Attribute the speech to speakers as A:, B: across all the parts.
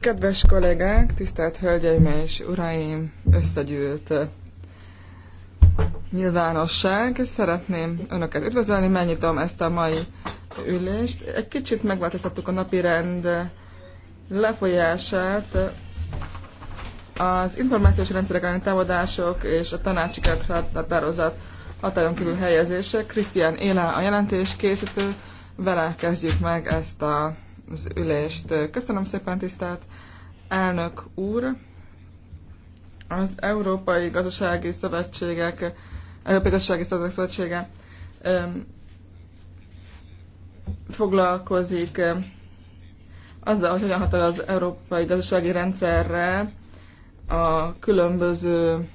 A: Kedves kollégák, tisztelt hölgyeim és uraim, összegyűlt eh, nyilvánosság. Szeretném Önöket üdvözölni, megnyitom ezt a mai ülést. Egy kicsit megváltoztattuk a napi rend eh, lefolyását. Az információs rendszerek elleni támadások és a tanácsi határozat hatályon kívül helyezése. Krisztián Éla a jelentés készítő. Vele kezdjük meg ezt a az ülést. Köszönöm szépen, tisztelt elnök úr! Az Európai Gazdasági Szövetségek, Európai Gazdasági Szövetségek Szövetsége foglalkozik azzal, hogy hogyan hat az európai gazdasági rendszerre a különböző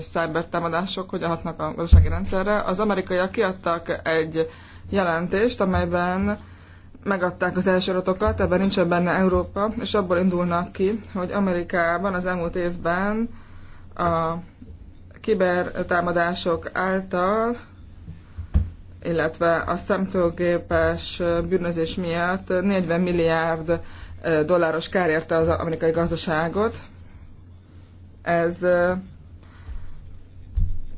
A: cybertámadások hogyan hatnak a gazdasági rendszerre. Az amerikaiak kiadtak egy jelentést, amelyben megadták az első adatokat, ebben nincsen benne Európa, és abból indulnak ki, hogy Amerikában az elmúlt évben a kibertámadások által, illetve a szemtőgépes bűnözés miatt 40 milliárd eh, dolláros kár érte az amerikai gazdaságot. Ez eh,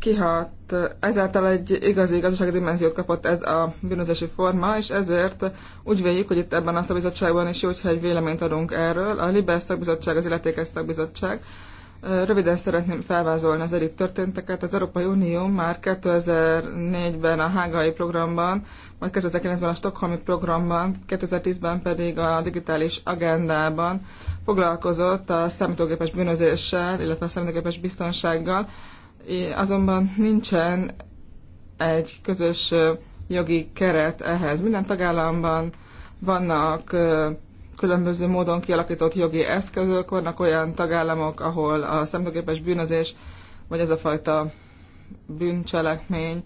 A: kihat, ezáltal egy igazi igazság dimenziót kapott ez a bűnözési forma, és ezért úgy véljük, hogy itt ebben a szakbizottságban is jó, hogyha egy véleményt adunk erről. A Libes szakbizottság az illetékes szakbizottság. Röviden szeretném felvázolni az eddig történteket. Az Európai Unió már 2004-ben a Hágai programban, majd 2009-ben a Stockholmi programban, 2010-ben pedig a digitális agendában foglalkozott a számítógépes bűnözéssel, illetve a számítógépes biztonsággal, azonban nincsen egy közös jogi keret ehhez. Minden tagállamban vannak különböző módon kialakított jogi eszközök, vannak olyan tagállamok, ahol a szemtőképes bűnözés, vagy ez a fajta bűncselekmény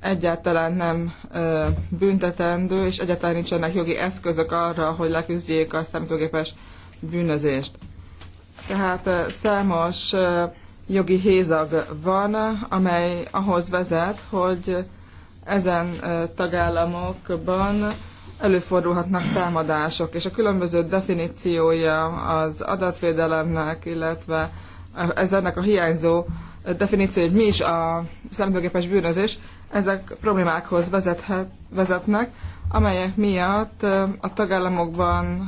A: egyáltalán nem ö, büntetendő, és egyáltalán nincsenek jogi eszközök arra, hogy leküzdjék a szemtőképes bűnözést. Tehát számos jogi hézag van, amely ahhoz vezet, hogy ezen tagállamokban előfordulhatnak támadások, és a különböző definíciója az adatvédelemnek, illetve ez ennek a hiányzó definíció, hogy mi is a számítógépes bűnözés, ezek problémákhoz vezethet, vezetnek, amelyek miatt a tagállamokban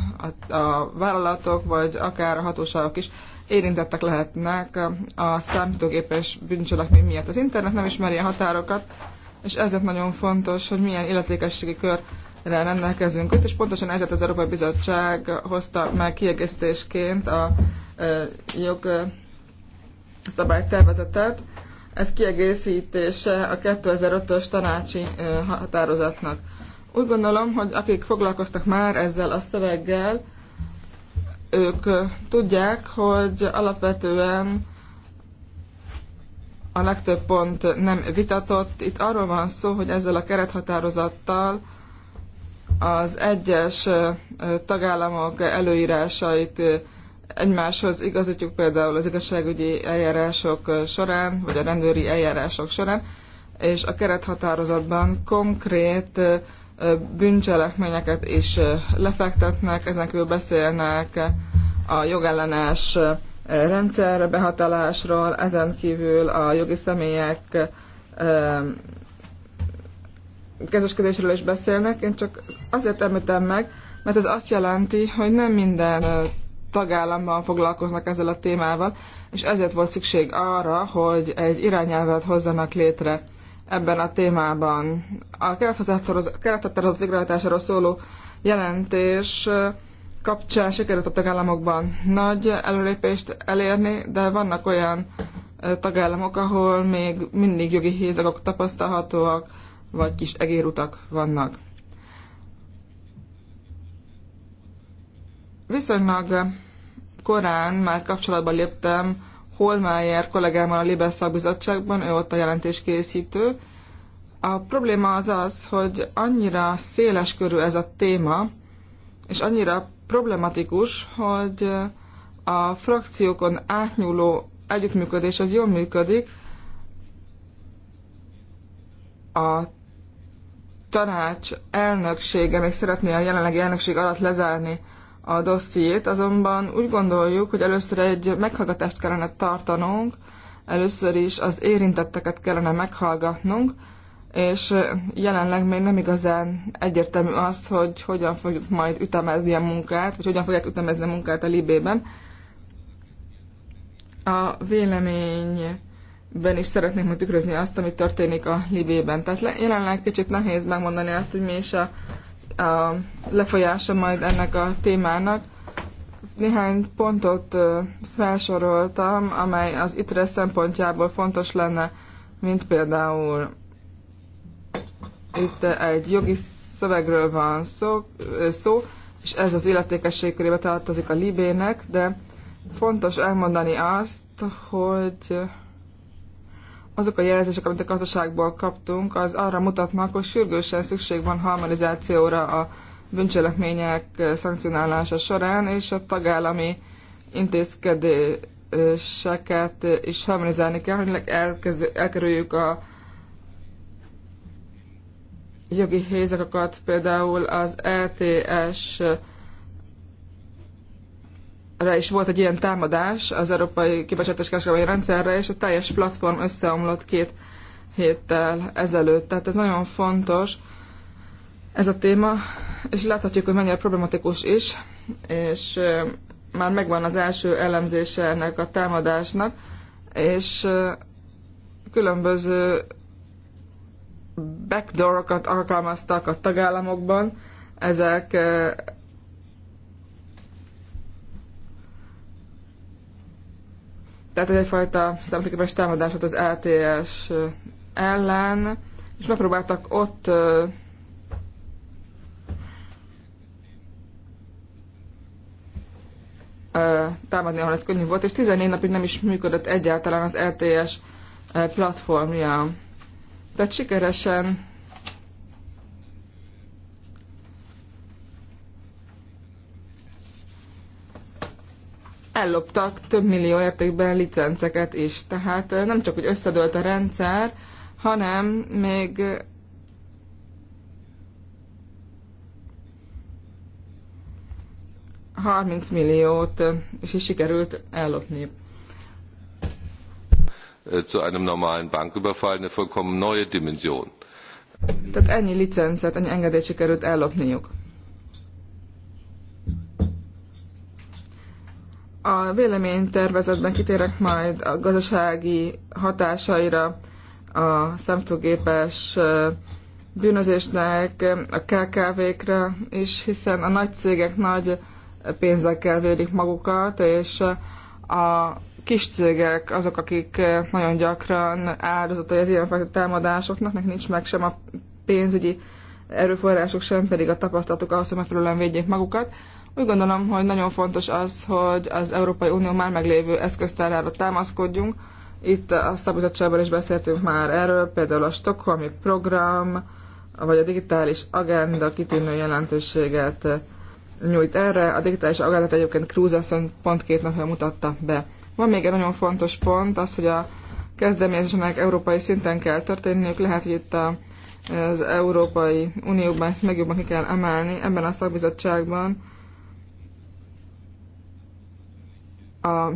A: a, a vállalatok, vagy akár a hatóságok is érintettek lehetnek a számítógépes bűncselekmény miatt. Az internet nem ismeri a határokat, és ezért nagyon fontos, hogy milyen illetékességi körre rendelkezünk itt, és pontosan ezért az Európai Bizottság hozta meg kiegészítésként a jogszabálytervezetet. Ez kiegészítése a 2005-ös tanácsi határozatnak. Úgy gondolom, hogy akik foglalkoztak már ezzel a szöveggel, ők tudják, hogy alapvetően a legtöbb pont nem vitatott. Itt arról van szó, hogy ezzel a kerethatározattal az egyes tagállamok előírásait egymáshoz igazítjuk például az igazságügyi eljárások során, vagy a rendőri eljárások során, és a kerethatározatban konkrét bűncselekményeket is lefektetnek, ezen kívül beszélnek a jogellenes rendszer behatalásról, ezen kívül a jogi személyek kezeskedésről is beszélnek. Én csak azért említem meg, mert ez azt jelenti, hogy nem minden tagállamban foglalkoznak ezzel a témával, és ezért volt szükség arra, hogy egy irányelvet hozzanak létre ebben a témában. A kerethatározat végrehajtásáról szóló jelentés kapcsán sikerült a tagállamokban nagy előlépést elérni, de vannak olyan tagállamok, ahol még mindig jogi hézagok tapasztalhatóak, vagy kis egérutak vannak. Viszonylag korán már kapcsolatba léptem Holmeyer kollégámmal a Libes szakbizottságban, ő ott a jelentéskészítő. A probléma az az, hogy annyira széles körű ez a téma, és annyira problematikus, hogy a frakciókon átnyúló együttműködés az jól működik. A tanács elnöksége még szeretné a jelenlegi elnökség alatt lezárni a dossziét, azonban úgy gondoljuk, hogy először egy meghallgatást kellene tartanunk, először is az érintetteket kellene meghallgatnunk, és jelenleg még nem igazán egyértelmű az, hogy hogyan fogjuk majd ütemezni a munkát, vagy hogyan fogják ütemezni a munkát a Libében. A véleményben is szeretnék majd tükrözni azt, ami történik a Libében. Tehát jelenleg kicsit nehéz megmondani azt, hogy mi is a a lefolyása majd ennek a témának. Néhány pontot felsoroltam, amely az ITRE szempontjából fontos lenne, mint például itt egy jogi szövegről van szó, szó és ez az illetékesség körébe tartozik a libének, de fontos elmondani azt, hogy azok a jelzések, amit a gazdaságból kaptunk, az arra mutatnak, hogy sürgősen szükség van harmonizációra a bűncselekmények szankcionálása során, és a tagállami intézkedéseket is harmonizálni kell, hogy elkerüljük a jogi hézakokat, például az LTS e re is volt egy ilyen támadás az európai kibocsátás kereskedelmi rendszerre, és a teljes platform összeomlott két héttel ezelőtt. Tehát ez nagyon fontos, ez a téma, és láthatjuk, hogy mennyire problematikus is, és már megvan az első elemzése ennek a támadásnak, és különböző backdoorokat alkalmaztak a tagállamokban, ezek Tehát ez egyfajta számítógépes támadás volt az LTS ellen, és megpróbáltak ott támadni, ahol ez könnyű volt, és 14 napig nem is működött egyáltalán az LTS platformja. Tehát sikeresen elloptak több millió értékben licenceket is. Tehát nem csak, hogy összedőlt a rendszer, hanem még 30 milliót is sikerült ellopni.
B: Zu einem normalen Banküberfall eine vollkommen neue Dimension.
A: Tehát ennyi licencet, ennyi engedélyt sikerült ellopniuk. A véleménytervezetben kitérek majd a gazdasági hatásaira a szemtógépes bűnözésnek, a kkv kre is, hiszen a nagy cégek nagy pénzekkel védik magukat, és a kis cégek azok, akik nagyon gyakran áldozatai az ilyenfajta támadásoknak, nekik nincs meg sem a pénzügyi erőforrások, sem pedig a tapasztalatok ahhoz, hogy megfelelően védjék magukat. Úgy gondolom, hogy nagyon fontos az, hogy az Európai Unió már meglévő eszköztárára támaszkodjunk. Itt a szabadságban is beszéltünk már erről, például a Stockholmi program, vagy a digitális agenda kitűnő jelentőséget nyújt erre. A digitális agendát egyébként Krúz asszony pont két napja mutatta be. Van még egy nagyon fontos pont, az, hogy a kezdeményezésnek európai szinten kell történniük. Lehet, hogy itt a, az Európai Unióban ezt meg jobban ki kell emelni. Ebben a szakbizottságban a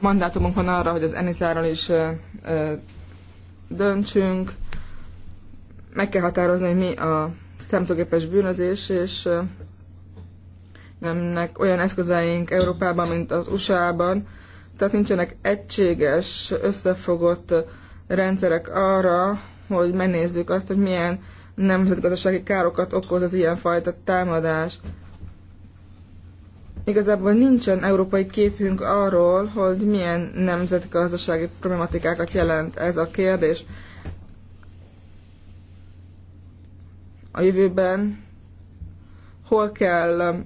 A: mandátumunkon arra, hogy az Eniszáról is döntsünk. Meg kell határozni, hogy mi a számítógépes bűnözés, és nemnek olyan eszközeink Európában, mint az USA-ban, tehát nincsenek egységes, összefogott rendszerek arra, hogy megnézzük azt, hogy milyen nemzetgazdasági károkat okoz az ilyenfajta támadás. Igazából nincsen európai képünk arról, hogy milyen gazdasági problematikákat jelent ez a kérdés. A jövőben hol kell um,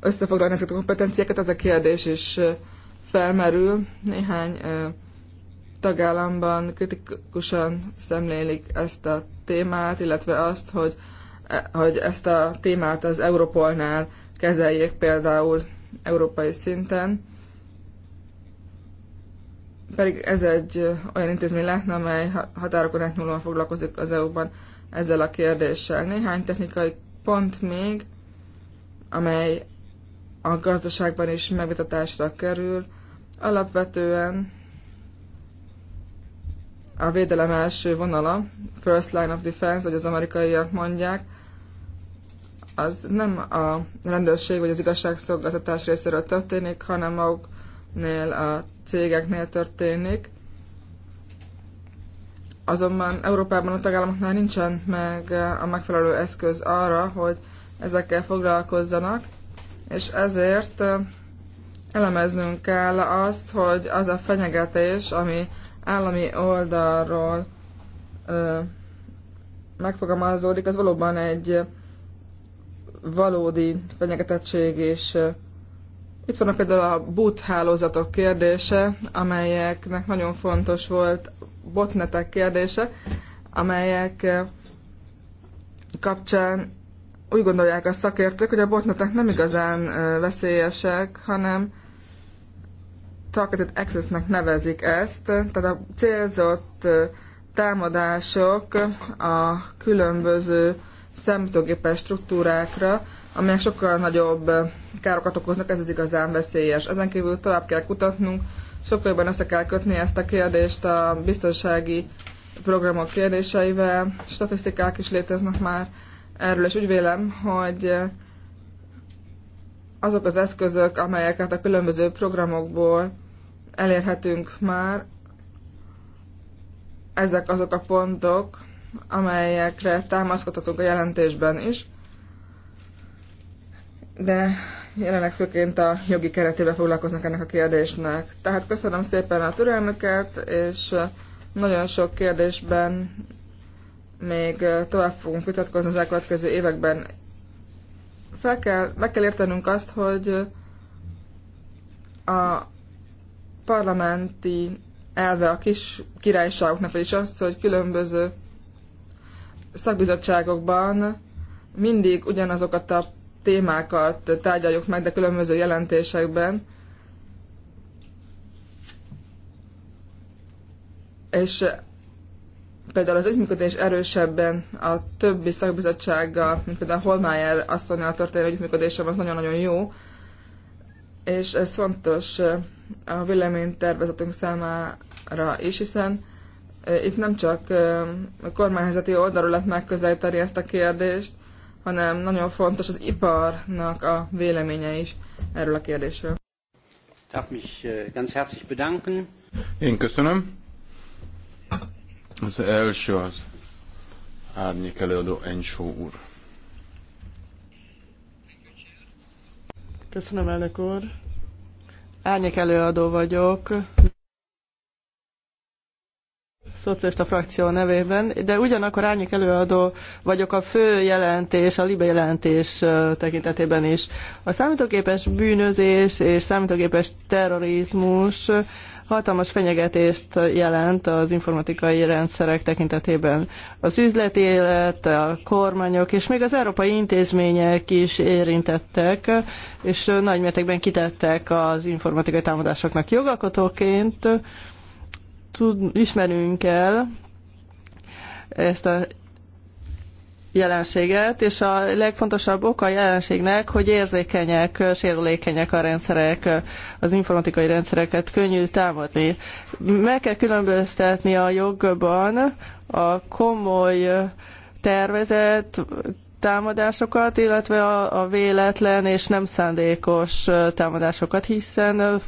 A: összefoglalni ezeket a kompetenciákat, ez a kérdés is uh, felmerül. Néhány uh, tagállamban kritikusan szemlélik ezt a témát, illetve azt, hogy, eh, hogy ezt a témát az Europolnál kezeljék például európai szinten. Pedig ez egy olyan intézmény lehetne, amely határokon átnyúlóan foglalkozik az EU-ban ezzel a kérdéssel. Néhány technikai pont még, amely a gazdaságban is megvitatásra kerül. Alapvetően a védelem első vonala, first line of defense, hogy az amerikaiak mondják, az nem a rendőrség vagy az igazságszolgáltatás részéről történik, hanem maguknél a cégeknél történik. Azonban Európában a tagállamoknál nincsen meg a megfelelő eszköz arra, hogy ezekkel foglalkozzanak, és ezért elemeznünk kell azt, hogy az a fenyegetés, ami állami oldalról ö, megfogalmazódik, az valóban egy valódi fenyegetettség, és itt vannak például a boot hálózatok kérdése, amelyeknek nagyon fontos volt botnetek kérdése, amelyek kapcsán úgy gondolják a szakértők, hogy a botnetek nem igazán veszélyesek, hanem targeted accessnek nevezik ezt, tehát a célzott támadások a különböző számítógépes struktúrákra, amelyek sokkal nagyobb károkat okoznak, ez az igazán veszélyes. Ezen kívül tovább kell kutatnunk, sokkal jobban össze kell kötni ezt a kérdést a biztonsági programok kérdéseivel, statisztikák is léteznek már erről, és úgy vélem, hogy azok az eszközök, amelyeket a különböző programokból elérhetünk már, ezek azok a pontok, amelyekre támaszkodhatunk a jelentésben is, de jelenleg főként a jogi keretében foglalkoznak ennek a kérdésnek. Tehát köszönöm szépen a türelmüket, és nagyon sok kérdésben még tovább fogunk vitatkozni az elkövetkező években. Fel kell, meg kell értenünk azt, hogy a parlamenti elve a kis királyságoknak, vagyis az, hogy különböző szakbizottságokban mindig ugyanazokat a témákat tárgyaljuk meg, de különböző jelentésekben. És eh, például az együttműködés erősebben a többi szakbizottsággal, mint például Holmájer asszonynal történő együttműködésem, az nagyon-nagyon jó, és ez fontos eh, a véleménytervezetünk számára is, hiszen itt nem csak a kormányzati oldalról lehet megközelíteni ezt a kérdést, hanem nagyon fontos az iparnak a véleménye is erről a kérdésről. Darf mich ganz herzlich bedanken.
C: Én köszönöm. Az első az árnyék előadó Ensó úr.
D: Köszönöm, elnök úr. Árnyék előadó vagyok szocialista frakció nevében, de ugyanakkor árnyék előadó vagyok a fő jelentés, a libe jelentés tekintetében is. A számítógépes bűnözés és számítógépes terrorizmus hatalmas fenyegetést jelent az informatikai rendszerek tekintetében. Az üzleti élet, a kormányok és még az európai intézmények is érintettek, és nagymértékben kitettek az informatikai támadásoknak jogalkotóként tud, ismerünk el ezt a jelenséget, és a legfontosabb oka a jelenségnek, hogy érzékenyek, sérülékenyek a rendszerek, az informatikai rendszereket könnyű támadni. Meg kell különböztetni a jogban a komoly tervezett támadásokat, illetve a, a véletlen és nem szándékos támadásokat, hiszen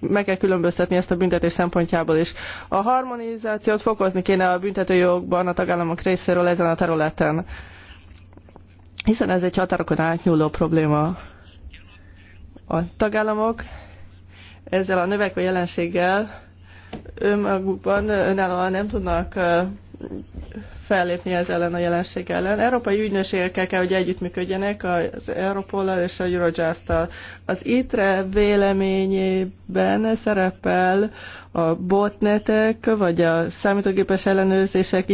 D: meg kell különböztetni ezt a büntetés szempontjából is. A harmonizációt fokozni kéne a büntetőjogban a tagállamok részéről ezen a területen, hiszen ez egy határokon átnyúló probléma. A tagállamok ezzel a növekvő jelenséggel önmagukban önállóan nem tudnak fellépni ez ellen a jelenség ellen. Európai ügynökségekkel kell, hogy együttműködjenek az europol és a eurojust -tal. Az ITRE véleményében szerepel a botnetek, vagy a számítógépes ellenőrzések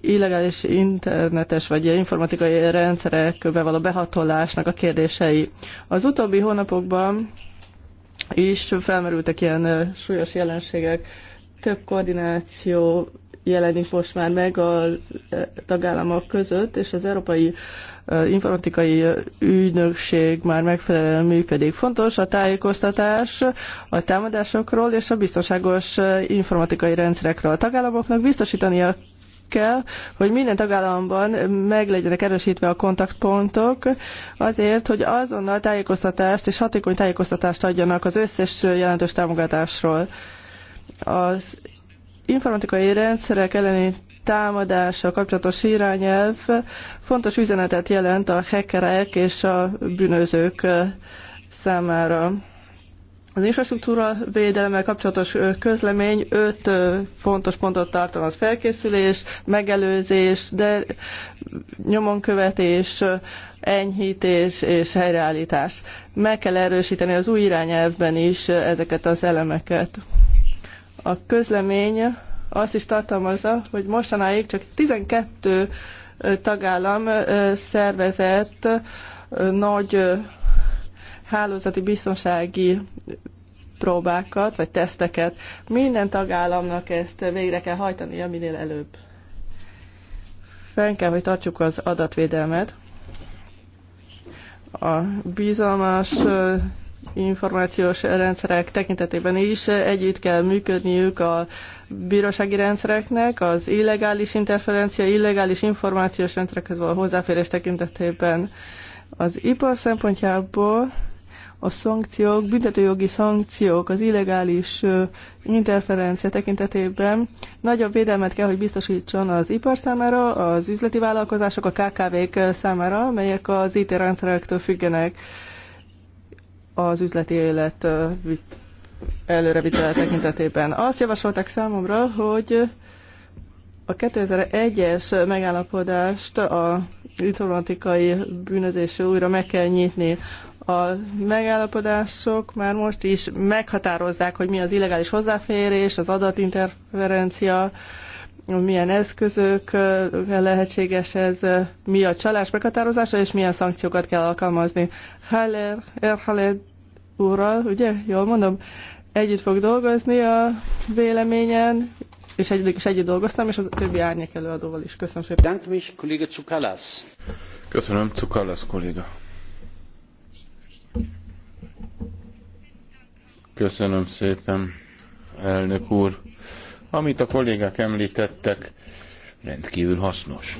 D: illegális internetes vagy informatikai rendszerek való behatolásnak a kérdései. Az utóbbi hónapokban is felmerültek ilyen súlyos jelenségek, több koordináció jelenik most már meg a e, tagállamok között, és az Európai e, Informatikai Ügynökség már megfelelően működik. Fontos a tájékoztatás a támadásokról és a biztonságos e, informatikai rendszerekről. A tagállamoknak biztosítania kell, hogy minden tagállamban meg legyenek erősítve a kontaktpontok azért, hogy azonnal tájékoztatást és hatékony tájékoztatást adjanak az összes jelentős támogatásról. Az informatikai rendszerek elleni támadással kapcsolatos irányelv fontos üzenetet jelent a hackerek és a bűnözők számára. Az infrastruktúra védelemmel kapcsolatos közlemény öt fontos pontot tartalmaz. Felkészülés, megelőzés, de nyomonkövetés, enyhítés és helyreállítás. Meg kell erősíteni az új irányelvben is ezeket az elemeket. A közlemény azt is tartalmazza, hogy mostanáig csak 12 tagállam szervezett nagy hálózati biztonsági próbákat, vagy teszteket. Minden tagállamnak ezt végre kell hajtania minél előbb. Fenn kell, hogy tartsuk az adatvédelmet. A bizalmas információs rendszerek tekintetében is együtt kell működniük a bírósági rendszereknek, az illegális interferencia, illegális információs rendszerekhez való hozzáférés tekintetében. Az ipar szempontjából a szankciók, büntetőjogi szankciók az illegális interferencia tekintetében nagyobb védelmet kell, hogy biztosítson az ipar számára, az üzleti vállalkozások, a KKV-k számára, melyek az IT rendszerektől függenek az üzleti élet előrevitele tekintetében. Azt javasolták számomra, hogy a 2001-es megállapodást a informatikai bűnözésre újra meg kell nyitni. A megállapodások már most is meghatározzák, hogy mi az illegális hozzáférés, az adatinterferencia, milyen eszközök lehetséges ez, mi a csalás meghatározása, és milyen szankciókat kell alkalmazni. Haller, Erhaled úrral, ugye, jól mondom, együtt fog dolgozni a véleményen, és együtt, és együtt dolgoztam, és az többi árnyék előadóval is. Köszönöm szépen. Dank mich,
C: kolléga Cukalász. Köszönöm, Cukalász kolléga. Köszönöm szépen, elnök úr amit a kollégák említettek, rendkívül hasznos.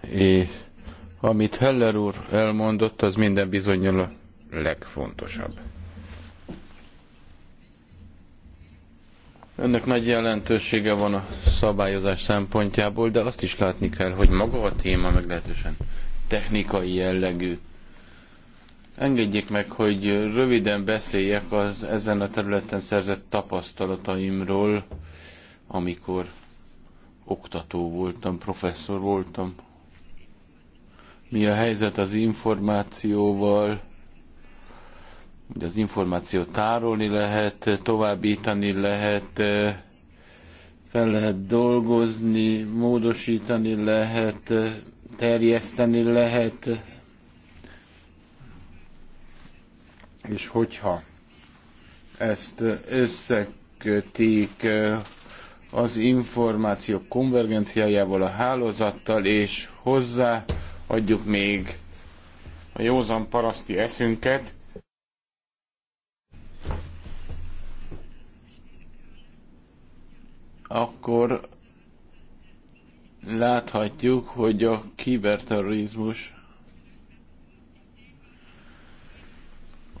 C: És amit Heller úr elmondott, az minden bizonyal a legfontosabb. Önnek nagy jelentősége van a szabályozás szempontjából, de azt is látni kell, hogy maga a téma meglehetősen technikai jellegű. Engedjék meg, hogy röviden beszéljek az ezen a területen szerzett tapasztalataimról, amikor oktató voltam, professzor voltam. Mi a helyzet az információval? Ugye az információt tárolni lehet, továbbítani lehet, fel lehet dolgozni, módosítani lehet, terjeszteni lehet, És hogyha ezt összekötik az információk konvergenciájával, a hálózattal, és hozzá adjuk még a józan paraszti eszünket, akkor láthatjuk, hogy a kiberterrorizmus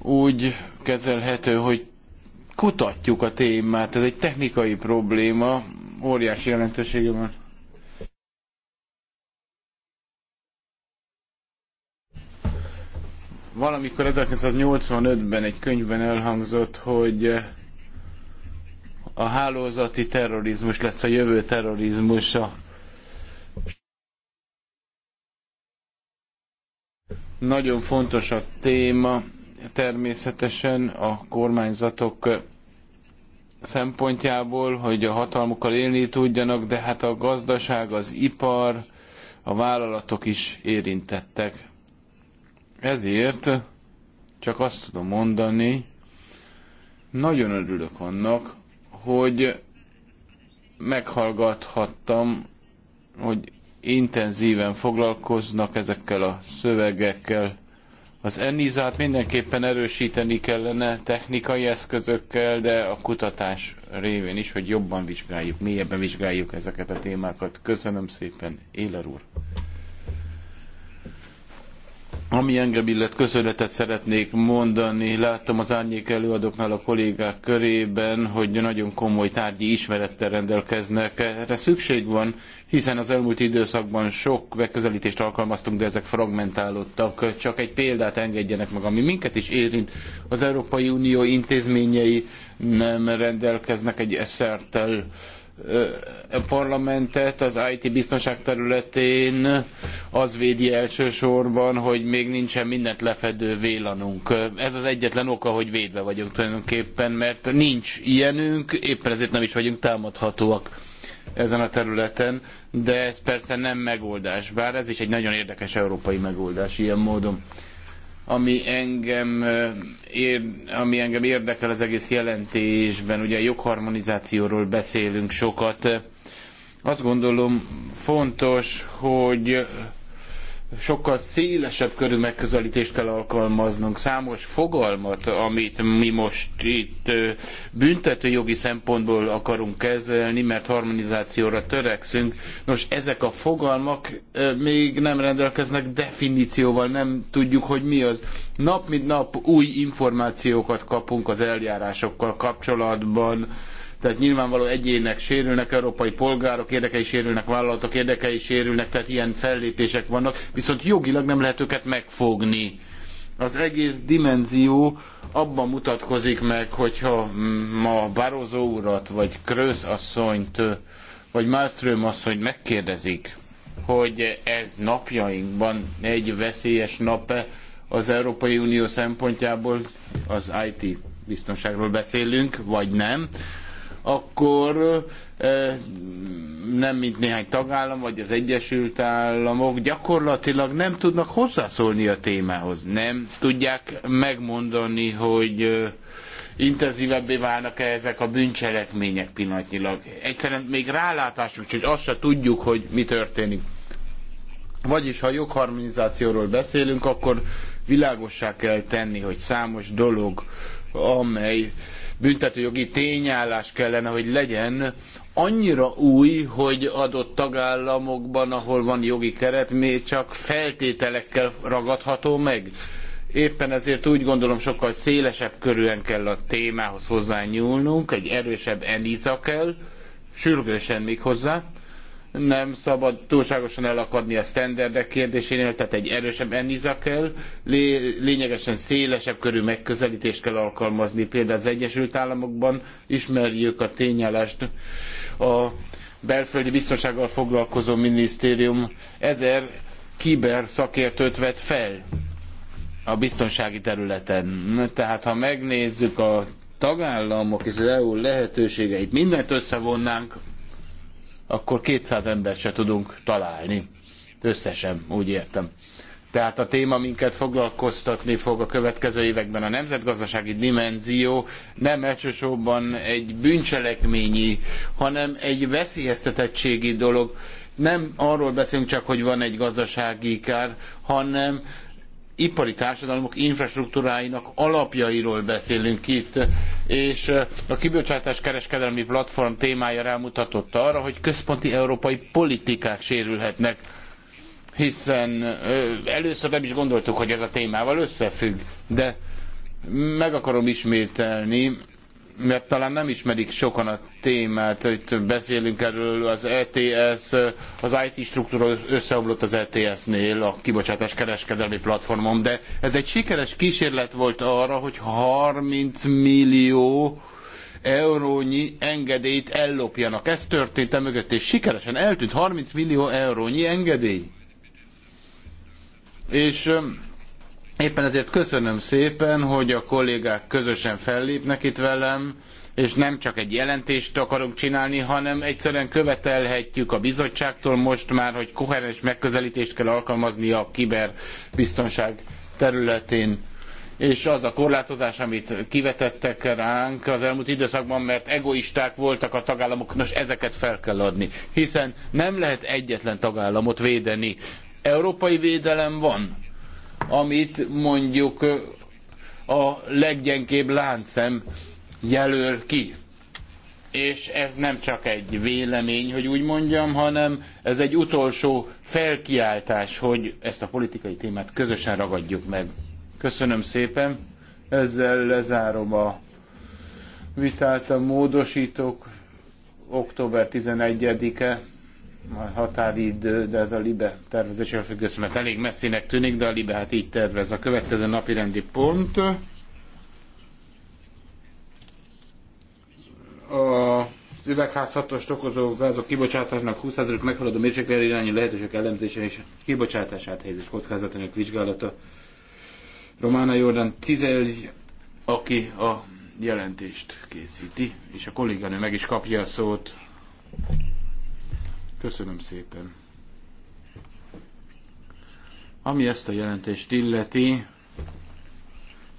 C: úgy kezelhető, hogy kutatjuk a témát. Ez egy technikai probléma, óriási jelentősége van. Valamikor 1985-ben egy könyvben elhangzott, hogy a hálózati terrorizmus lesz a jövő terrorizmusa. Nagyon fontos a téma, természetesen a kormányzatok szempontjából, hogy a hatalmukkal élni tudjanak, de hát a gazdaság, az ipar, a vállalatok is érintettek. Ezért csak azt tudom mondani, nagyon örülök annak, hogy meghallgathattam, hogy intenzíven foglalkoznak ezekkel a szövegekkel, az ENISA-t mindenképpen erősíteni kellene technikai eszközökkel, de a kutatás révén is, hogy jobban vizsgáljuk, mélyebben vizsgáljuk ezeket a témákat. Köszönöm szépen, Éler úr! Ami engem illet köszönetet szeretnék mondani, láttam az árnyék előadóknál a kollégák körében, hogy nagyon komoly tárgyi ismerettel rendelkeznek. Erre szükség van, hiszen az elmúlt időszakban sok megközelítést alkalmaztunk, de ezek fragmentálódtak. Csak egy példát engedjenek meg, ami minket is érint. Az Európai Unió intézményei nem rendelkeznek egy eszertel a parlamentet az IT biztonság területén az védi elsősorban, hogy még nincsen mindent lefedő vélanunk. Ez az egyetlen oka, hogy védve vagyunk tulajdonképpen, mert nincs ilyenünk, éppen ezért nem is vagyunk támadhatóak ezen a területen, de ez persze nem megoldás, bár ez is egy nagyon érdekes európai megoldás ilyen módon ami engem, ér, ami engem érdekel az egész jelentésben, ugye a jogharmonizációról beszélünk sokat. Azt gondolom fontos, hogy sokkal szélesebb körű megközelítést kell alkalmaznunk. Számos fogalmat, amit mi most itt büntetőjogi szempontból akarunk kezelni, mert harmonizációra törekszünk. Nos, ezek a fogalmak még nem rendelkeznek definícióval, nem tudjuk, hogy mi az. Nap mint nap új információkat kapunk az eljárásokkal kapcsolatban tehát nyilvánvaló egyének sérülnek, európai polgárok érdekei sérülnek, vállalatok érdekei sérülnek, tehát ilyen fellépések vannak, viszont jogilag nem lehet őket megfogni. Az egész dimenzió abban mutatkozik meg, hogyha ma Barozó urat, vagy Krösz asszonyt, vagy Malmström asszonyt megkérdezik, hogy ez napjainkban egy veszélyes nap -e az Európai Unió szempontjából az IT biztonságról beszélünk, vagy nem, akkor nem mint néhány tagállam, vagy az Egyesült Államok gyakorlatilag nem tudnak hozzászólni a témához. Nem tudják megmondani, hogy intenzívebbé válnak-e ezek a bűncselekmények pillanatnyilag. Egyszerűen még rálátásunk, hogy azt se tudjuk, hogy mi történik. Vagyis, ha jogharmonizációról beszélünk, akkor világossá kell tenni, hogy számos dolog, amely büntetőjogi tényállás kellene, hogy legyen, annyira új, hogy adott tagállamokban, ahol van jogi keret, még csak feltételekkel ragadható meg. Éppen ezért úgy gondolom, sokkal szélesebb körülön kell a témához hozzányúlnunk, egy erősebb ENISA kell, sürgősen még hozzá, nem szabad túlságosan elakadni a sztenderdek kérdésénél, tehát egy erősebb ENISA kell, lényegesen szélesebb körű megközelítést kell alkalmazni. Például az Egyesült Államokban ismerjük a tényállást a belföldi biztonsággal foglalkozó minisztérium ezer kiber szakértőt vett fel a biztonsági területen. Tehát ha megnézzük a tagállamok és az EU lehetőségeit, mindent összevonnánk, akkor 200 embert se tudunk találni. Összesen, úgy értem. Tehát a téma minket foglalkoztatni fog a következő években a nemzetgazdasági dimenzió nem elsősorban egy bűncselekményi, hanem egy veszélyeztetettségi dolog. Nem arról beszélünk csak, hogy van egy gazdasági kár, hanem ipari társadalmak infrastruktúráinak alapjairól beszélünk itt, és eh, a kibocsátás kereskedelmi platform témája rámutatott arra, hogy központi európai politikák sérülhetnek, hiszen eh, először nem is gondoltuk, hogy ez a témával összefügg, de meg akarom ismételni, mert talán nem ismerik sokan a témát, itt beszélünk erről az ETS, az IT struktúra összeomlott az ETS-nél, a kibocsátás kereskedelmi platformon, de ez egy sikeres kísérlet volt arra, hogy 30 millió eurónyi engedélyt ellopjanak. Ez történt a e mögött, és sikeresen eltűnt 30 millió eurónyi engedély. És Éppen ezért köszönöm szépen, hogy a kollégák közösen fellépnek itt velem, és nem csak egy jelentést akarunk csinálni, hanem egyszerűen követelhetjük a bizottságtól most már, hogy koherens megközelítést kell alkalmazni a kiberbiztonság területén és az a korlátozás, amit kivetettek ránk az elmúlt időszakban, mert egoisták voltak a tagállamok, nos ezeket fel kell adni, hiszen nem lehet egyetlen tagállamot védeni. Európai védelem van, amit mondjuk a leggyengébb láncszem jelöl ki. És ez nem csak egy vélemény, hogy úgy mondjam, hanem ez egy utolsó felkiáltás, hogy ezt a politikai témát közösen ragadjuk meg. Köszönöm szépen. Ezzel lezárom a vitát a módosítók október 11-e határidő, de ez a Libe tervezésével függ össze, mert elég messzinek tűnik, de a Libe hát így tervez. A következő napi rendi pont a üvegházhatós okozó gázok kibocsátásnak 20%-ig meghaladó mérséklel irányú lehetőség elemzése és kibocsátását helyezés kockázatának vizsgálata. Romána Jordan Cizel, aki a jelentést készíti, és a kolléganő meg is kapja a szót. Köszönöm szépen. Ami ezt a jelentést illeti,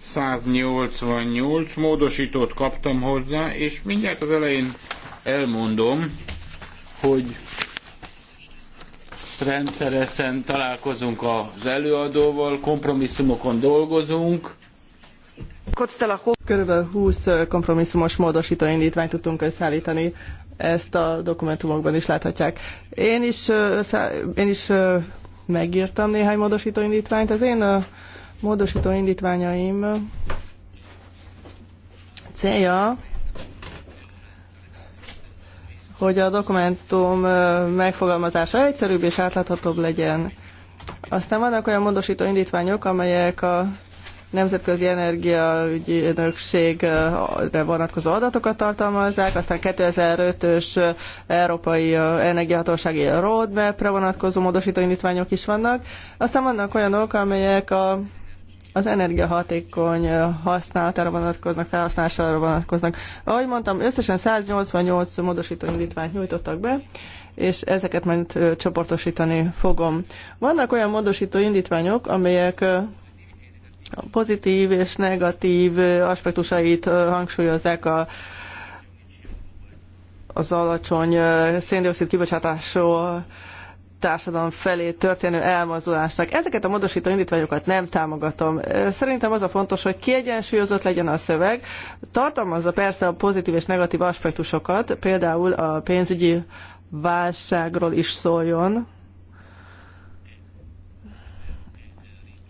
C: 188 módosítót kaptam hozzá, és mindjárt az elején elmondom, hogy rendszeresen találkozunk az előadóval, kompromisszumokon dolgozunk.
D: Körülbelül 20 kompromisszumos módosító indítványt tudtunk összeállítani. Ezt a dokumentumokban is láthatják. Én is, én is megírtam néhány módosító indítványt. Az én módosító indítványaim célja, hogy a dokumentum megfogalmazása egyszerűbb és átláthatóbb legyen. Aztán vannak olyan módosító indítványok, amelyek a Nemzetközi Energiaügyi Önökségre vonatkozó adatokat tartalmazzák, aztán 2005-ös Európai Energiahatósági Roadmap-re vonatkozó módosító indítványok is vannak. Aztán vannak olyanok, amelyek a az energiahatékony használatára vonatkoznak, felhasználására vonatkoznak. Ahogy mondtam, összesen 188 módosító indítványt nyújtottak be, és ezeket majd csoportosítani fogom. Vannak olyan módosító indítványok, amelyek pozitív és negatív aspektusait hangsúlyozzák a az alacsony széndiokszid kibocsátású társadalom felé történő elmozdulásnak. Ezeket a módosító indítványokat nem támogatom. Szerintem az a fontos, hogy kiegyensúlyozott legyen a szöveg. Tartalmazza persze a pozitív és negatív aspektusokat, például a pénzügyi válságról is szóljon,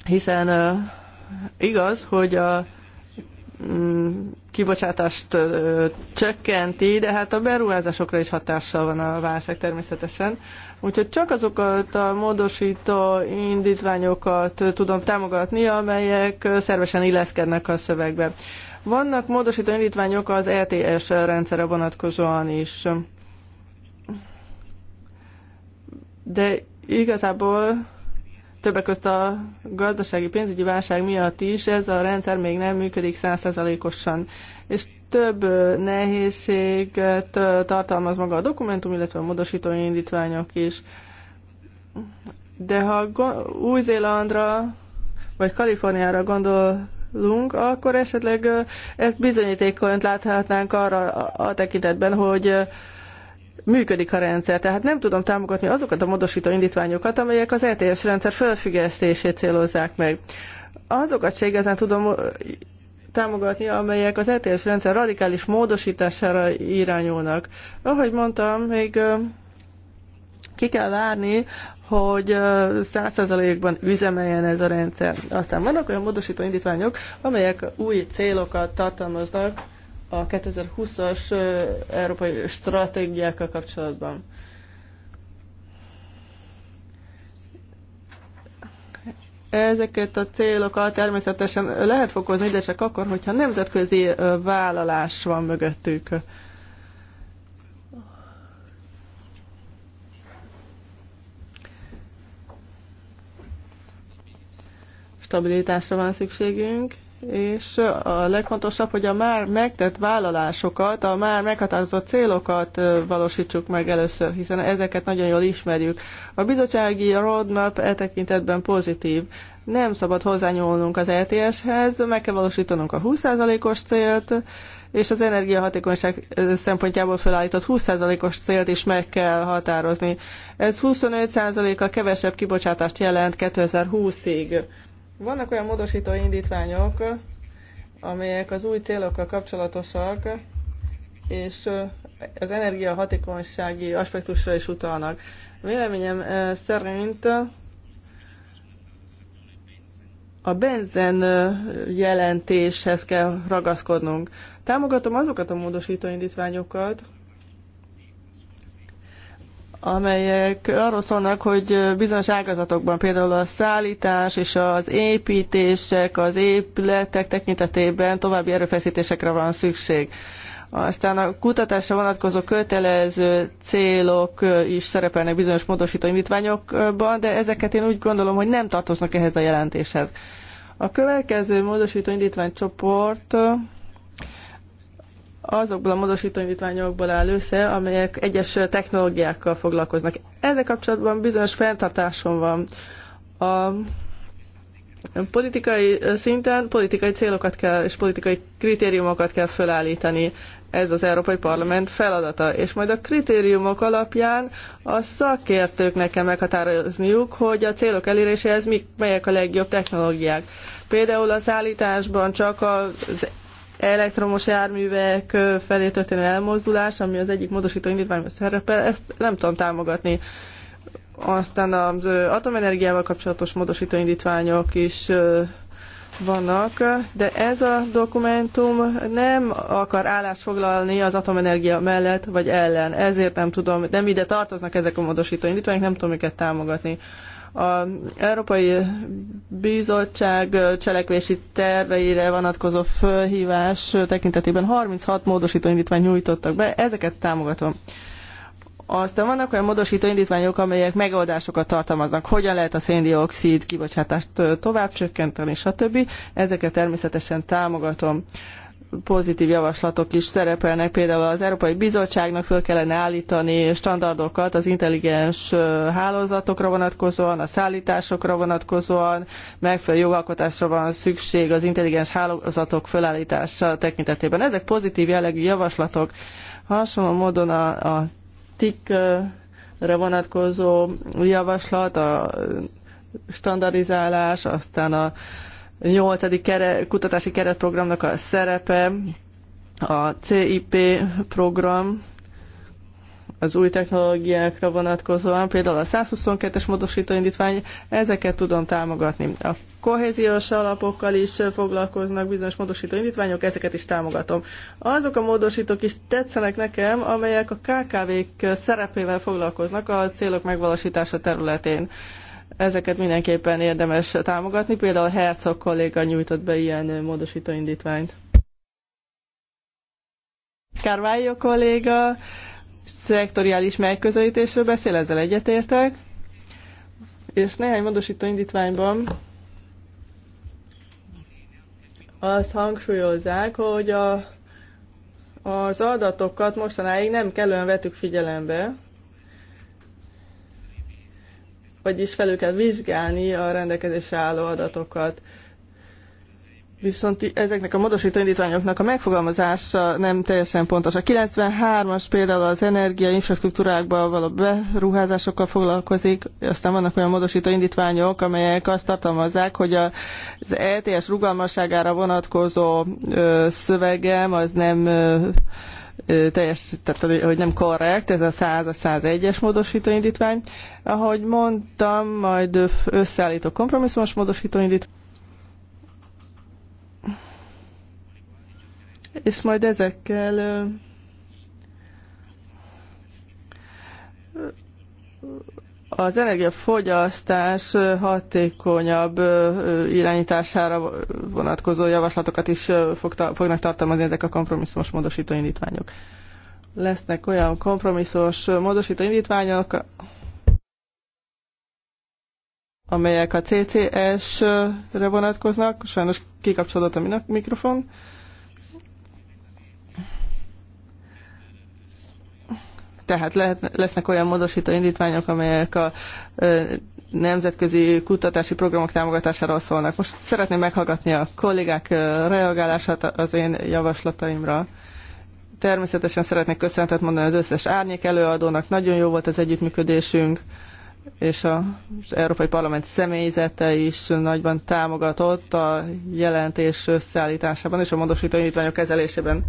D: hiszen Igaz, hogy a mm, kibocsátást csökkenti, de hát a beruházásokra is hatással van a válság természetesen. Úgyhogy csak azokat a módosító indítványokat tudom támogatni, amelyek szervesen illeszkednek a szövegbe. Vannak módosító indítványok az ETS rendszerre vonatkozóan is. De igazából többek között a gazdasági pénzügyi válság miatt is ez a rendszer még nem működik százszerzalékosan. És több nehézséget tartalmaz maga a dokumentum, illetve a módosító indítványok is. De ha Új-Zélandra vagy Kaliforniára gondol, lunk, akkor esetleg ezt bizonyítékként láthatnánk arra a tekintetben, hogy működik a rendszer. Tehát nem tudom támogatni azokat a módosító indítványokat, amelyek az ETS rendszer felfüggesztését célozzák meg. Azokat se igazán tudom támogatni, amelyek az ETS rendszer radikális módosítására irányulnak. Ahogy mondtam, még ki kell várni, hogy 100 üzemeljen ez a rendszer. Aztán vannak olyan módosító indítványok, amelyek új célokat tartalmaznak, a 2020-as európai stratégiákkal kapcsolatban. Ezeket a célokat természetesen lehet fokozni, de csak akkor, hogyha nemzetközi vállalás van mögöttük. Stabilitásra van szükségünk és a legfontosabb, hogy a már megtett vállalásokat, a már meghatározott célokat valósítsuk meg először, hiszen ezeket nagyon jól ismerjük. A bizottsági roadmap e tekintetben pozitív. Nem szabad hozzányúlnunk az ETS-hez, meg kell valósítanunk a 20%-os célt, és az energiahatékonyság szempontjából felállított 20%-os célt is meg kell határozni. Ez 25%-kal kevesebb kibocsátást jelent 2020-ig. Vannak olyan módosító indítványok, amelyek az új célokkal kapcsolatosak, és az energiahatékonysági aspektusra is utalnak. Véleményem szerint a benzen jelentéshez kell ragaszkodnunk. Támogatom azokat a módosító indítványokat, amelyek arról szólnak, hogy bizonyos ágazatokban például a szállítás és az építések, az épületek tekintetében további erőfeszítésekre van szükség. Aztán a kutatásra vonatkozó kötelező célok is szerepelnek bizonyos módosító indítványokban, de ezeket én úgy gondolom, hogy nem tartoznak ehhez a jelentéshez. A következő módosító indítványcsoport csoport azokból a módosító indítványokból áll össze, amelyek egyes technológiákkal foglalkoznak. Ezzel kapcsolatban bizonyos fenntartásom van. A politikai szinten politikai célokat kell és politikai kritériumokat kell felállítani Ez az Európai Parlament feladata, és majd a kritériumok alapján a szakértőknek kell meghatározniuk, hogy a célok eléréséhez melyek a legjobb technológiák. Például az állításban csak az elektromos járművek felé történő elmozdulás, ami az egyik módosító indítványban szerepel, ezt nem tudom támogatni. Aztán az atomenergiával kapcsolatos módosító indítványok is vannak, de ez a dokumentum nem akar állást foglalni az atomenergia mellett vagy ellen. Ezért nem tudom, nem ide tartoznak ezek a módosító indítványok, nem tudom őket támogatni. Az Európai Bizottság cselekvési terveire vonatkozó fölhívás tekintetében 36 módosító indítvány nyújtottak be, ezeket támogatom. Aztán vannak olyan módosító indítványok, amelyek megoldásokat tartalmaznak, hogyan lehet a széndiokszid kibocsátást tovább csökkenteni, stb. Ezeket természetesen támogatom pozitív javaslatok is szerepelnek, például az Európai Bizottságnak föl kellene állítani standardokat az intelligens hálózatokra vonatkozóan, a szállításokra vonatkozóan, megfelelő jogalkotásra van szükség az intelligens hálózatok fölállítása tekintetében. Ezek pozitív jellegű javaslatok. Hasonló módon a, a TIC-re vonatkozó javaslat, a standardizálás, aztán a nyolcadik kere, kutatási keretprogramnak a szerepe, a CIP program, az új technológiákra vonatkozóan, például a 122-es módosítóindítvány, ezeket tudom támogatni. A kohéziós alapokkal is foglalkoznak bizonyos módosítóindítványok, ezeket is támogatom. Azok a módosítók is tetszenek nekem, amelyek a KKV-k szerepével foglalkoznak a célok megvalósítása területén. Ezeket mindenképpen érdemes támogatni, például Herzog kolléga nyújtott be ilyen módosítóindítványt. indítványt. Carvalho kolléga szektoriális megközelítésről beszél, ezzel egyetértek. És néhány módosítóindítványban indítványban azt hangsúlyozzák, hogy a, az adatokat mostanáig nem kellően vettük figyelembe, vagyis felül kell vizsgálni a rendelkezésre álló adatokat. Viszont ezeknek a módosító indítványoknak a megfogalmazása nem teljesen pontos. A 93-as például az energia infrastruktúrákba való beruházásokkal foglalkozik, aztán vannak olyan módosító indítványok, amelyek azt tartalmazzák, hogy az ETS rugalmasságára vonatkozó szövegem az nem teljes, tehát hogy nem korrekt, ez a 100 101-es módosító indítvány. Ahogy mondtam, majd összeállítok kompromisszumos módosítóindít. És majd ezekkel az energiafogyasztás hatékonyabb irányítására vonatkozó javaslatokat is fognak tartalmazni ezek a kompromisszumos módosító indítványok. Lesznek olyan kompromisszumos módosító indítványok, amelyek a CCS-re vonatkoznak. Sajnos kikapcsolódott a mikrofon. Tehát lehet, lesznek olyan módosító indítványok, amelyek a ö, nemzetközi kutatási programok támogatásáról szólnak. Most szeretném meghallgatni a kollégák reagálását az én javaslataimra. Természetesen szeretnék köszönetet mondani az összes árnyék előadónak, nagyon jó volt az együttműködésünk és az Európai Parlament személyzete is nagyban támogatott a jelentés összeállításában és a módosító indítványok kezelésében.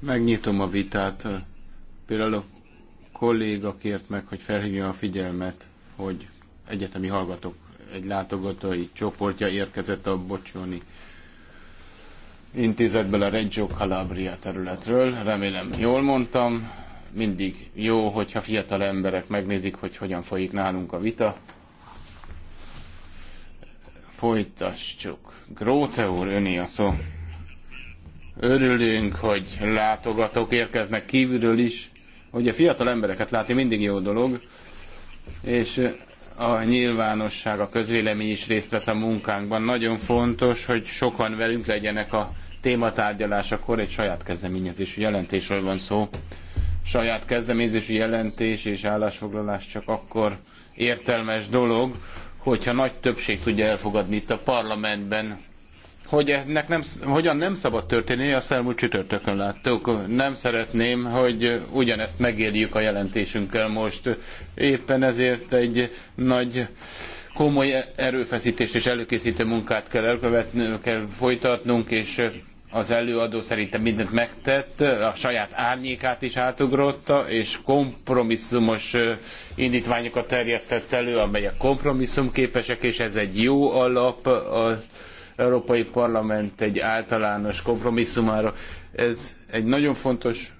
C: Megnyitom a vitát. Például a kolléga kért meg, hogy felhívja a figyelmet, hogy egyetemi hallgatók egy látogatói csoportja érkezett a Bocsoni intézetből a Reggio Calabria területről. Remélem jól mondtam mindig jó, hogyha fiatal emberek megnézik, hogy hogyan folyik nálunk a vita. Folytassuk. Gróte úr, öné a szó. Örülünk, hogy látogatók érkeznek kívülről is. Hogy a fiatal embereket látni mindig jó dolog, és a nyilvánosság, a közvélemény is részt vesz a munkánkban. Nagyon fontos, hogy sokan velünk legyenek a tématárgyalásakor egy saját kezdeményezésű jelentésről van szó saját kezdeményezési jelentés és állásfoglalás csak akkor értelmes dolog, hogyha nagy többség tudja elfogadni itt a parlamentben. Hogy ennek nem, hogyan nem szabad történni, azt elmúlt csütörtökön láttuk. Nem szeretném, hogy ugyanezt megéljük a jelentésünkkel most. Éppen ezért egy nagy komoly erőfeszítést és előkészítő munkát kell, elkövetnünk, kell folytatnunk, és az előadó szerintem mindent megtett, a saját árnyékát is átugrotta, és kompromisszumos indítványokat terjesztett elő, amelyek kompromisszumképesek, és ez egy jó alap az Európai Parlament egy általános kompromisszumára. Ez egy nagyon fontos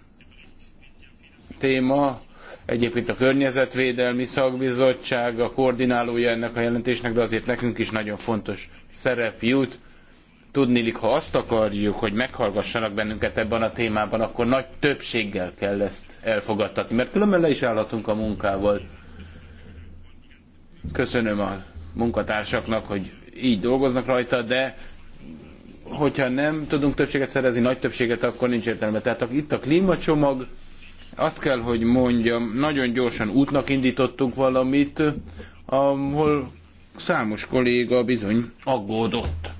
C: téma, egyébként a Környezetvédelmi Szakbizottság a koordinálója ennek a jelentésnek, de azért nekünk is nagyon fontos szerep jut Tudnélik, ha azt akarjuk, hogy meghallgassanak bennünket ebben a témában, akkor nagy többséggel kell ezt elfogadtatni, mert különben le is állhatunk a munkával. Köszönöm a munkatársaknak, hogy így dolgoznak rajta, de hogyha nem tudunk többséget szerezni, nagy többséget, akkor nincs értelme. Tehát itt a klímacsomag, azt kell, hogy mondjam, nagyon gyorsan útnak indítottunk valamit, ahol számos kolléga bizony aggódott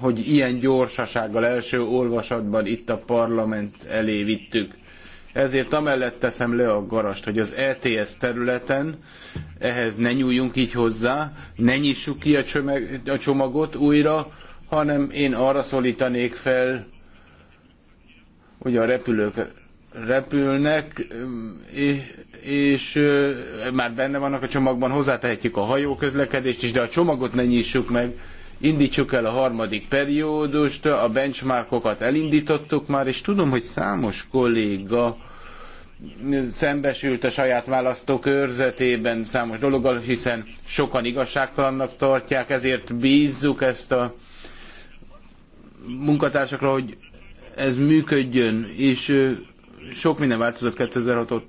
C: hogy ilyen gyorsasággal első olvasatban itt a parlament elé vittük. Ezért amellett teszem le a garast, hogy az ETS területen ehhez ne nyúljunk így hozzá, ne nyissuk ki a, csömeg, a csomagot újra, hanem én arra szólítanék fel, hogy a repülők repülnek, és már benne vannak a csomagban, hozzátehetjük a hajóközlekedést is, de a csomagot ne nyissuk meg, indítsuk el a harmadik periódust, a benchmarkokat elindítottuk már, és tudom, hogy számos kolléga szembesült a saját választók őrzetében számos dologgal, hiszen sokan igazságtalannak tartják, ezért bízzuk ezt a munkatársakra, hogy ez működjön, és sok minden változott 2006 -ot.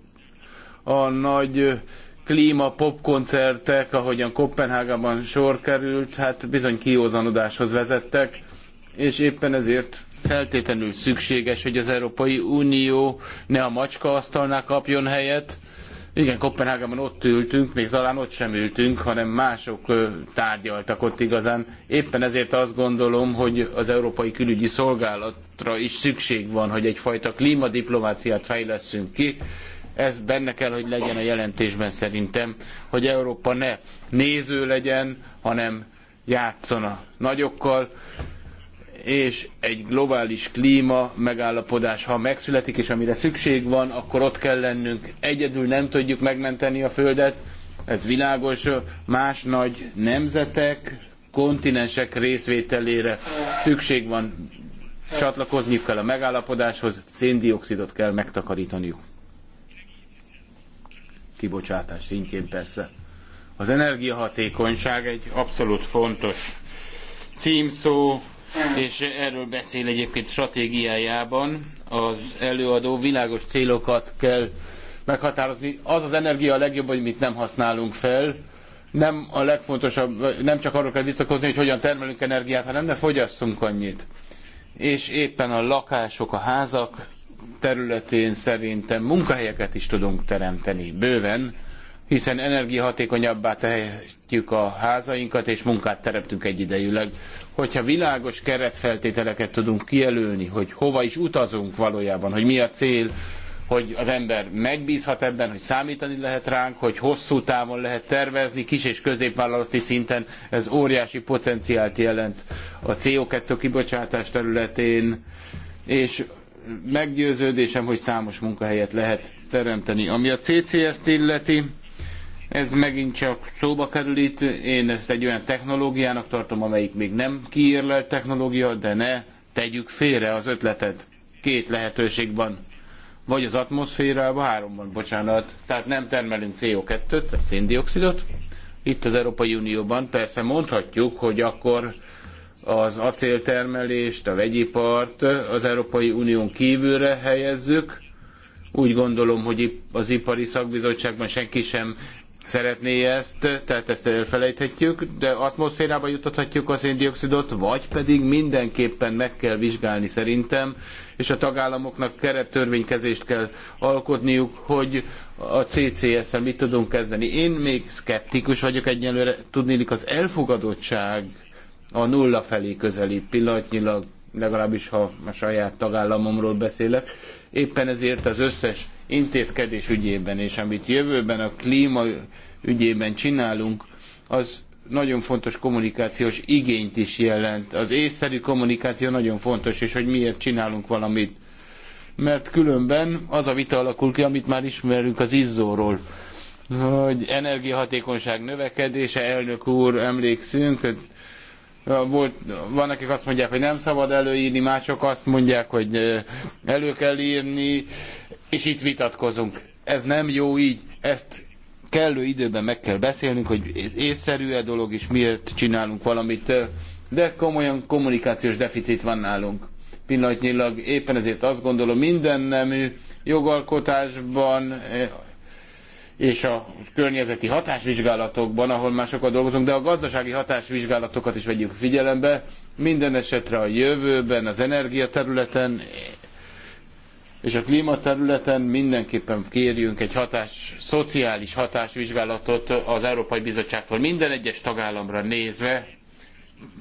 C: A nagy klíma popkoncertek, ahogyan Kopenhágában sor került, hát bizony kiózanodáshoz vezettek, és éppen ezért feltétlenül szükséges, hogy az Európai Unió ne a macska asztalnál kapjon helyet. Igen, Kopenhágában ott ültünk, még talán ott sem ültünk, hanem mások tárgyaltak ott igazán. Éppen ezért azt gondolom, hogy az Európai Külügyi Szolgálatra is szükség van, hogy egyfajta klímadiplomáciát fejlesszünk ki, ez benne kell, hogy legyen a jelentésben szerintem, hogy Európa ne néző legyen, hanem játszon a nagyokkal, és egy globális klíma megállapodás, ha megszületik, és amire szükség van, akkor ott kell lennünk. Egyedül nem tudjuk megmenteni a Földet, ez világos, más nagy nemzetek, kontinensek részvételére szükség van, csatlakozniuk kell a megállapodáshoz, széndiokszidot kell megtakarítaniuk kibocsátás szintjén persze. Az energiahatékonyság egy abszolút fontos címszó, és erről beszél egyébként stratégiájában. Az előadó világos célokat kell meghatározni. Az az energia a legjobb, hogy mit nem használunk fel. Nem a legfontosabb, nem csak arról kell vitatkozni, hogy hogyan termelünk energiát, hanem ne fogyasszunk annyit. És éppen a lakások, a házak területén szerintem munkahelyeket is tudunk teremteni bőven, hiszen energiahatékonyabbá tehetjük a házainkat, és munkát teremtünk egyidejűleg. Hogyha világos keretfeltételeket tudunk kijelölni, hogy hova is utazunk valójában, hogy mi a cél, hogy az ember megbízhat ebben, hogy számítani lehet ránk, hogy hosszú távon lehet tervezni, kis és középvállalati szinten ez óriási potenciált jelent a CO2 kibocsátás területén, és meggyőződésem, hogy számos munkahelyet lehet teremteni. Ami a CCS-t illeti, ez megint csak szóba kerül itt. Én ezt egy olyan technológiának tartom, amelyik még nem kiírlelt technológia, de ne tegyük félre az ötletet. Két lehetőség van. Vagy az atmoszférában háromban, bocsánat. Tehát nem termelünk CO2-t, széndiokszidot. Itt az Európai Unióban persze mondhatjuk, hogy akkor az acéltermelést, a vegyipart az Európai Unión kívülre helyezzük. Úgy gondolom, hogy az ipari szakbizottságban senki sem szeretné ezt, tehát ezt elfelejthetjük, de atmoszférába juttathatjuk a széndiokszidot, vagy pedig mindenképpen meg kell vizsgálni szerintem, és a tagállamoknak kerettörvénykezést kell alkotniuk, hogy a CCS-szel mit tudunk kezdeni. Én még szkeptikus vagyok egyelőre, tudnélik az elfogadottság a nulla felé közelít pillanatnyilag, legalábbis ha a saját tagállamomról beszélek. Éppen ezért az összes intézkedés ügyében, és amit jövőben a klíma ügyében csinálunk, az nagyon fontos kommunikációs igényt is jelent. Az észszerű kommunikáció nagyon fontos, és hogy miért csinálunk valamit. Mert különben az a vita alakul ki, amit már ismerünk az izzóról hogy energiahatékonyság növekedése, elnök úr, emlékszünk, volt, van, akik azt mondják, hogy nem szabad előírni, mások azt mondják, hogy elő kell írni, és itt vitatkozunk. Ez nem jó így, ezt kellő időben meg kell beszélnünk, hogy észszerű-e dolog, és miért csinálunk valamit. De komolyan kommunikációs deficit van nálunk pillanatnyilag. Éppen ezért azt gondolom, minden nemű jogalkotásban és a környezeti hatásvizsgálatokban, ahol már sokat dolgozunk, de a gazdasági hatásvizsgálatokat is vegyük figyelembe. Minden esetre a jövőben, az energiaterületen és a klímaterületen mindenképpen kérjünk egy hatás, szociális hatásvizsgálatot az Európai Bizottságtól minden egyes tagállamra nézve,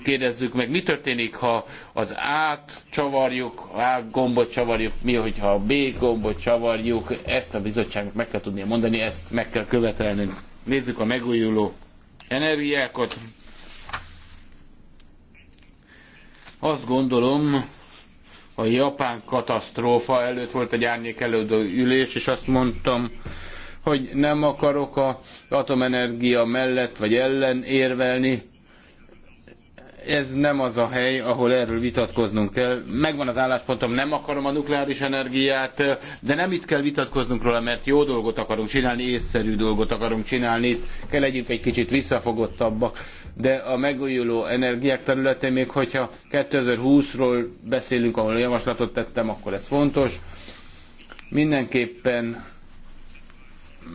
C: kérdezzük meg, mi történik, ha az A-t csavarjuk, A gombot csavarjuk, mi, hogyha a B gombot csavarjuk, ezt a bizottságnak meg kell tudnia mondani, ezt meg kell követelnünk. Nézzük a megújuló energiákat. Azt gondolom, a japán katasztrófa előtt volt egy árnyék ülés, és azt mondtam, hogy nem akarok a atomenergia mellett vagy ellen érvelni, ez nem az a hely, ahol erről vitatkoznunk kell. Megvan az álláspontom, nem akarom a nukleáris energiát, de nem itt kell vitatkoznunk róla, mert jó dolgot akarunk csinálni, észszerű dolgot akarunk csinálni, itt kell legyünk egy kicsit visszafogottabbak, de a megújuló energiák területén még hogyha 2020-ról beszélünk, ahol javaslatot tettem, akkor ez fontos. Mindenképpen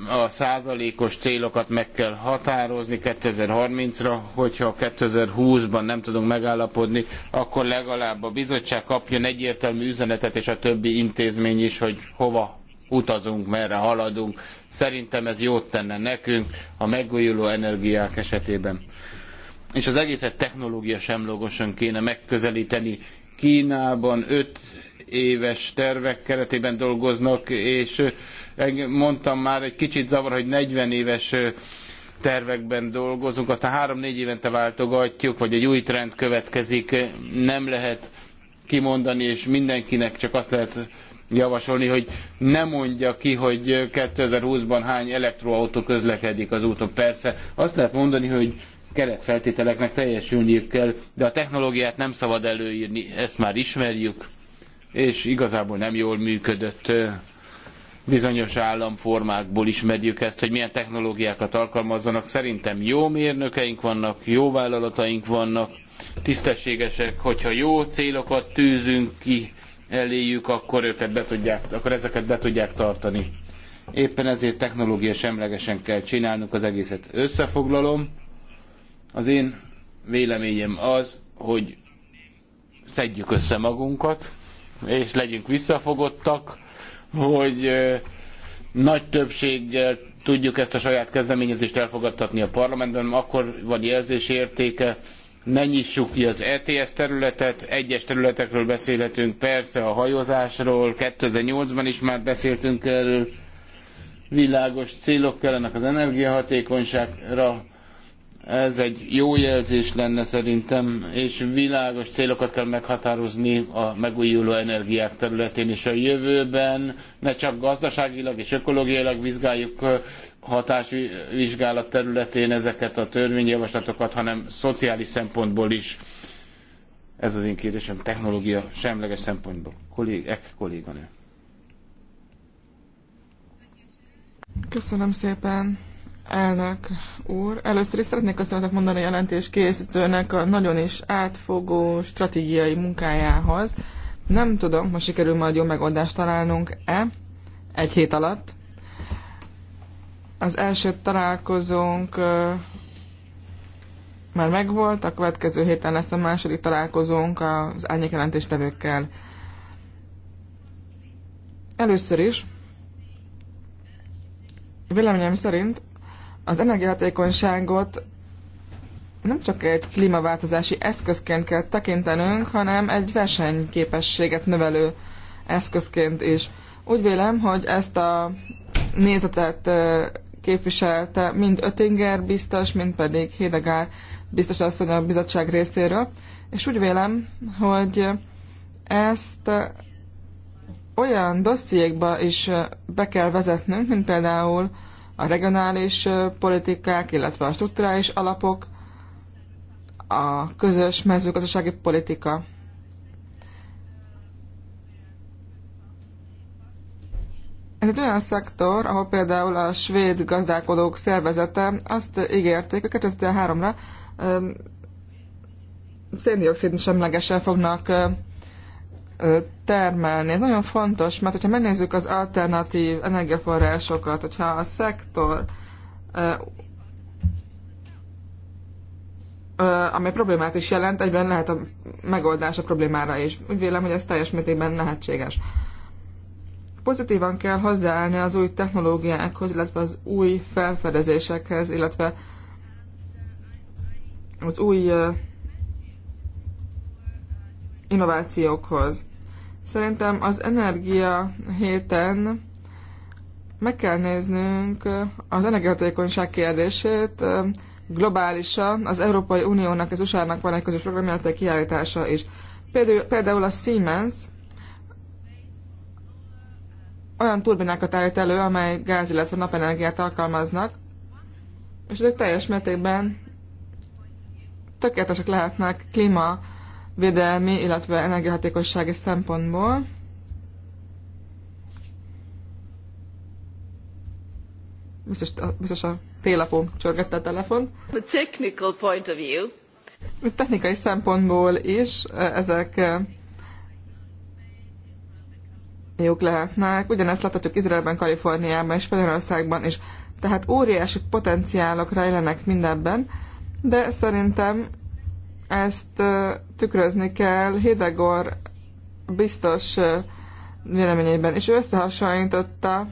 C: a százalékos célokat meg kell határozni 2030-ra, hogyha 2020-ban nem tudunk megállapodni, akkor legalább a bizottság kapjon egyértelmű üzenetet, és a többi intézmény is, hogy hova utazunk, merre haladunk. Szerintem ez jót tenne nekünk a megújuló energiák esetében. És az egészet technológia semlogosan kéne megközelíteni. Kínában 5 éves tervek keretében dolgoznak, és mondtam már, egy kicsit zavar, hogy 40 éves tervekben dolgozunk, aztán három-négy évente váltogatjuk, vagy egy új trend következik, nem lehet kimondani, és mindenkinek csak azt lehet javasolni, hogy ne mondja ki, hogy 2020-ban hány elektroautó közlekedik az úton. Persze azt lehet mondani, hogy keretfeltételeknek teljesülniük kell, de a technológiát nem szabad előírni, ezt már ismerjük és igazából nem jól működött. Bizonyos államformákból ismerjük ezt, hogy milyen technológiákat alkalmazzanak. Szerintem jó mérnökeink vannak, jó vállalataink vannak, tisztességesek, hogyha jó célokat tűzünk ki eléjük, akkor őket be tudják, akkor ezeket be tudják tartani. Éppen ezért technológia semlegesen kell csinálnunk az egészet. Összefoglalom, az én véleményem az, hogy szedjük össze magunkat, és legyünk visszafogottak, hogy nagy többséggel tudjuk ezt a saját kezdeményezést elfogadtatni a parlamentben, akkor van jelzésértéke, ne nyissuk ki az ETS területet, egyes területekről beszélhetünk, persze a hajózásról, 2008-ban is már beszéltünk erről, világos célok kellenek az energiahatékonyságra, ez egy jó jelzés lenne szerintem, és világos célokat kell meghatározni a megújuló energiák területén, és a jövőben ne csak gazdaságilag és ökológiailag vizsgáljuk hatásvizsgálat területén ezeket a törvényjavaslatokat, hanem szociális szempontból is. Ez az én kérdésem, technológia semleges szempontból. Kollég, ek kolléganő.
A: Köszönöm szépen elnök úr. Először is szeretnék köszönetet mondani a jelentés készítőnek a nagyon is átfogó stratégiai munkájához. Nem tudom, most sikerül majd jó megoldást találnunk-e egy hét alatt. Az első találkozónk már megvolt, a következő héten lesz a második találkozónk az árnyék jelentéstevőkkel. Először is, véleményem szerint az energiahatékonyságot nem csak egy klímaváltozási eszközként kell tekintenünk, hanem egy versenyképességet növelő eszközként is. Úgy vélem, hogy ezt a nézetet képviselte mind Ötinger biztos, mind pedig Hédegár biztos asszony a bizottság részéről, és úgy vélem, hogy ezt olyan dossziékba is be kell vezetnünk, mint például a regionális politikák, illetve a strukturális alapok, a közös mezőgazdasági politika. Ez egy olyan szektor, ahol például a svéd gazdálkodók szervezete azt ígérték, hogy 2003-ra széndiokszid semlegesen fognak termelni. Ez nagyon fontos, mert hogyha megnézzük az alternatív energiaforrásokat, hogyha a szektor ami problémát is jelent, egyben lehet a megoldás a problémára is. Úgy vélem, hogy ez teljes mértékben lehetséges. Pozitívan kell hozzáállni az új technológiákhoz, illetve az új felfedezésekhez, illetve az új innovációkhoz. Szerintem az energia héten meg kell néznünk az energiahatékonyság kérdését globálisan. Az Európai Uniónak, az USA-nak van egy közös programjelentő kiállítása is. Például, például a Siemens olyan turbinákat állít elő, amely gáz, illetve napenergiát alkalmaznak, és ezek teljes mértékben tökéletesek lehetnek klíma védelmi, illetve energiahatékossági szempontból. Biztos, biztos a télapó csörgette a telefon. The technical point of view. Technikai szempontból is e, ezek e, jók lehetnek. Ugyanezt láthatjuk Izraelben, Kaliforniában és Spanyolországban is. Tehát óriási potenciálok rejlenek mindebben, de szerintem ezt tükrözni kell Hidegor biztos véleményében, és ő összehasonlította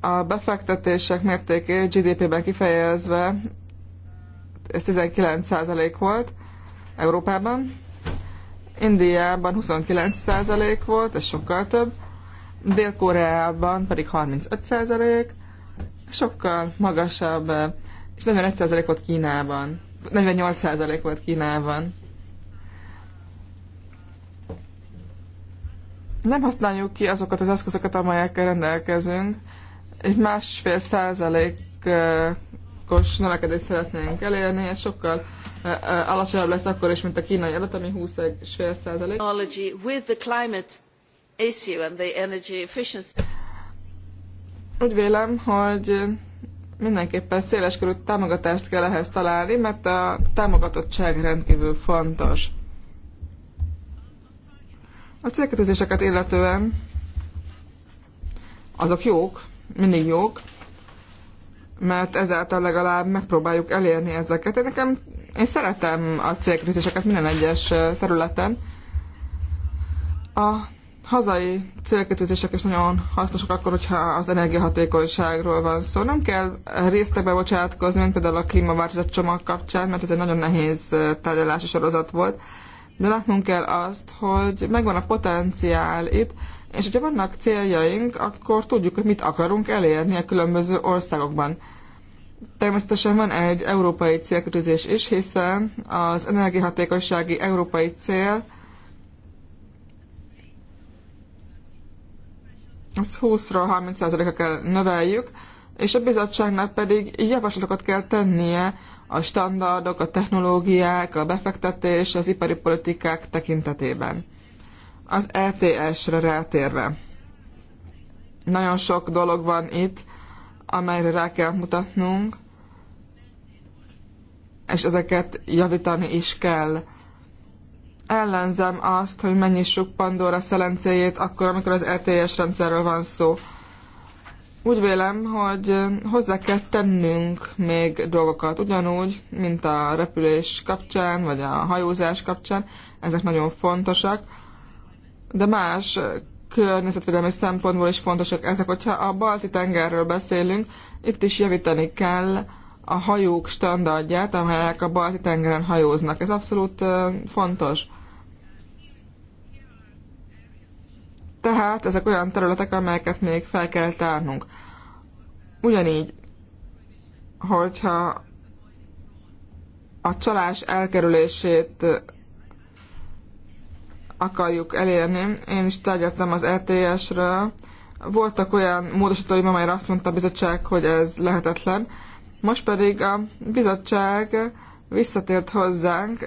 A: a befektetések mértékét GDP-ben kifejezve, ez 19% volt Európában, Indiában 29% volt, ez sokkal több, Dél-Koreában pedig 35%, sokkal magasabb és 41% volt Kínában. 48% volt Kínában. Nem használjuk ki azokat az eszközöket, amelyekkel rendelkezünk. Egy másfél százalékos növekedést szeretnénk elérni, és sokkal alacsonyabb lesz akkor is, mint a kínai adat, ami 20,5 százalék. Úgy vélem, hogy mindenképpen széleskörű támogatást kell ehhez találni, mert a támogatottság rendkívül fontos. A célkötőzéseket illetően azok jók, mindig jók, mert ezáltal legalább megpróbáljuk elérni ezeket. Én nekem, én szeretem a célkötőzéseket minden egyes területen. A hazai célkötőzések is nagyon hasznosak akkor, hogyha az energiahatékonyságról van szó. nem kell részletekbe bocsátkozni, mint például a klímaváltozat csomag kapcsán, mert ez egy nagyon nehéz tárgyalási sorozat volt. De látnunk kell azt, hogy megvan a potenciál itt, és hogyha vannak céljaink, akkor tudjuk, hogy mit akarunk elérni a különböző országokban. Természetesen van egy európai célkötőzés is, hiszen az energiahatékonysági európai cél ezt 20-ra 30%-ra kell növeljük, és a bizottságnak pedig javaslatokat kell tennie a standardok, a technológiák, a befektetés, az ipari politikák tekintetében. Az ETS-re rátérve. Nagyon sok dolog van itt, amelyre rá kell mutatnunk, és ezeket javítani is kell ellenzem azt, hogy megnyissuk Pandora szelencéjét akkor, amikor az LTS e rendszerről van szó. Úgy vélem, hogy hozzá kell tennünk még dolgokat, ugyanúgy, mint a repülés kapcsán, vagy a hajózás kapcsán, ezek nagyon fontosak, de más környezetvédelmi szempontból is fontosak ezek. Hogyha a balti tengerről beszélünk, itt is javítani kell a hajók standardját, amelyek a balti tengeren hajóznak. Ez abszolút fontos. Tehát ezek olyan területek, amelyeket még fel kell tárnunk. Ugyanígy, hogyha a csalás elkerülését akarjuk elérni, én is tárgyaltam az RTS-ről, e voltak olyan módosítói, amelyre azt mondta a bizottság, hogy ez lehetetlen. Most pedig a bizottság visszatért hozzánk,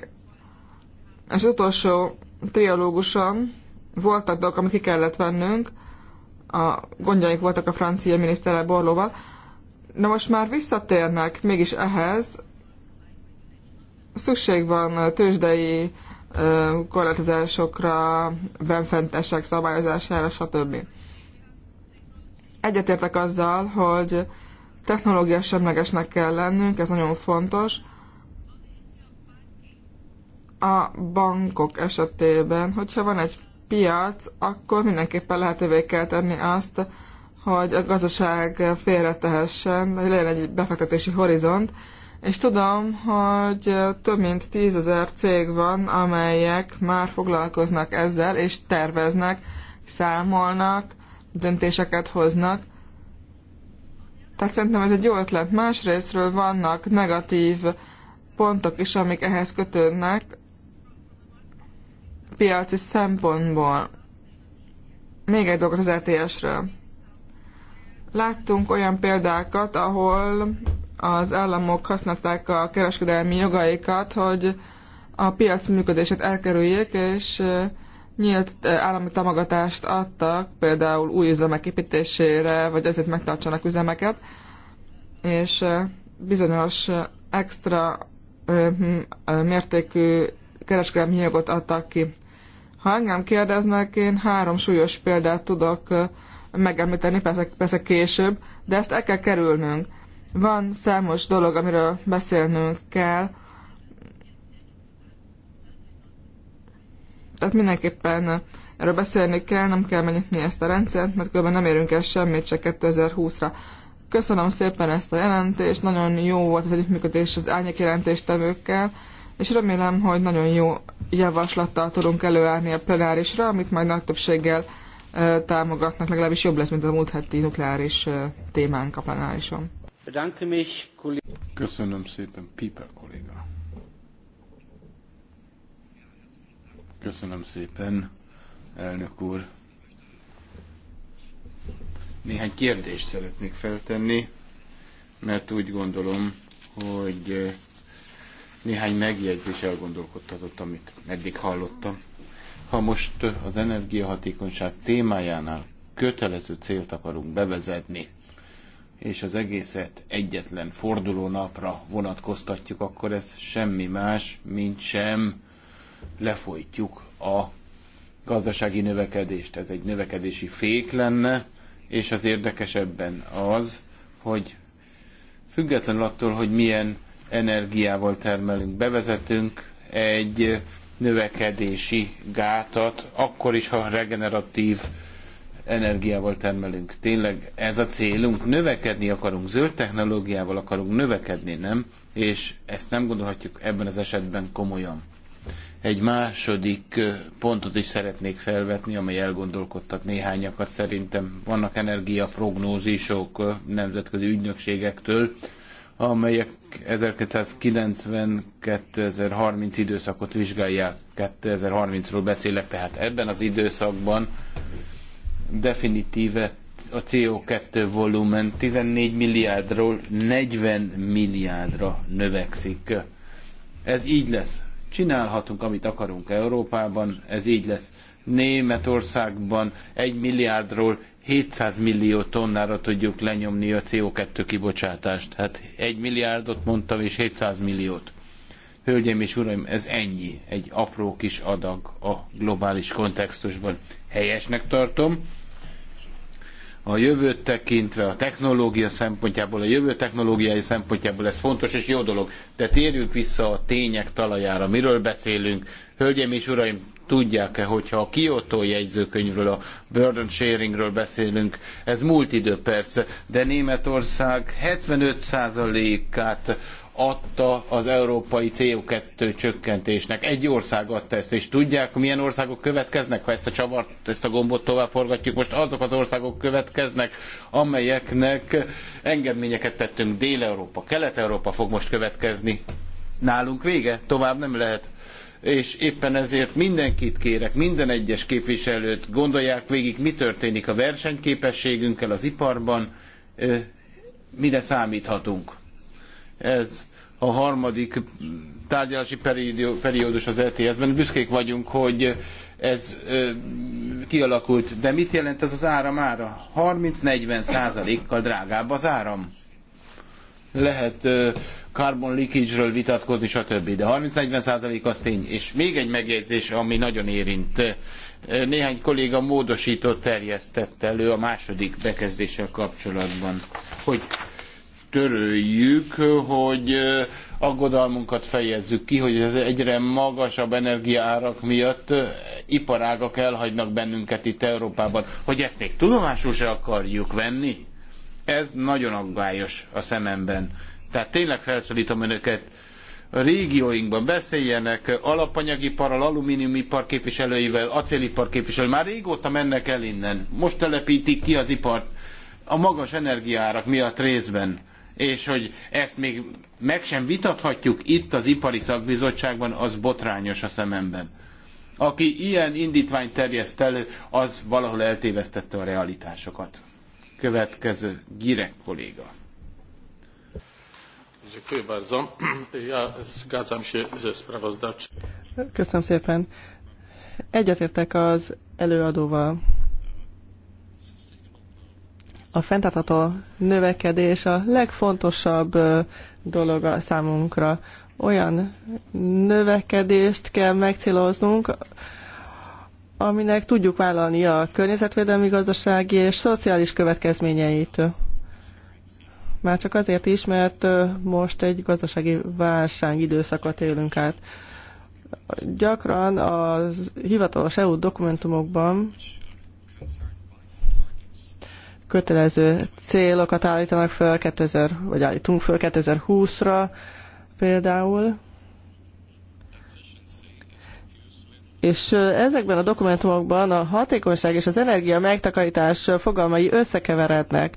A: és az utolsó triológuson voltak dolgok, amit ki kellett vennünk, a gondjaink voltak a francia miniszterrel Borlóval, de most már visszatérnek mégis ehhez, szükség van tőzsdei korlátozásokra, benfentesek szabályozására, stb. Egyetértek azzal, hogy technológia semlegesnek kell lennünk, ez nagyon fontos. A bankok esetében, hogyha van egy piac, akkor mindenképpen lehetővé kell tenni azt, hogy a gazdaság félretehessen, hogy legyen egy befektetési horizont, és tudom, hogy több mint tízezer cég van, amelyek már foglalkoznak ezzel, és terveznek, számolnak, döntéseket hoznak. Tehát szerintem ez egy jó ötlet. Másrésztről vannak negatív pontok is, amik ehhez kötődnek, piaci szempontból. Még egy dolgot az RTS-ről. E Láttunk olyan példákat, ahol az államok használták a kereskedelmi jogaikat, hogy a piac működését elkerüljék, és nyílt állami támogatást adtak, például új üzemek építésére, vagy azért megtartsanak üzemeket, és bizonyos extra mértékű kereskedelmi jogot adtak ki ha engem kérdeznek, én három súlyos példát tudok megemlíteni, persze, persze később, de ezt el kell kerülnünk. Van számos dolog, amiről beszélnünk kell. Tehát mindenképpen erről beszélni kell, nem kell megnyitni ezt a rendszert, mert különben nem érünk el semmit se 2020-ra. Köszönöm szépen ezt a jelentést, nagyon jó volt az együttműködés az árnyék jelentéstevőkkel, és remélem, hogy nagyon jó javaslattal tudunk előállni a plenárisra, amit majd nagy többséggel támogatnak, legalábbis jobb lesz, mint a múlt heti nukleáris témánk a plenárison.
C: Köszönöm szépen, Piper kolléga. Köszönöm szépen, elnök úr. Néhány kérdést szeretnék feltenni, mert úgy gondolom, hogy néhány megjegyzés elgondolkodtatott, amit eddig hallottam. Ha most az energiahatékonyság témájánál kötelező célt akarunk bevezetni, és az egészet egyetlen forduló napra vonatkoztatjuk, akkor ez semmi más, mint sem lefolytjuk a gazdasági növekedést. Ez egy növekedési fék lenne, és az érdekesebben az, hogy függetlenül attól, hogy milyen energiával termelünk. Bevezetünk egy növekedési gátat, akkor is, ha regeneratív energiával termelünk. Tényleg ez a célunk, növekedni akarunk, zöld technológiával akarunk növekedni, nem? És ezt nem gondolhatjuk ebben az esetben komolyan. Egy második pontot is szeretnék felvetni, amely elgondolkodtat néhányakat szerintem. Vannak energiaprognózisok nemzetközi ügynökségektől, amelyek 1990-2030 időszakot vizsgálják. 2030-ról beszélek, tehát ebben az időszakban definitíve a CO2 volumen 14 milliárdról 40 milliárdra növekszik. Ez így lesz. Csinálhatunk, amit akarunk Európában, ez így lesz. Németországban 1 milliárdról 700 millió tonnára tudjuk lenyomni a CO2 kibocsátást. Hát egy milliárdot mondtam, és 700 milliót. Hölgyeim és uraim, ez ennyi, egy apró kis adag a globális kontextusban. Helyesnek tartom. A jövőt tekintve, a technológia szempontjából, a jövő technológiai szempontjából ez fontos és jó dolog. De térjünk vissza a tények talajára. Miről beszélünk? Hölgyeim és uraim, tudják-e, hogyha a Kyoto jegyzőkönyvről, a burden sharingről beszélünk, ez múlt idő persze, de Németország 75%-át adta az európai CO2 csökkentésnek. Egy ország adta ezt, és tudják, milyen országok következnek, ha ezt a csavart, ezt a gombot tovább forgatjuk. Most azok az országok következnek, amelyeknek engedményeket tettünk. Dél-Európa, Kelet-Európa fog most következni. Nálunk vége, tovább nem lehet és éppen ezért mindenkit kérek, minden egyes képviselőt, gondolják végig, mi történik a versenyképességünkkel az iparban, mire számíthatunk. Ez a harmadik tárgyalási periódus az ETS-ben. Büszkék vagyunk, hogy ez kialakult. De mit jelent ez az áram ára? 30-40 százalékkal drágább az áram lehet carbon leakage-ről vitatkozni, stb. De 30-40% az tény. És még egy megjegyzés, ami nagyon érint. Néhány kolléga módosított terjesztett elő a második bekezdéssel kapcsolatban, hogy töröljük, hogy aggodalmunkat fejezzük ki, hogy az egyre magasabb energiárak miatt iparágak elhagynak bennünket itt Európában. Hogy ezt még tudomásul se akarjuk venni? Ez nagyon aggályos a szememben. Tehát tényleg felszólítom önöket, a régióinkban beszéljenek alapanyagiparral, alumíniumipar képviselőivel, acélipar képviselőivel. Már régóta mennek el innen. Most telepítik ki az ipart a magas energiárak miatt részben és hogy ezt még meg sem vitathatjuk itt az ipari szakbizottságban, az botrányos a szememben. Aki ilyen indítványt terjeszt elő, az valahol eltévesztette a realitásokat. Következő Girek kolléga.
D: Köszönöm szépen. Egyetértek az előadóval. A fenntartható növekedés a legfontosabb dolog a számunkra. Olyan növekedést kell megcéloznunk, aminek tudjuk vállalni a környezetvédelmi, gazdasági és szociális következményeit. Már csak azért is, mert most egy gazdasági válság időszakot élünk át. Gyakran a hivatalos EU dokumentumokban kötelező célokat állítanak föl, 2000, vagy állítunk föl 2020-ra például, És ezekben a dokumentumokban a hatékonyság és az energia megtakarítás fogalmai összekeverednek.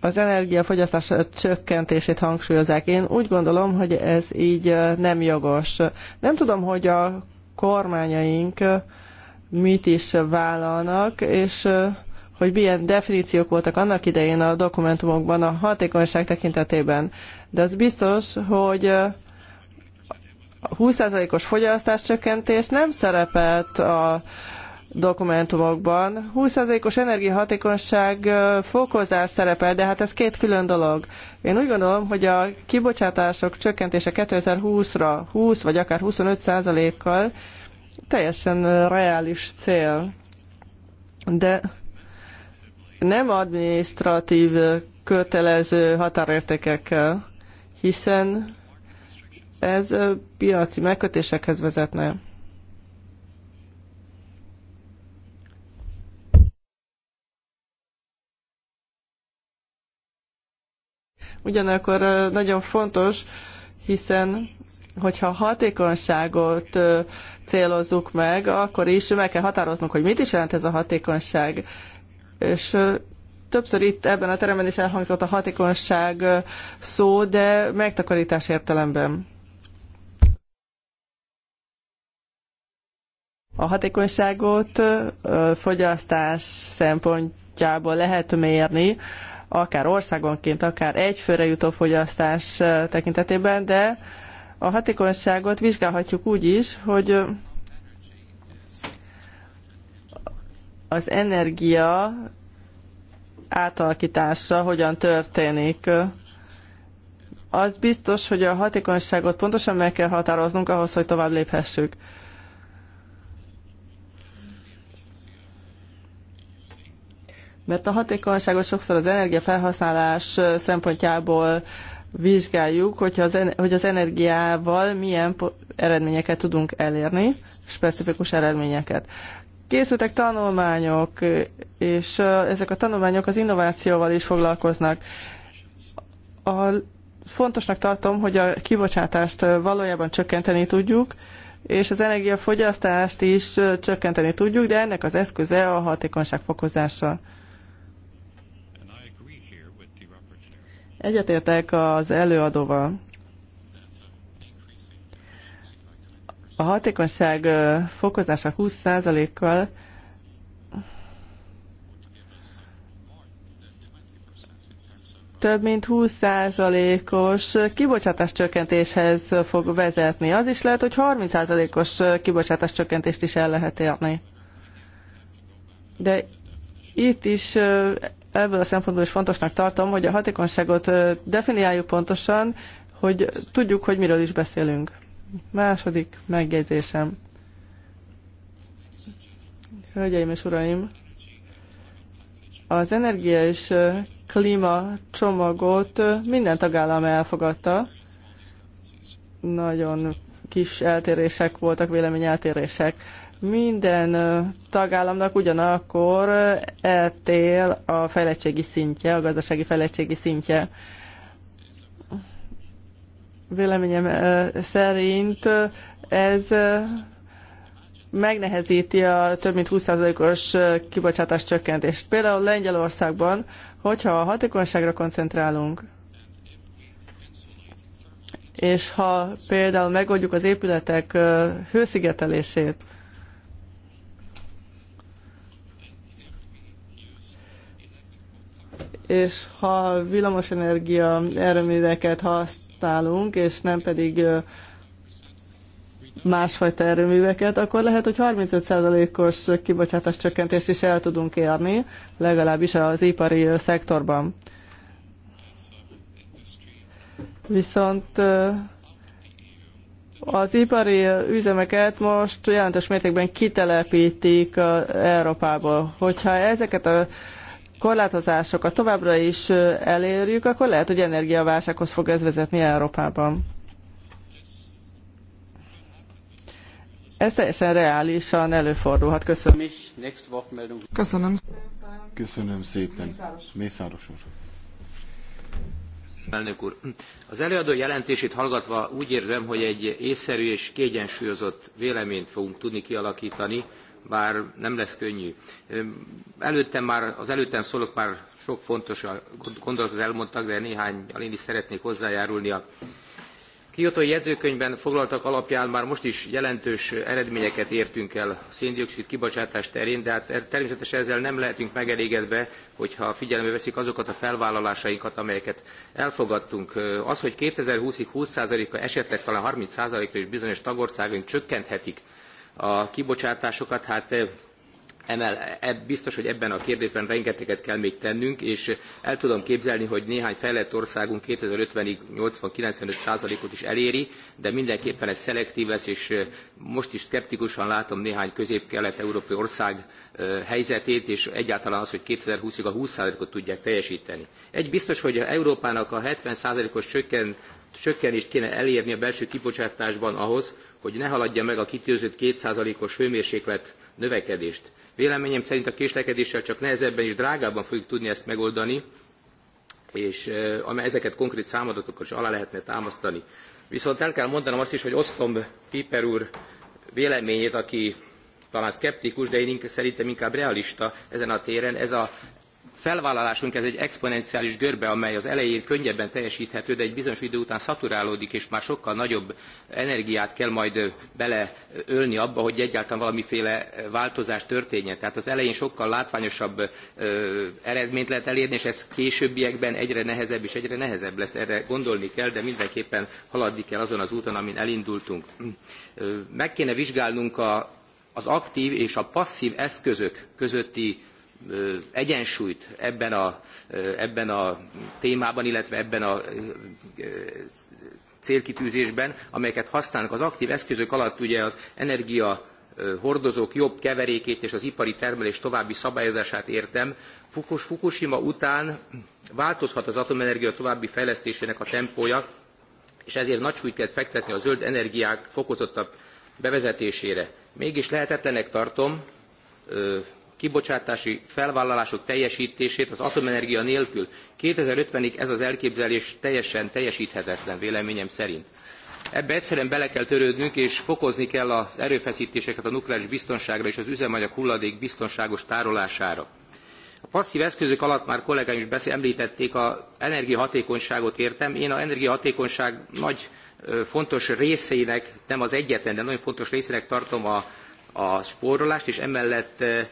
D: Az energiafogyasztás csökkentését hangsúlyozzák. Én úgy gondolom, hogy ez így nem jogos. Nem tudom, hogy a kormányaink mit is vállalnak, és hogy milyen definíciók voltak annak idején a dokumentumokban a hatékonyság tekintetében. De az biztos, hogy 20%-os fogyasztás csökkentés nem szerepelt a dokumentumokban. 20%-os energiahatékonyság fokozás szerepel, de hát ez két külön dolog. Én úgy gondolom, hogy a kibocsátások csökkentése 2020-ra 20 vagy akár 25%-kal teljesen reális cél. De nem adminisztratív kötelező határértékekkel, hiszen ez piaci megkötésekhez vezetne. Ugyanakkor nagyon fontos, hiszen hogyha hatékonyságot célozzuk meg, akkor is meg kell határoznunk, hogy mit is jelent ez a hatékonyság. És többször itt ebben a teremben is elhangzott a hatékonyság szó, de megtakarítás értelemben. A hatékonyságot fogyasztás szempontjából lehet mérni, akár országonként, akár egy főre jutó fogyasztás tekintetében, de a hatékonyságot vizsgálhatjuk úgy is, hogy az energia átalakítása hogyan történik. Az biztos, hogy a hatékonyságot pontosan meg kell határoznunk ahhoz, hogy tovább léphessük. Mert a hatékonyságot sokszor az energiafelhasználás szempontjából vizsgáljuk, hogyha az, hogy az energiával milyen eredményeket tudunk elérni, specifikus eredményeket. Készültek tanulmányok, és ezek a tanulmányok az innovációval is foglalkoznak. A, fontosnak tartom, hogy a kibocsátást valójában csökkenteni tudjuk, és az energiafogyasztást is csökkenteni tudjuk, de ennek az eszköze a hatékonyság fokozása. Egyetértek az előadóval. A hatékonyság fokozása 20%-kal több mint 20%-os kibocsátás csökkentéshez fog vezetni. Az is lehet, hogy 30%-os kibocsátás csökkentést is el lehet érni. De itt is ebből a szempontból is fontosnak tartom, hogy a hatékonyságot definiáljuk pontosan, hogy tudjuk, hogy miről is beszélünk. Második megjegyzésem. Hölgyeim és uraim, az energia és klíma csomagot minden tagállam elfogadta. Nagyon kis eltérések voltak, véleményeltérések. eltérések minden tagállamnak ugyanakkor eltél a fejlettségi szintje, a gazdasági fejlettségi szintje. Véleményem szerint ez megnehezíti a több mint 20%-os kibocsátás csökkentést. Például Lengyelországban, hogyha a hatékonyságra koncentrálunk, és ha például megoldjuk az épületek hőszigetelését, és ha villamosenergia erőműveket használunk, és nem pedig másfajta erőműveket, akkor lehet, hogy 35%-os kibocsátás csökkentést is el tudunk érni, legalábbis az ipari szektorban. Viszont az ipari üzemeket most jelentős mértékben kitelepítik Európából. Hogyha ezeket a korlátozásokat továbbra is elérjük, akkor lehet, hogy energiaválsághoz fog ez vezetni Európában. Ez teljesen reálisan előfordulhat. Köszönöm. Köszönöm szépen.
C: Köszönöm szépen. Mészáros úr.
B: Elnök úr, az előadó jelentését hallgatva úgy érzem, hogy egy észszerű és kiegyensúlyozott véleményt fogunk tudni kialakítani, bár nem lesz könnyű. Előttem már, az előttem szólok már sok fontos gondolatot elmondtak, de néhány én is szeretnék hozzájárulni a Kiotói jegyzőkönyvben foglaltak alapján már most is jelentős eredményeket értünk el a széndiokszid kibocsátás terén, de hát er, természetesen ezzel nem lehetünk megelégedve, hogyha figyelembe veszik azokat a felvállalásainkat, amelyeket elfogadtunk. Az, hogy 2020-ig 20%-a, esetleg talán 30%-ra is bizonyos tagországaink csökkenthetik a kibocsátásokat, hát emel, e, biztos, hogy ebben a kérdésben rengeteget kell még tennünk, és el tudom képzelni, hogy néhány fejlett országunk 2050-ig 80-95%-ot is eléri, de mindenképpen ez szelektív lesz, és most is szkeptikusan látom néhány közép-kelet-európai ország helyzetét, és egyáltalán az, hogy 2020-ig a 20%-ot tudják teljesíteni. Egy biztos, hogy Európának a 70%-os csökken, csökkenést kéne elérni a belső kibocsátásban ahhoz, hogy ne haladja meg a kitűzött 2%-os hőmérséklet növekedést. Véleményem szerint a késlekedéssel csak nehezebben és drágábban fogjuk tudni ezt megoldani, és ezeket konkrét számadatokkal is alá lehetne támasztani. Viszont el kell mondanom azt is, hogy osztom Piper úr véleményét, aki talán szkeptikus, de én inkább, szerintem inkább realista ezen a téren. Ez a Felvállalásunk ez egy exponenciális görbe, amely az elején könnyebben teljesíthető, de egy bizonyos idő után szaturálódik, és már sokkal nagyobb energiát kell majd beleölni abba, hogy egyáltalán valamiféle változás történjen. Tehát az elején sokkal látványosabb ö, eredményt lehet elérni, és ez későbbiekben egyre nehezebb és egyre nehezebb lesz. Erre gondolni kell, de mindenképpen haladni kell azon az úton, amin elindultunk. Meg kéne vizsgálnunk a, az aktív és a passzív eszközök közötti egyensúlyt ebben a, ebben a témában, illetve ebben a célkitűzésben, amelyeket használnak az aktív eszközök alatt, ugye az energia hordozók jobb keverékét és az ipari termelés további szabályozását értem, Fukushima után változhat az atomenergia további fejlesztésének a tempója, és ezért nagy súlyt kell fektetni a zöld energiák fokozottabb bevezetésére. Mégis lehetetlenek tartom, kibocsátási felvállalások teljestését az atomenergia nélkül. two thousand and fifty ig ez az elképzelés teljesen teljesthetetlen véleményem szerint. ebbe egyszerűen bele kell törődnünk és fokozni kell az erőfesztéseket a nukleáris biztonságra és az üzemanyag hulladék biztonságos tárolására. A passzív eszközök alatt már kollégáim is beszél, említették a energiahatékonyságot értem. Én a energiahatékonyság nagy fontos részeinek, nem az egyetlen, de nagyon fontos részének tartom a a spórolást, és emellett eh,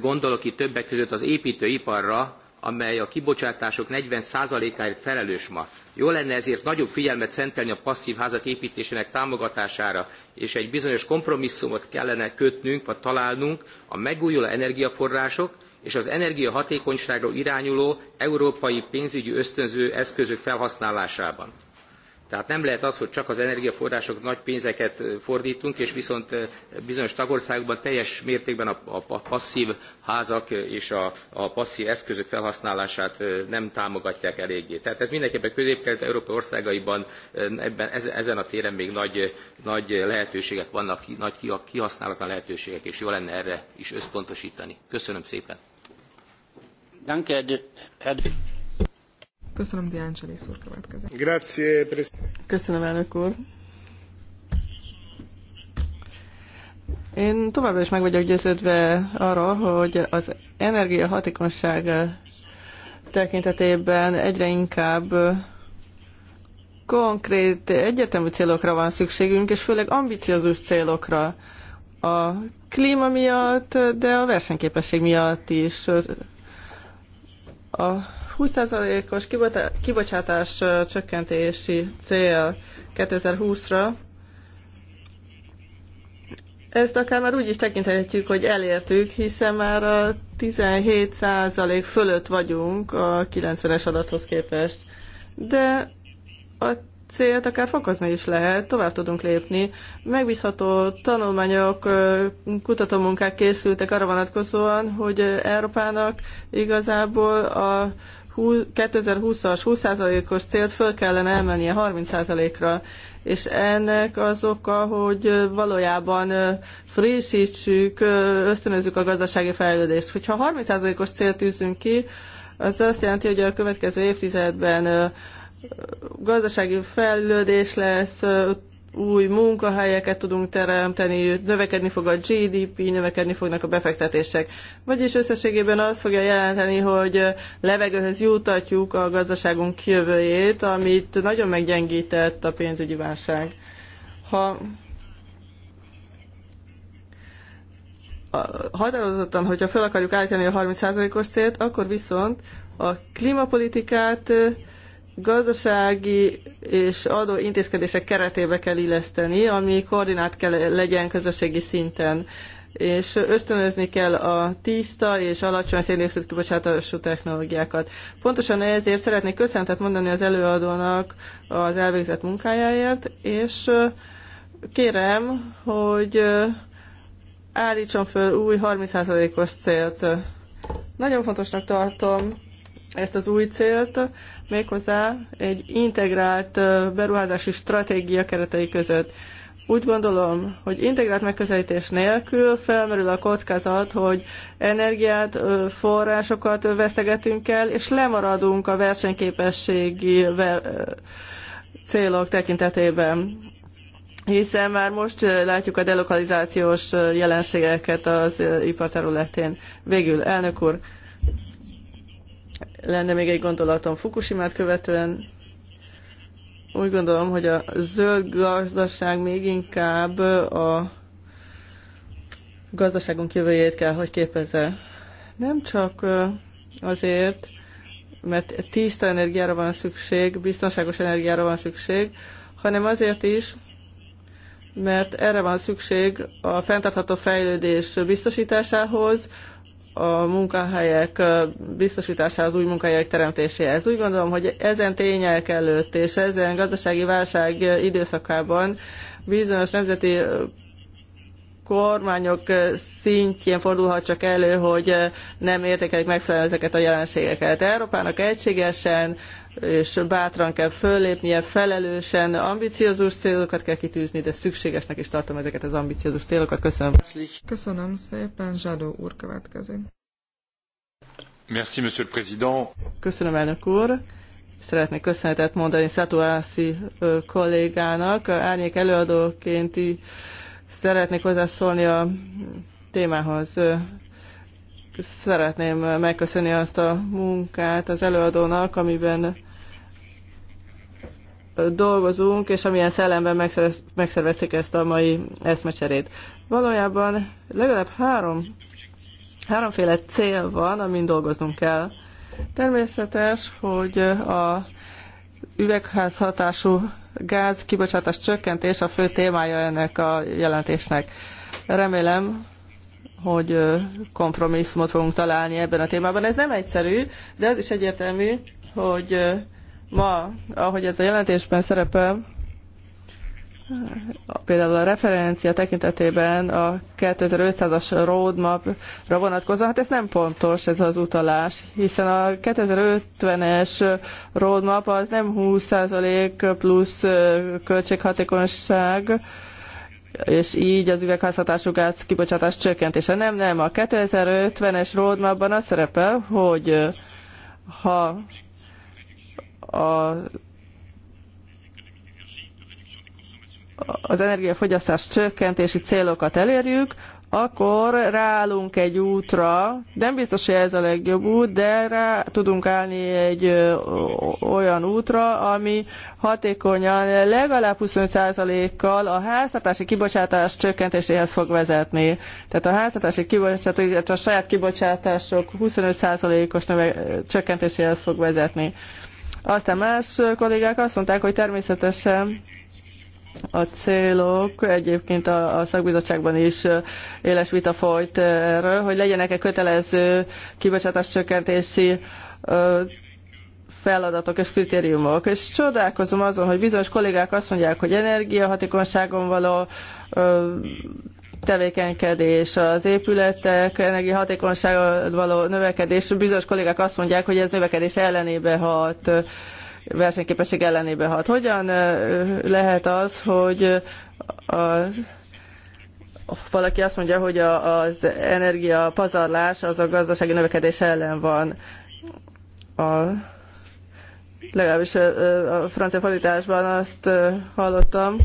B: gondolok itt többek között az építőiparra, amely a kibocsátások 40%-áért felelős ma. Jó lenne ezért nagyobb figyelmet szentelni a passzív házak építésének támogatására, és egy bizonyos kompromisszumot kellene kötnünk vagy találnunk a megújuló energiaforrások és az energiahatékonyságra irányuló európai pénzügyi ösztönző eszközök felhasználásában. Tehát nem lehet az, hogy csak az energiaforrások nagy pénzeket fordítunk, és viszont bizonyos tagországokban teljes mértékben a, a passzív házak és a, a passzív eszközök felhasználását nem támogatják eléggé. Tehát ez mindenképpen közép-kelet-európa országaiban ebben, ezen a téren még nagy, nagy lehetőségek vannak, nagy kihasználatlan lehetőségek, és jó lenne erre is összpontosítani. Köszönöm szépen! Danke,
C: Herr
A: Köszönöm, De úr következik.
C: Grazie,
A: Köszönöm, elnök úr. Én továbbra
D: is meg vagyok győződve arról, hogy az energiahatékonyság tekintetében egyre inkább konkrét, egyetemű célokra van szükségünk, és főleg ambiciózus célokra. A klíma miatt, de a versenyképesség miatt is. A 20%-os kibocsátás csökkentési cél 2020-ra, ezt akár már úgy is tekinthetjük, hogy elértük, hiszen már a 17% fölött vagyunk a 90-es adathoz képest. De a célt akár fokozni is lehet, tovább tudunk lépni. Megbízható tanulmányok, kutatómunkák készültek arra vonatkozóan, hogy Európának igazából a 2020-as 20%-os célt föl kellene emelnie 30%-ra, és ennek az oka, hogy valójában frissítsük, ösztönözzük a gazdasági fejlődést. Hogyha 30%-os célt tűzünk ki, az azt jelenti, hogy a következő évtizedben gazdasági fejlődés lesz, új munkahelyeket tudunk teremteni, növekedni fog a GDP, növekedni fognak a befektetések. Vagyis összességében az fogja jelenteni, hogy levegőhöz jutatjuk a gazdaságunk jövőjét, amit nagyon meggyengített a pénzügyi válság. Ha határozottan, hogyha fel akarjuk állítani a 30%-os célt, akkor viszont a klímapolitikát gazdasági és adó intézkedések keretébe kell illeszteni, ami koordinált kell legyen közösségi szinten és ösztönözni kell a tiszta és alacsony széndiokszid kibocsátású technológiákat. Pontosan ezért szeretnék köszöntet mondani az előadónak az elvégzett munkájáért, és kérem, hogy állítson föl új 30%-os célt. Nagyon fontosnak tartom ezt az új célt, méghozzá egy integrált beruházási stratégia keretei között. Úgy gondolom, hogy integrált megközelítés nélkül felmerül a kockázat, hogy energiát, forrásokat vesztegetünk el, és lemaradunk a versenyképességi célok tekintetében. Hiszen már most látjuk a delokalizációs jelenségeket az iparterületén Végül, elnök úr, lenne még egy gondolatom Fukushima-t követően. Úgy gondolom, hogy a zöld gazdaság még inkább a gazdaságunk jövőjét kell, hogy képezze. Nem csak azért, mert tiszta energiára van szükség, biztonságos energiára van szükség, hanem azért is, mert erre van szükség a fenntartható fejlődés biztosításához, a munkahelyek biztosításához, új munkahelyek teremtéséhez. Úgy gondolom, hogy ezen tények előtt és ezen gazdasági válság időszakában bizonyos nemzeti kormányok szintjén fordulhat csak elő, hogy nem értékelik megfelelően ezeket a jelenségeket. Európának egységesen és bátran kell föllépnie, felelősen, ambiciózus célokat kell kitűzni, de szükségesnek is tartom ezeket az ambiciózus célokat. Köszönöm. Köszönöm szépen, Zsadó úr következik.
C: Merci, monsieur le président.
D: Köszönöm, elnök úr. Szeretnék köszönetet mondani Szatuászi kollégának. Árnyék előadóként szeretnék hozzászólni a témához szeretném megköszönni azt a munkát az előadónak, amiben dolgozunk, és amilyen szellemben megszervezték ezt a mai eszmecserét. Valójában legalább három, háromféle cél van, amin dolgoznunk kell. Természetes, hogy a üvegházhatású gáz kibocsátás csökkentés a fő témája ennek a jelentésnek. Remélem, hogy kompromisszumot fogunk találni ebben a témában. Ez nem egyszerű, de az is egyértelmű, hogy ma, ahogy ez a jelentésben szerepel, például a referencia tekintetében a 2500-as roadmapra vonatkozó, hát ez nem pontos ez az utalás, hiszen a 2050-es roadmap az nem 20% plusz költséghatékonyság, és így az üvegházhatású gáz kibocsátás csökkentése. Nem, nem, a 2050-es roadmapban az szerepel, hogy ha a az energiafogyasztás csökkentési célokat elérjük, akkor ráállunk egy útra, nem biztos, hogy ez a legjobb út, de rá tudunk állni egy olyan útra, ami hatékonyan legalább 25%-kal a háztartási kibocsátás csökkentéséhez fog vezetni. Tehát a háztartási kibocsátás, illetve a saját kibocsátások 25%-os csökkentéséhez fog vezetni. Aztán más kollégák azt mondták, hogy természetesen a célok egyébként a, a szakbizottságban is éles vita folyt erről, hogy legyenek-e kötelező kibocsátás csökkentési feladatok és kritériumok. És csodálkozom azon, hogy bizonyos kollégák azt mondják, hogy energiahatékonyságon való ö, tevékenykedés, az épületek energiahatékonyságon való növekedés, bizonyos kollégák azt mondják, hogy ez növekedés ellenébe hat versenyképesség ellenébe hat. Hogyan lehet az, hogy az valaki azt mondja, hogy a, az energia pazarlás az a gazdasági növekedés ellen van. A, legalábbis a, francia fordításban azt hallottam,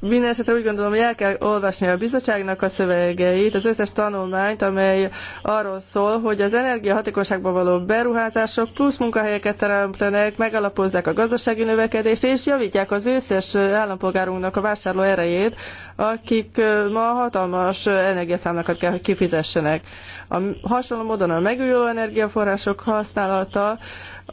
D: minden esetre úgy gondolom, hogy el kell olvasni a bizottságnak a szövegeit, az összes tanulmányt, amely arról szól, hogy az energiahatékonyságban való beruházások plusz munkahelyeket teremtenek, megalapozzák a gazdasági növekedést, és javítják az összes állampolgárunknak a vásárló erejét, akik ma hatalmas energiaszámlákat kell, hogy kifizessenek. A hasonló módon a megújuló energiaforrások használata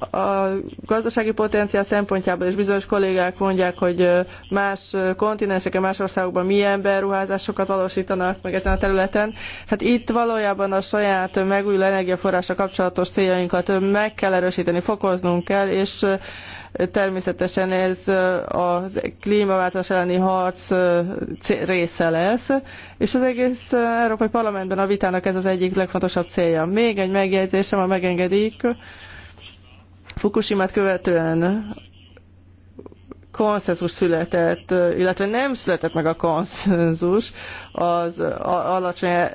D: a gazdasági potenciál szempontjából is bizonyos kollégák mondják, hogy más kontinenseken, más országokban milyen beruházásokat valósítanak meg ezen a területen. Hát itt valójában a saját megújuló energiaforrásra kapcsolatos céljainkat meg kell erősíteni, fokoznunk kell, és természetesen ez a klímaváltozás elleni harc része lesz, és az egész Európai Parlamentben a vitának ez az egyik legfontosabb célja. Még egy megjegyzésem, ha megengedik, Fukushima-t követően konszenzus született, illetve nem született meg a konszenzus az alacsony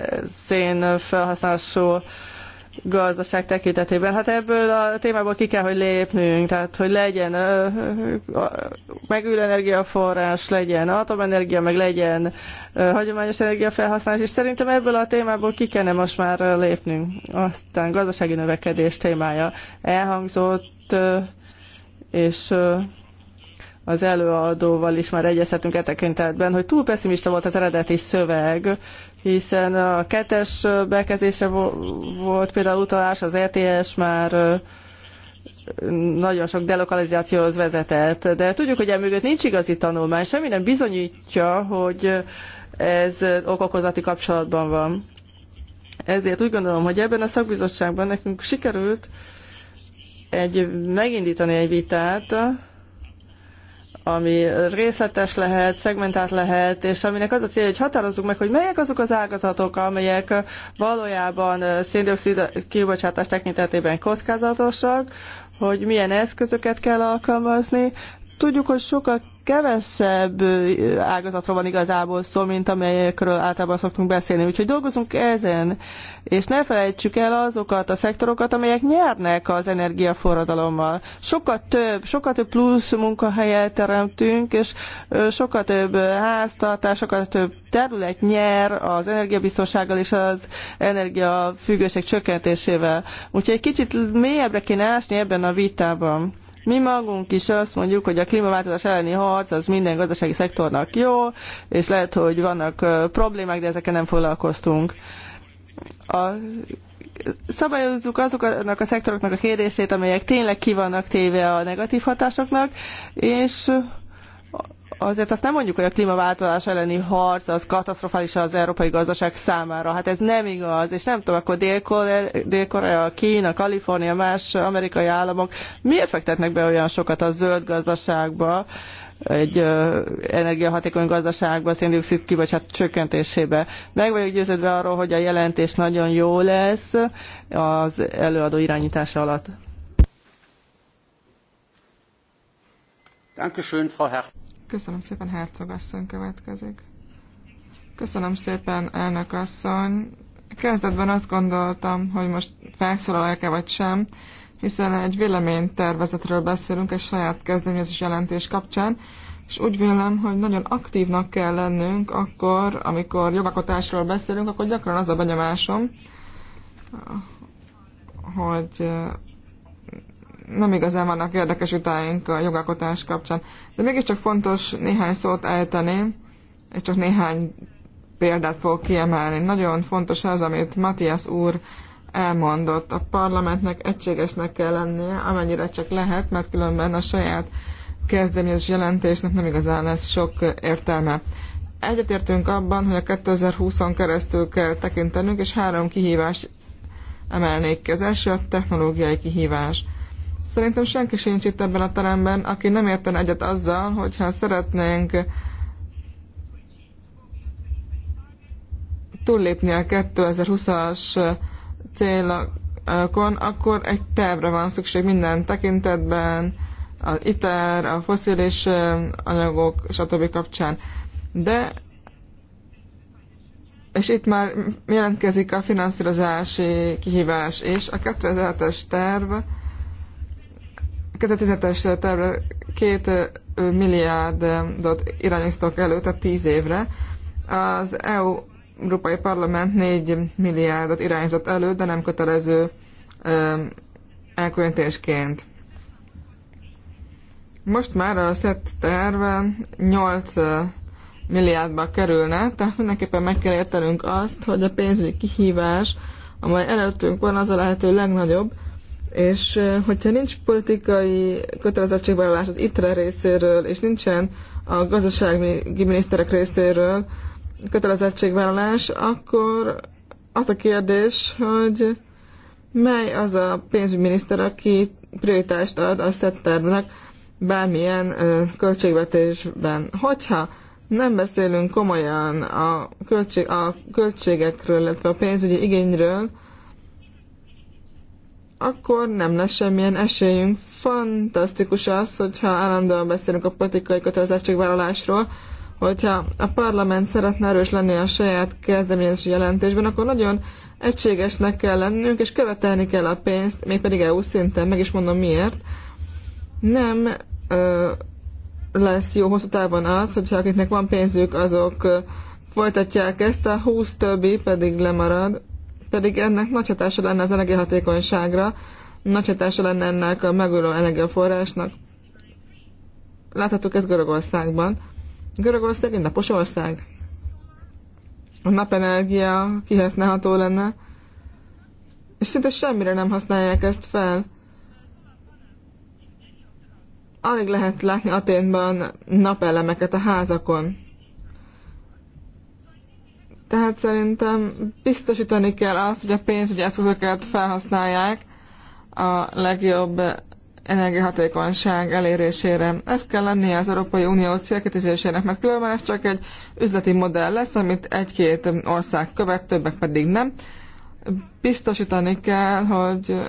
D: szén felhasználású gazdaság tekintetében. Hát ebből a témából ki kell, hogy lépnünk, tehát hogy legyen megül energiaforrás, legyen atomenergia, meg legyen hagyományos energiafelhasználás, és szerintem ebből a témából ki kellene most már lépnünk. Aztán gazdasági növekedés témája elhangzott, és az előadóval is már egyeztetünk e tekintetben, hogy túl pessimista volt az eredeti szöveg, hiszen a kettes bekezdése volt például utalás, az ETS már nagyon sok delokalizációhoz vezetett, de tudjuk, hogy emögött nincs igazi tanulmány, semmi nem bizonyítja, hogy ez okokozati kapcsolatban van. Ezért úgy gondolom, hogy ebben a szakbizottságban nekünk sikerült egy, megindítani egy vitát, ami részletes lehet, szegmentált lehet, és aminek az a célja, hogy határozzuk meg, hogy melyek azok az ágazatok, amelyek valójában széndiokszid kibocsátás tekintetében kockázatosak, hogy milyen eszközöket kell alkalmazni. Tudjuk, hogy sokkal kevesebb ágazatról van igazából szó, mint amelyekről általában szoktunk beszélni. Úgyhogy dolgozunk ezen, és ne felejtsük el azokat a szektorokat, amelyek nyernek az energiaforradalommal. Sokkal több, sokkal több plusz munkahelyet teremtünk, és sokkal több háztartás, sokkal több terület nyer az energiabiztonsággal és az energiafüggőség csökkentésével. Úgyhogy egy kicsit mélyebbre kéne ásni ebben a vitában. Mi magunk is azt mondjuk, hogy a klímaváltozás elleni harc az minden gazdasági szektornak jó, és lehet, hogy vannak problémák, de ezeken nem foglalkoztunk. A szabályozzuk azoknak a szektoroknak a kérdését, amelyek tényleg ki vannak téve a negatív hatásoknak, és azért azt nem mondjuk, hogy a klímaváltozás elleni harc az katasztrofális az európai gazdaság számára. Hát ez nem igaz, és nem tudom, akkor Dél-Korea, Kína, Kalifornia, más amerikai államok miért fektetnek be olyan sokat a zöld gazdaságba, egy energiahatékony gazdaságba, széndiokszid kibocsát csökkentésébe. Meg vagyok győződve arról, hogy a jelentés nagyon jó lesz az előadó irányítása alatt.
A: Köszönöm szépen, Herzog asszony következik. Köszönöm szépen, elnök asszony. Kezdetben azt gondoltam, hogy most felszólalok-e vagy sem, hiszen egy véleménytervezetről beszélünk egy saját kezdeményezés jelentés kapcsán, és úgy vélem, hogy nagyon aktívnak kell lennünk akkor, amikor jogakotásról beszélünk, akkor gyakran az a benyomásom, hogy nem igazán vannak érdekes utáink a jogalkotás kapcsán. De mégiscsak fontos néhány szót ejteni, és csak néhány példát fogok kiemelni. Nagyon fontos az, amit Matthias úr elmondott. A parlamentnek egységesnek kell lennie, amennyire csak lehet, mert különben a saját kezdeményezés jelentésnek nem igazán lesz sok értelme. Egyetértünk abban, hogy a 2020-on keresztül kell tekintenünk, és három kihívást emelnék ki. Az első a technológiai kihívás – Szerintem senki sincs itt ebben a teremben, aki nem érten egyet azzal, hogyha szeretnénk túllépni a 2020-as célokon, akkor egy tervre van szükség minden tekintetben, az ITER, a foszilis anyagok, stb. kapcsán. De és itt már jelentkezik a finanszírozási kihívás is. A 2007-es terv 2015-es tervre két milliárdot irányítok előtt a 10 évre. Az EU Európai Parlament 4 milliárdot irányzott elő, de nem kötelező elkülönítésként. Most már a SZET terve 8 milliárdba kerülne, tehát mindenképpen meg kell értenünk azt, hogy a pénzügyi kihívás, amely előttünk van, az a lehető legnagyobb, és hogyha nincs politikai kötelezettségvállalás az ITRE részéről, és nincsen a gazdasági miniszterek részéről kötelezettségvállalás, akkor az a kérdés, hogy mely az a pénzügyminiszter, aki prioritást ad a szettervnek bármilyen költségvetésben. Hogyha nem beszélünk komolyan a, költség, a költségekről, illetve a pénzügyi igényről, akkor nem lesz semmilyen esélyünk. Fantasztikus az, hogyha állandóan beszélünk a politikai kötelezettségvállalásról, hogyha a parlament szeretne erős lenni a saját kezdeményezési jelentésben, akkor nagyon egységesnek kell lennünk, és követelni kell a pénzt, mégpedig EU szinten, meg is mondom miért. Nem ö, lesz jó hosszú távon az, hogyha akiknek van pénzük, azok ö, folytatják ezt, a 20 többi pedig lemarad pedig ennek nagy hatása lenne az energiahatékonyságra, nagy hatása lenne ennek a megújuló energiaforrásnak. Láthattuk ezt Görögországban. Görögország egy napos ország. A napenergia kihasználható lenne, és szinte semmire nem használják ezt fel. Alig lehet látni Aténban napelemeket a házakon. Tehát szerintem biztosítani kell azt, hogy a pénzügyi eszközöket felhasználják a legjobb energiahatékonyság elérésére. Ez kell lennie az Európai Unió célkitűzésének, mert különben ez csak egy üzleti modell lesz, amit egy-két ország követ, többek pedig nem. Biztosítani kell, hogy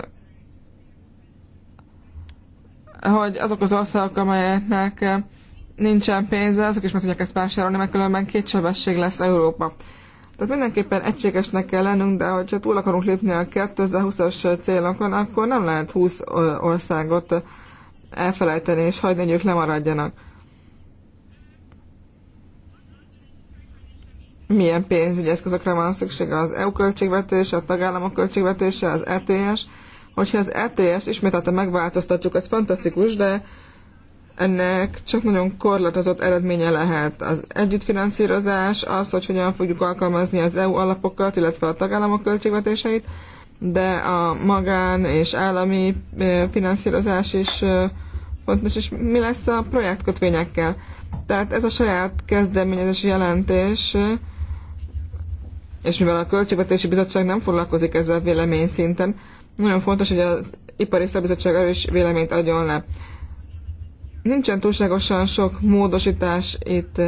A: hogy azok az országok, amelyeknek nincsen pénze, azok is meg tudják ezt vásárolni, mert különben sebesség lesz Európa. Tehát mindenképpen egységesnek kell lennünk, de ha túl akarunk lépni a 2020-as célokon, akkor nem lehet 20 országot elfelejteni és hagyni, hogy ők lemaradjanak. Milyen pénzügyi eszközökre van szüksége? Az EU költségvetése, a tagállamok költségvetése, az ETS. Hogyha az ETS ismételten megváltoztatjuk, ez fantasztikus, de ennek csak nagyon korlátozott eredménye lehet. Az együttfinanszírozás, az, hogy hogyan fogjuk alkalmazni az EU alapokat, illetve a tagállamok költségvetéseit, de a magán és állami finanszírozás is fontos, és mi lesz a projektkötvényekkel. Tehát ez a saját kezdeményezési jelentés, és mivel a Költségvetési Bizottság nem foglalkozik ezzel vélemény szinten, nagyon fontos, hogy az Ipari Szabizottság erős véleményt adjon le. Nincsen túlságosan sok módosítás itt.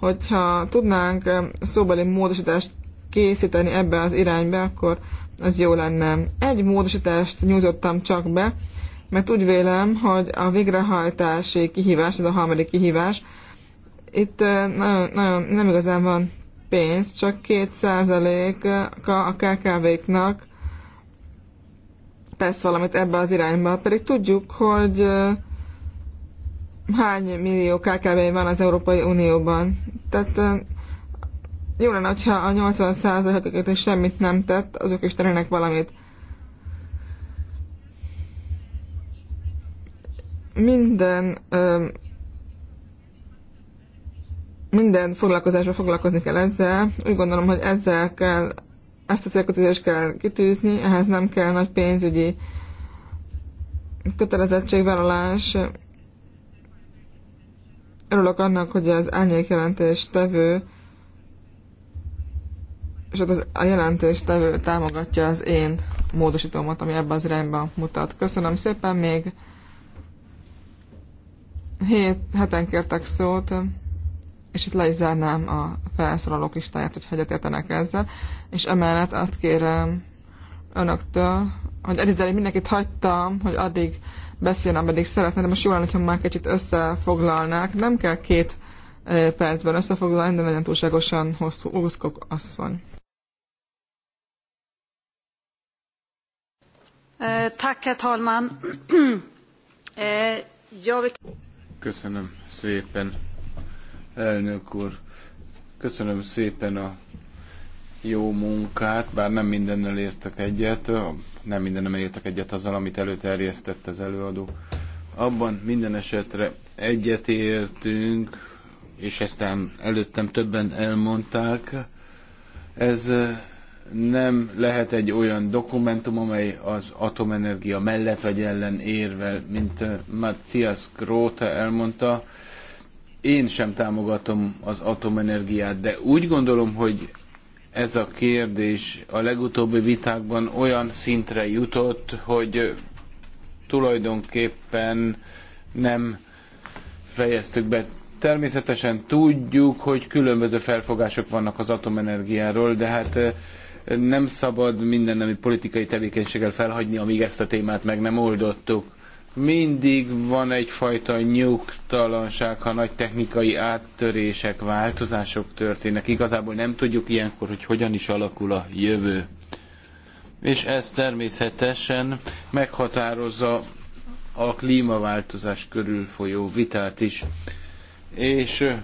A: Hogyha tudnánk szóbeli módosítást készíteni ebbe az irányba, akkor az jó lenne. Egy módosítást nyújtottam csak be, mert úgy vélem, hogy a végrehajtási kihívás, ez a harmadik kihívás, itt eh, nagyon, nagyon nem igazán van pénz, csak 2%-a a KKV-knak tesz valamit ebbe az irányba. Pedig tudjuk, hogy eh, hány millió KKV van az Európai Unióban. Tehát jó lenne, hogyha a 80 százalékokat és semmit nem tett, azok is tennének valamit. Minden minden foglalkozásban foglalkozni kell ezzel. Úgy gondolom, hogy ezzel kell, ezt a célkötözést kell kitűzni, ehhez nem kell nagy pénzügyi kötelezettségvállalás, Örülök annak, hogy az jelentés tevő és ott az, a jelentés tevő támogatja az én módosítómat, ami ebben az irányban mutat. Köszönöm szépen, még hét heten kértek szót, és itt le is zárnám a felszólalók listáját, hogy hegyet értenek ezzel, és emellett azt kérem önöktől, hogy elizeli mindenkit hagytam, hogy addig beszélni, ameddig szeretne, de most jól lenne, ha már kicsit összefoglalnák. Nem kell két percben összefoglalni, de legyen túlságosan hosszú. Úszkok asszony.
C: Köszönöm szépen, elnök úr. Köszönöm szépen a jó munkát, bár nem mindennel értek egyet, nem mindennel értek egyet azzal, amit előterjesztett az előadó. Abban minden esetre egyet értünk, és ezt előttem többen elmondták, ez eh, nem lehet egy olyan dokumentum, amely az atomenergia mellett vagy ellen érvel, mint eh, Matthias Grote elmondta. Én sem támogatom az atomenergiát, de úgy gondolom, hogy ez a kérdés a legutóbbi vitákban olyan szintre jutott, hogy tulajdonképpen nem fejeztük be. Természetesen tudjuk, hogy különböző felfogások vannak az atomenergiáról, de hát eh, nem szabad minden nemi politikai tevékenységgel felhagyni, amíg ezt a témát meg nem oldottuk mindig van egyfajta nyugtalanság, ha nagy technikai áttörések, változások történnek. Igazából nem tudjuk ilyenkor, hogy hogyan is alakul a jövő. És ez természetesen meghatározza a klímaváltozás körül folyó vitát is. És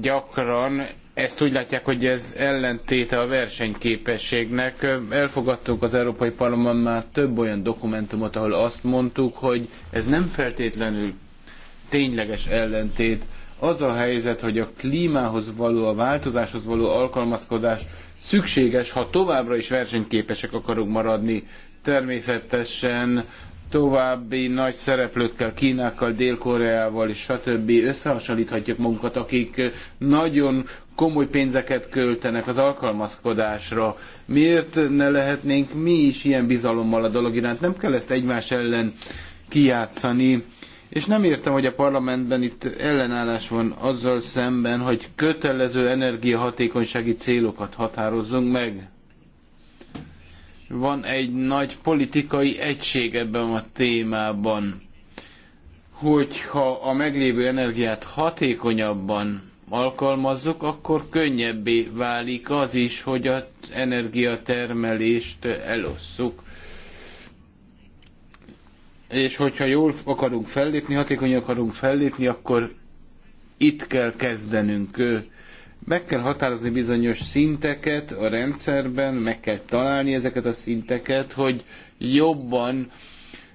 C: gyakran ezt úgy látják, hogy ez ellentéte a versenyképességnek. Elfogadtunk az Európai Parlamentben már több olyan dokumentumot, ahol azt mondtuk, hogy ez nem feltétlenül tényleges ellentét. Az a helyzet, hogy a klímához való, a változáshoz való alkalmazkodás szükséges, ha továbbra is versenyképesek akarunk maradni. Természetesen további nagy szereplőkkel, Kínákkal, Dél-Koreával és stb. összehasonlíthatjuk magunkat, akik nagyon komoly pénzeket költenek az alkalmazkodásra. Miért ne lehetnénk mi is ilyen bizalommal a dolog iránt? Nem kell ezt egymás ellen kijátszani. És nem értem, hogy a parlamentben itt ellenállás van azzal szemben, hogy kötelező energiahatékonysági célokat határozzunk meg. Van egy nagy politikai egység ebben a témában, hogyha a meglévő energiát hatékonyabban alkalmazzuk, akkor könnyebbé válik az is, hogy az energiatermelést elosszuk. És hogyha jól akarunk fellépni, hatékonyan akarunk fellépni, akkor itt kell kezdenünk meg kell határozni bizonyos szinteket a rendszerben, meg kell találni ezeket a szinteket, hogy jobban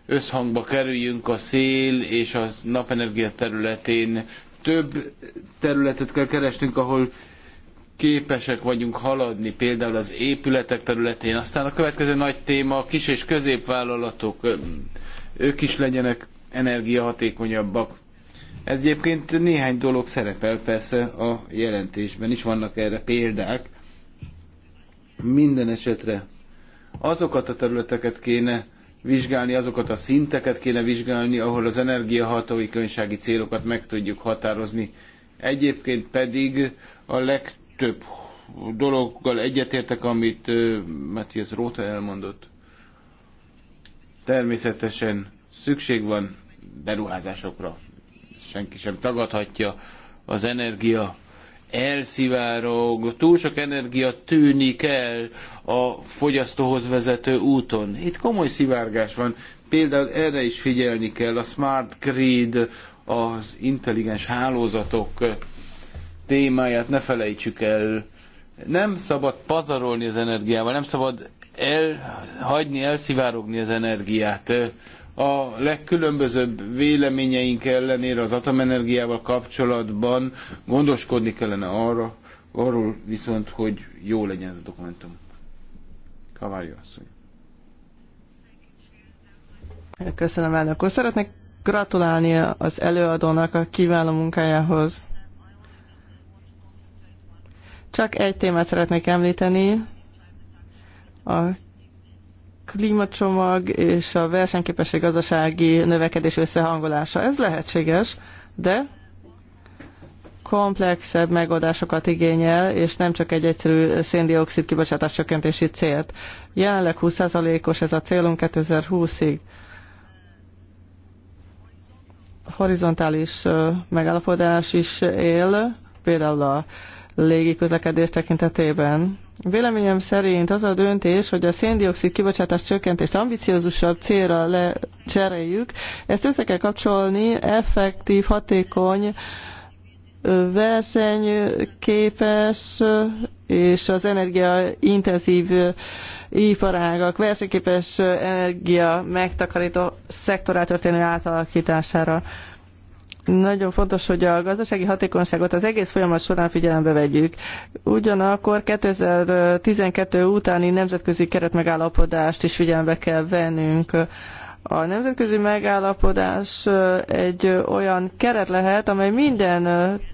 C: összhangba kerüljünk a szél és a napenergia területén. Több területet kell keresnünk, ahol képesek vagyunk haladni, például az épületek területén. Aztán a következő nagy téma a kis és középvállalatok, ők is legyenek energiahatékonyabbak. Ez egyébként néhány dolog szerepel persze a jelentésben is, vannak erre példák. Minden esetre azokat a területeket kéne vizsgálni, azokat a szinteket kéne vizsgálni, ahol az energiahatóikönysági célokat meg tudjuk határozni. Egyébként pedig a legtöbb dologgal egyetértek, amit uh, Matthias Róta elmondott. Természetesen szükség van beruházásokra senki sem tagadhatja, az energia elszivárog, túl sok energia tűnik el a fogyasztóhoz vezető úton. Itt komoly szivárgás van, például erre is figyelni kell, a smart grid, az intelligens hálózatok témáját ne felejtsük el. Nem szabad pazarolni az energiával, nem szabad elhagyni, elszivárogni az energiát a legkülönbözőbb véleményeink ellenére az atomenergiával kapcsolatban gondoskodni kellene arra, arról viszont, hogy jó legyen ez a dokumentum. Kavári asszony.
D: Köszönöm, elnök úr. Szeretnék gratulálni az előadónak a kiváló munkájához. Csak egy témát szeretnék említeni, a klímacsomag és a versenyképesség gazdasági növekedés összehangolása. Ez lehetséges, de komplexebb megoldásokat igényel, és nem csak egy egyszerű széndiokszid kibocsátás csökkentési célt. Jelenleg 20%-os ez a célunk 2020-ig. Horizontális megállapodás is él, például a légi közlekedés tekintetében Véleményem szerint az a döntés, hogy a széndiokszid kibocsátás csökkentést ambiciózusabb célra lecseréljük, ezt össze kell kapcsolni effektív, hatékony, versenyképes és az energiaintenzív iparágak versenyképes energia megtakarító szektorá történő átalakítására nagyon fontos, hogy a gazdasági hatékonyságot az egész folyamat során figyelembe vegyük. Ugyanakkor 2012 utáni nemzetközi keretmegállapodást is figyelembe kell vennünk. A nemzetközi megállapodás egy olyan keret lehet, amely minden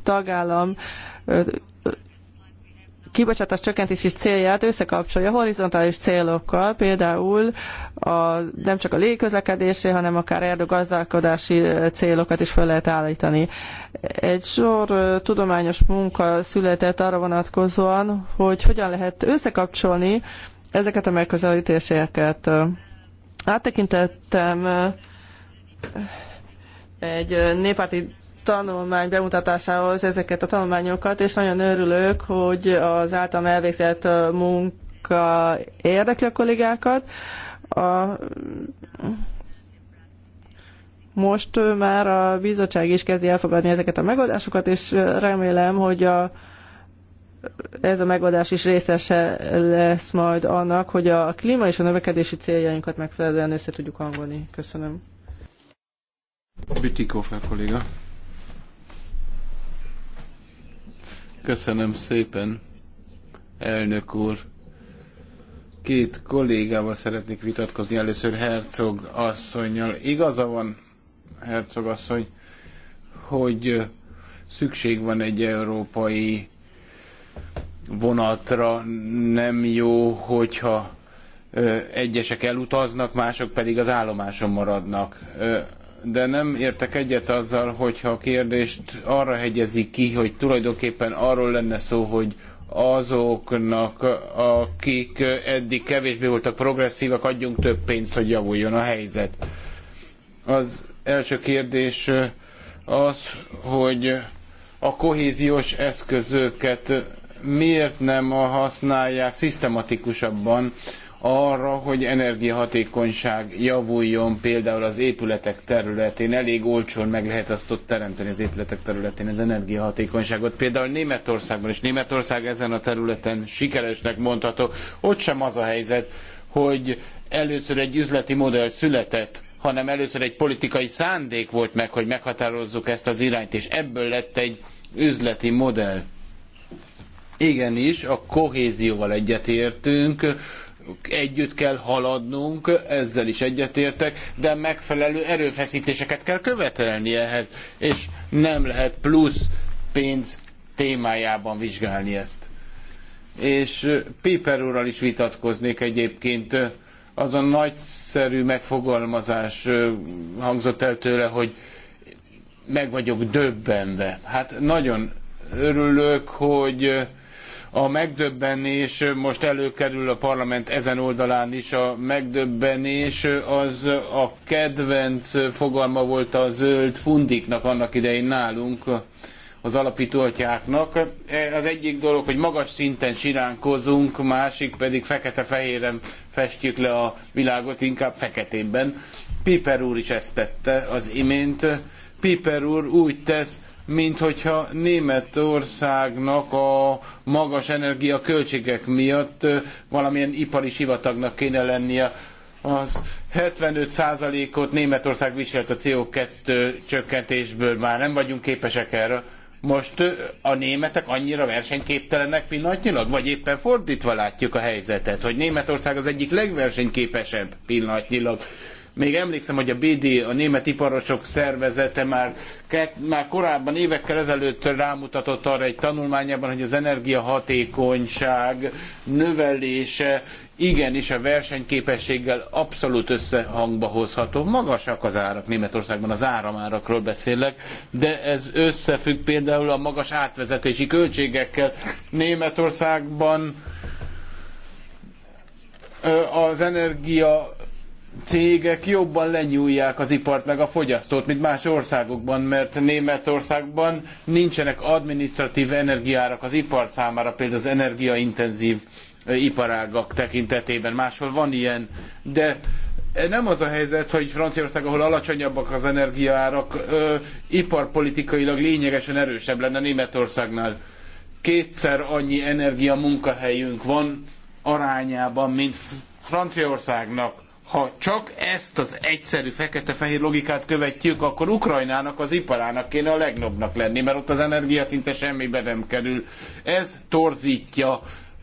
D: tagállam kibocsátás csökkentési célját összekapcsolja horizontális célokkal, például a, nem csak a légközlekedésé, hanem akár erdőgazdálkodási célokat is fel lehet állítani. Egy sor tudományos munka született arra vonatkozóan, hogy hogyan lehet összekapcsolni ezeket a megközelítéseket. Áttekintettem egy néppárti tanulmány bemutatásához ezeket a tanulmányokat, és nagyon örülök, hogy az általam elvégzett munka érdekli a kollégákat. A most már a bizottság is kezdi elfogadni ezeket a megoldásokat, és remélem, hogy a, ez a megoldás is részese lesz majd annak, hogy a klíma és a növekedési céljainkat megfelelően össze tudjuk hangolni. Köszönöm.
C: Bitikófer kolléga. Köszönöm szépen, elnök úr. Két kollégával szeretnék vitatkozni, először Herzog asszonynal. Igaza van, Herzog asszony, hogy szükség van egy európai vonatra, nem jó, hogyha egyesek elutaznak, mások pedig az állomáson maradnak de nem értek egyet azzal, hogyha a kérdést arra hegyezik ki, hogy tulajdonképpen arról lenne szó, hogy azoknak, akik eddig kevésbé voltak progresszívak, adjunk több pénzt, hogy javuljon a helyzet. Az első kérdés az, hogy a kohéziós eszközöket miért nem használják szisztematikusabban arra, hogy energiahatékonyság javuljon például az épületek területén. Elég olcsón meg lehet azt ott teremteni az épületek területén az energiahatékonyságot. Például Németországban, és Németország ezen a területen sikeresnek mondható, ott sem az a helyzet, hogy először egy üzleti modell született, hanem először egy politikai szándék volt meg, hogy meghatározzuk ezt az irányt, és ebből lett egy üzleti modell. Igenis, a kohézióval egyetértünk, együtt kell haladnunk, ezzel is egyetértek, de megfelelő erőfeszítéseket kell követelni ehhez, és nem lehet plusz pénz témájában vizsgálni ezt. És Piper úrral is vitatkoznék egyébként, az a nagyszerű megfogalmazás hangzott el tőle, hogy meg vagyok döbbenve. Hát nagyon örülök, hogy a megdöbbenés most előkerül a parlament ezen oldalán is. A megdöbbenés az a kedvenc fogalma volt a zöld fundiknak annak idején nálunk az alapító atyáknak. Az egyik dolog, hogy magas szinten siránkozunk, másik pedig fekete-fehéren festjük le a világot, inkább feketében. Piper úr is ezt tette az imént. Piper úr úgy tesz, mint hogyha Németországnak a magas energiaköltségek miatt valamilyen ipari sivatagnak kéne lennie. Az 75%-ot Németország viselt a CO2 csökkentésből, már nem vagyunk képesek erre. Most a németek annyira versenyképtelenek pillanatnyilag, vagy éppen fordítva látjuk a helyzetet, hogy Németország az egyik legversenyképesebb pillanatnyilag. Még emlékszem, hogy a BD, a Német Iparosok Szervezete már, már korábban évekkel ezelőtt rámutatott arra egy tanulmányában, hogy az energiahatékonyság növelése igenis a versenyképességgel abszolút összehangba hozható. Magasak az árak Németországban, az áramárakról beszélek, de ez összefügg például a magas átvezetési költségekkel. Németországban az energia cégek jobban lenyúlják az ipart meg a fogyasztót, mint más országokban, mert Németországban nincsenek administratív energiárak az ipar számára, például az energiaintenzív iparágak tekintetében. Máshol van ilyen, de nem az a helyzet, hogy Franciaország, ahol alacsonyabbak az energiaárak, ö, iparpolitikailag lényegesen erősebb lenne Németországnál. Kétszer annyi energia munkahelyünk van arányában, mint Franciaországnak ha csak ezt az egyszerű fekete-fehér logikát követjük, akkor Ukrajnának, az iparának kéne a legnobbnak lenni, mert ott az energia szinte semmibe nem kerül. Ez torzítja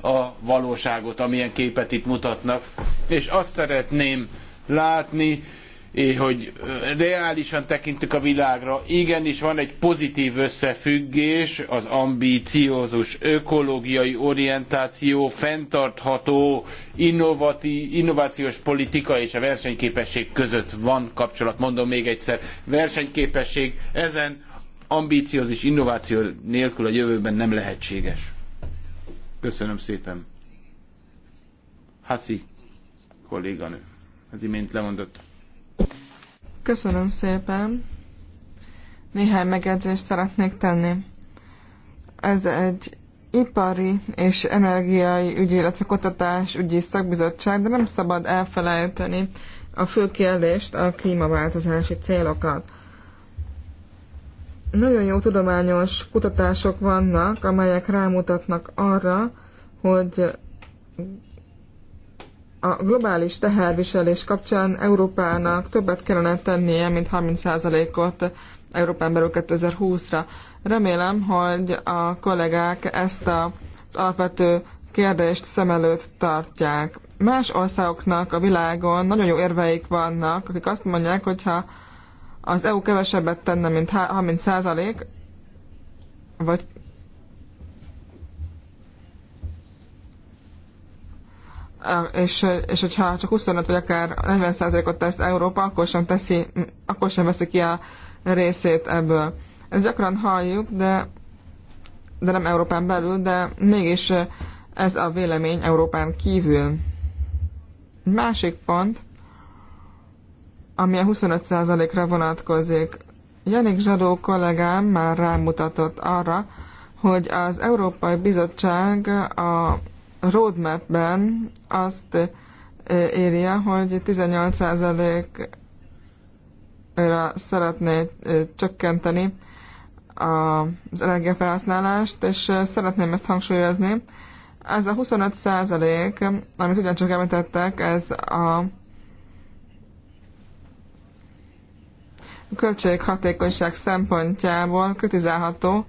C: a valóságot, amilyen képet itt mutatnak. És azt szeretném látni, hogy reálisan tekintünk a világra. Igenis van egy pozitív összefüggés az ambíciózus ökológiai orientáció, fenntartható innovati, innovációs politika és a versenyképesség között van kapcsolat. Mondom még egyszer, versenyképesség ezen ambíciózis innováció nélkül a jövőben nem lehetséges. Köszönöm szépen. Haszi kolléganő. Az imént lemondott.
A: Köszönöm szépen. Néhány megjegyzést szeretnék tenni. Ez egy ipari és energiai ügyi, illetve kutatás ügyi szakbizottság, de nem szabad elfelejteni a fő kérdést, a klímaváltozási célokat. Nagyon jó tudományos kutatások vannak, amelyek rámutatnak arra, hogy a globális teherviselés kapcsán Európának többet kellene tennie, mint 30%-ot Európán belül 2020-ra. Remélem, hogy a kollégák ezt az alapvető kérdést szem előtt tartják. Más országoknak a világon nagyon jó érveik vannak, akik azt mondják, hogyha az EU kevesebbet tenne, mint 30 százalék, vagy és, és hogyha csak 25 vagy akár 40%-ot tesz Európa, akkor sem, teszi, akkor sem veszi ki a részét ebből. Ezt gyakran halljuk, de, de nem Európán belül, de mégis ez a vélemény Európán kívül. Másik pont, ami a 25%-ra vonatkozik. Janik Zsadó kollégám már rámutatott arra, hogy az Európai Bizottság a roadmapben azt eh, írja, hogy 18%-ra szeretné eh, csökkenteni az energiafelhasználást, és eh, szeretném ezt hangsúlyozni. Ez a 25 amit ugyancsak említettek, ez a költséghatékonyság szempontjából kritizálható,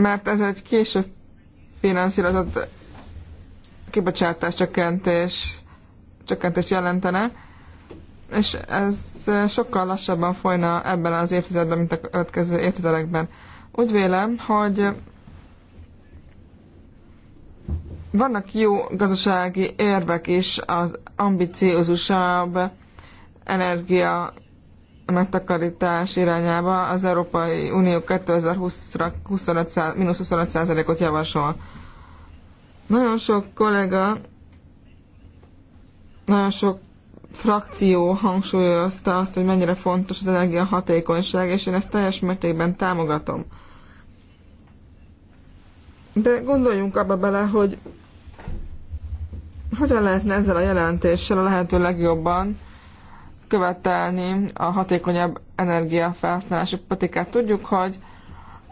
A: mert ez egy később finanszírozott kibocsátás csökkentés, csökkentés jelentene, és ez sokkal lassabban folyna ebben az évtizedben, mint a következő évtizedekben. Úgy vélem, hogy vannak jó gazdasági érvek is az ambiciózusabb energia megtakarítás irányába az Európai Unió 2020-ra mínusz 25%-ot javasol. Nagyon sok kollega, nagyon sok frakció hangsúlyozta azt, hogy mennyire fontos az energiahatékonyság, és én ezt teljes mértékben támogatom. De gondoljunk abba bele, hogy hogyan lehetne ezzel a jelentéssel a lehető legjobban követelni a hatékonyabb energiafelhasználási politikát. Tudjuk, hogy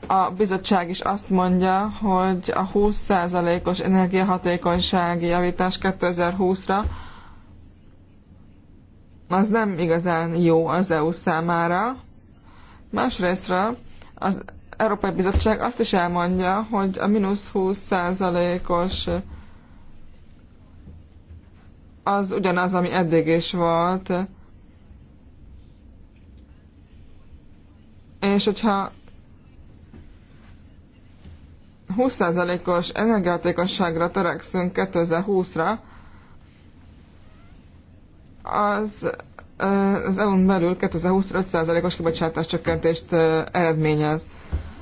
A: a bizottság is azt mondja, hogy a 20%-os energiahatékonysági javítás 2020-ra az nem igazán jó az EU számára. Másrésztről az Európai Bizottság azt is elmondja, hogy a mínusz 20%-os az ugyanaz, ami eddig is volt És hogyha 20%-os energiahatékonyságra törekszünk 2020-ra, az az EU-n belül 2025%-os kibocsátás csökkentést eredményez.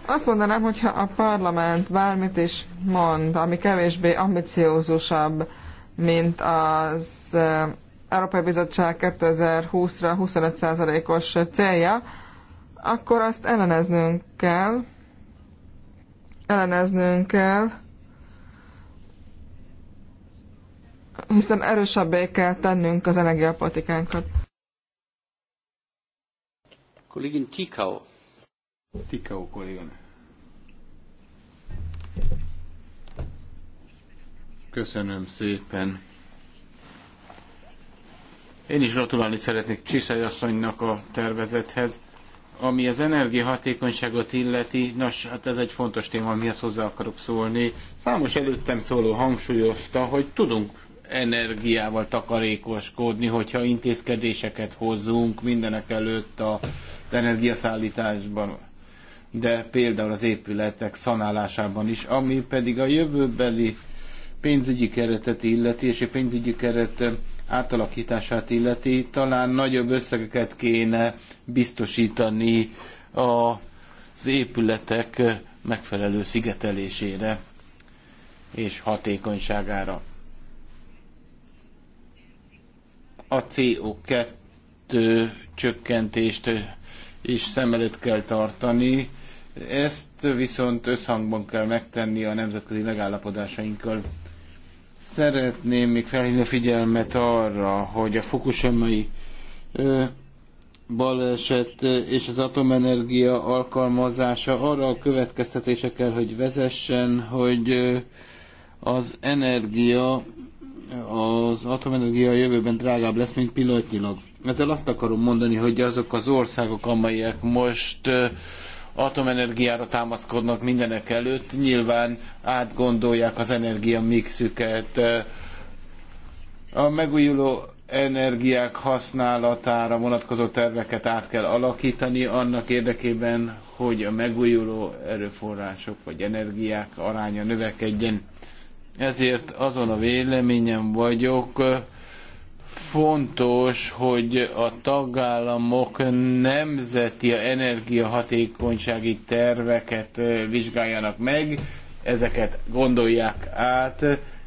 A: Azt mondanám, hogyha a parlament bármit is mond, ami kevésbé ambiciózusabb, mint az Európai Bizottság 2020-ra 25%-os célja, akkor azt elleneznünk kell. Elleneznünk kell. Hiszen erősebbé kell tennünk az energiapolitikánkat.
C: Kollégin Tikau. Tikau kollégin. Köszönöm szépen. Én is gratulálni szeretnék Csiszely asszonynak a tervezethez. Ami az energiahatékonyságot illeti, nos, hát ez egy fontos téma, amihez hozzá akarok szólni. Számos előttem szóló hangsúlyozta, hogy tudunk energiával takarékoskodni, hogyha intézkedéseket hozzunk mindenek előtt az energiaszállításban, de például az épületek szanálásában is, ami pedig a jövőbeli pénzügyi keretet illeti, és a pénzügyi keret átalakítását illeti, talán nagyobb összegeket kéne biztosítani az épületek megfelelő szigetelésére és hatékonyságára. A CO2 csökkentést is szem előtt kell tartani, ezt viszont összhangban kell megtenni a nemzetközi megállapodásainkkal. Szeretném még felhívni a figyelmet arra, hogy a fukushimai baleset és az atomenergia alkalmazása arra a következtetése kell, hogy vezessen, hogy az energia, az atomenergia a jövőben drágább lesz, mint pillanatnyilag. Ezzel azt akarom mondani, hogy azok az országok, amelyek most atomenergiára támaszkodnak mindenek előtt, nyilván átgondolják az energiamixüket, A megújuló energiák használatára vonatkozó terveket át kell alakítani annak érdekében, hogy a megújuló erőforrások vagy energiák aránya növekedjen. Ezért azon a véleményem vagyok, fontos, hogy a tagállamok nemzeti energiahatékonysági terveket vizsgáljanak meg, ezeket gondolják át,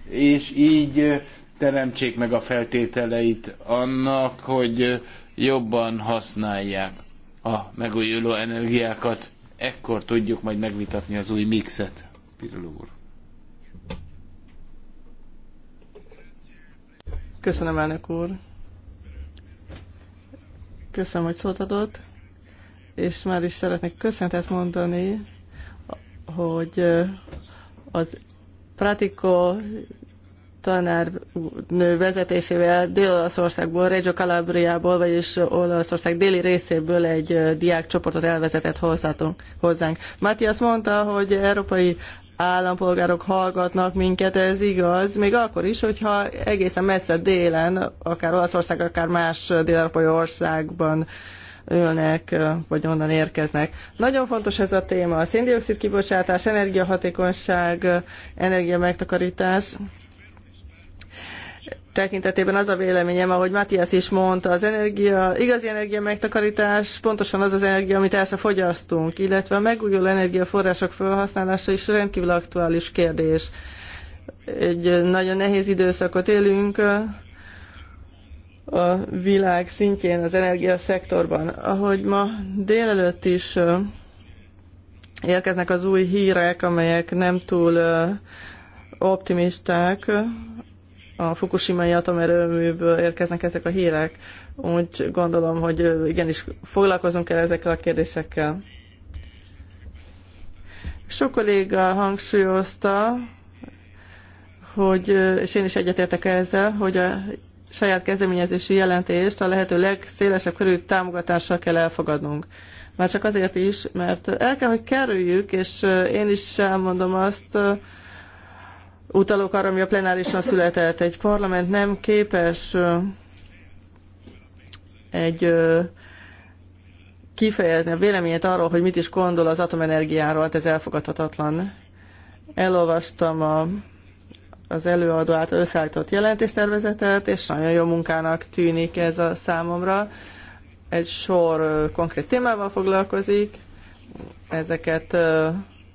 C: és így teremtsék meg a feltételeit annak, hogy jobban használják a megújuló energiákat. Ekkor tudjuk majd megvitatni az új mixet. Piruló úr.
D: Köszönöm, elnök úr. Köszönöm, hogy szót adott, és már is szeretnék köszöntet mondani, hogy az Pratico tanárnő vezetésével Dél-Olaszországból, Reggio Calabriából, vagyis Olaszország déli részéből egy diákcsoportot elvezetett hozzánk. Matthias mondta, hogy európai állampolgárok hallgatnak minket, ez igaz, még akkor is, hogyha egészen messze délen, akár Olaszország, akár más dél-európai országban ülnek, vagy onnan érkeznek. Nagyon fontos ez a téma. A széndiokszid kibocsátás, energiahatékonyság, energiamegtakarítás. megtakarítás tekintetében az a véleményem, ahogy Matthias is mondta, az energia, igazi energia megtakarítás pontosan az az energia, amit el fogyasztunk, illetve a megújuló energiaforrások felhasználása is rendkívül aktuális kérdés. Egy nagyon nehéz időszakot élünk a világ szintjén az energiaszektorban. Ahogy ma délelőtt is érkeznek az új hírek, amelyek nem túl optimisták, a Fukushima-i atomerőműből érkeznek ezek a hírek. Úgy gondolom, hogy igenis foglalkozunk kell ezekkel a kérdésekkel. Sok kolléga hangsúlyozta, hogy, és én is egyetértek ezzel, hogy a saját kezdeményezési jelentést a lehető legszélesebb körű támogatással kell elfogadnunk. Már csak azért is, mert el kell, hogy kerüljük, és én is elmondom azt, Utalok arra, ami a plenárison született. Egy parlament nem képes egy kifejezni a véleményét arról, hogy mit is gondol az atomenergiáról, hát ez elfogadhatatlan. Elolvastam a, az előadó által összeállított jelentéstervezetet, és nagyon jó munkának tűnik ez a számomra. Egy sor konkrét témával foglalkozik, ezeket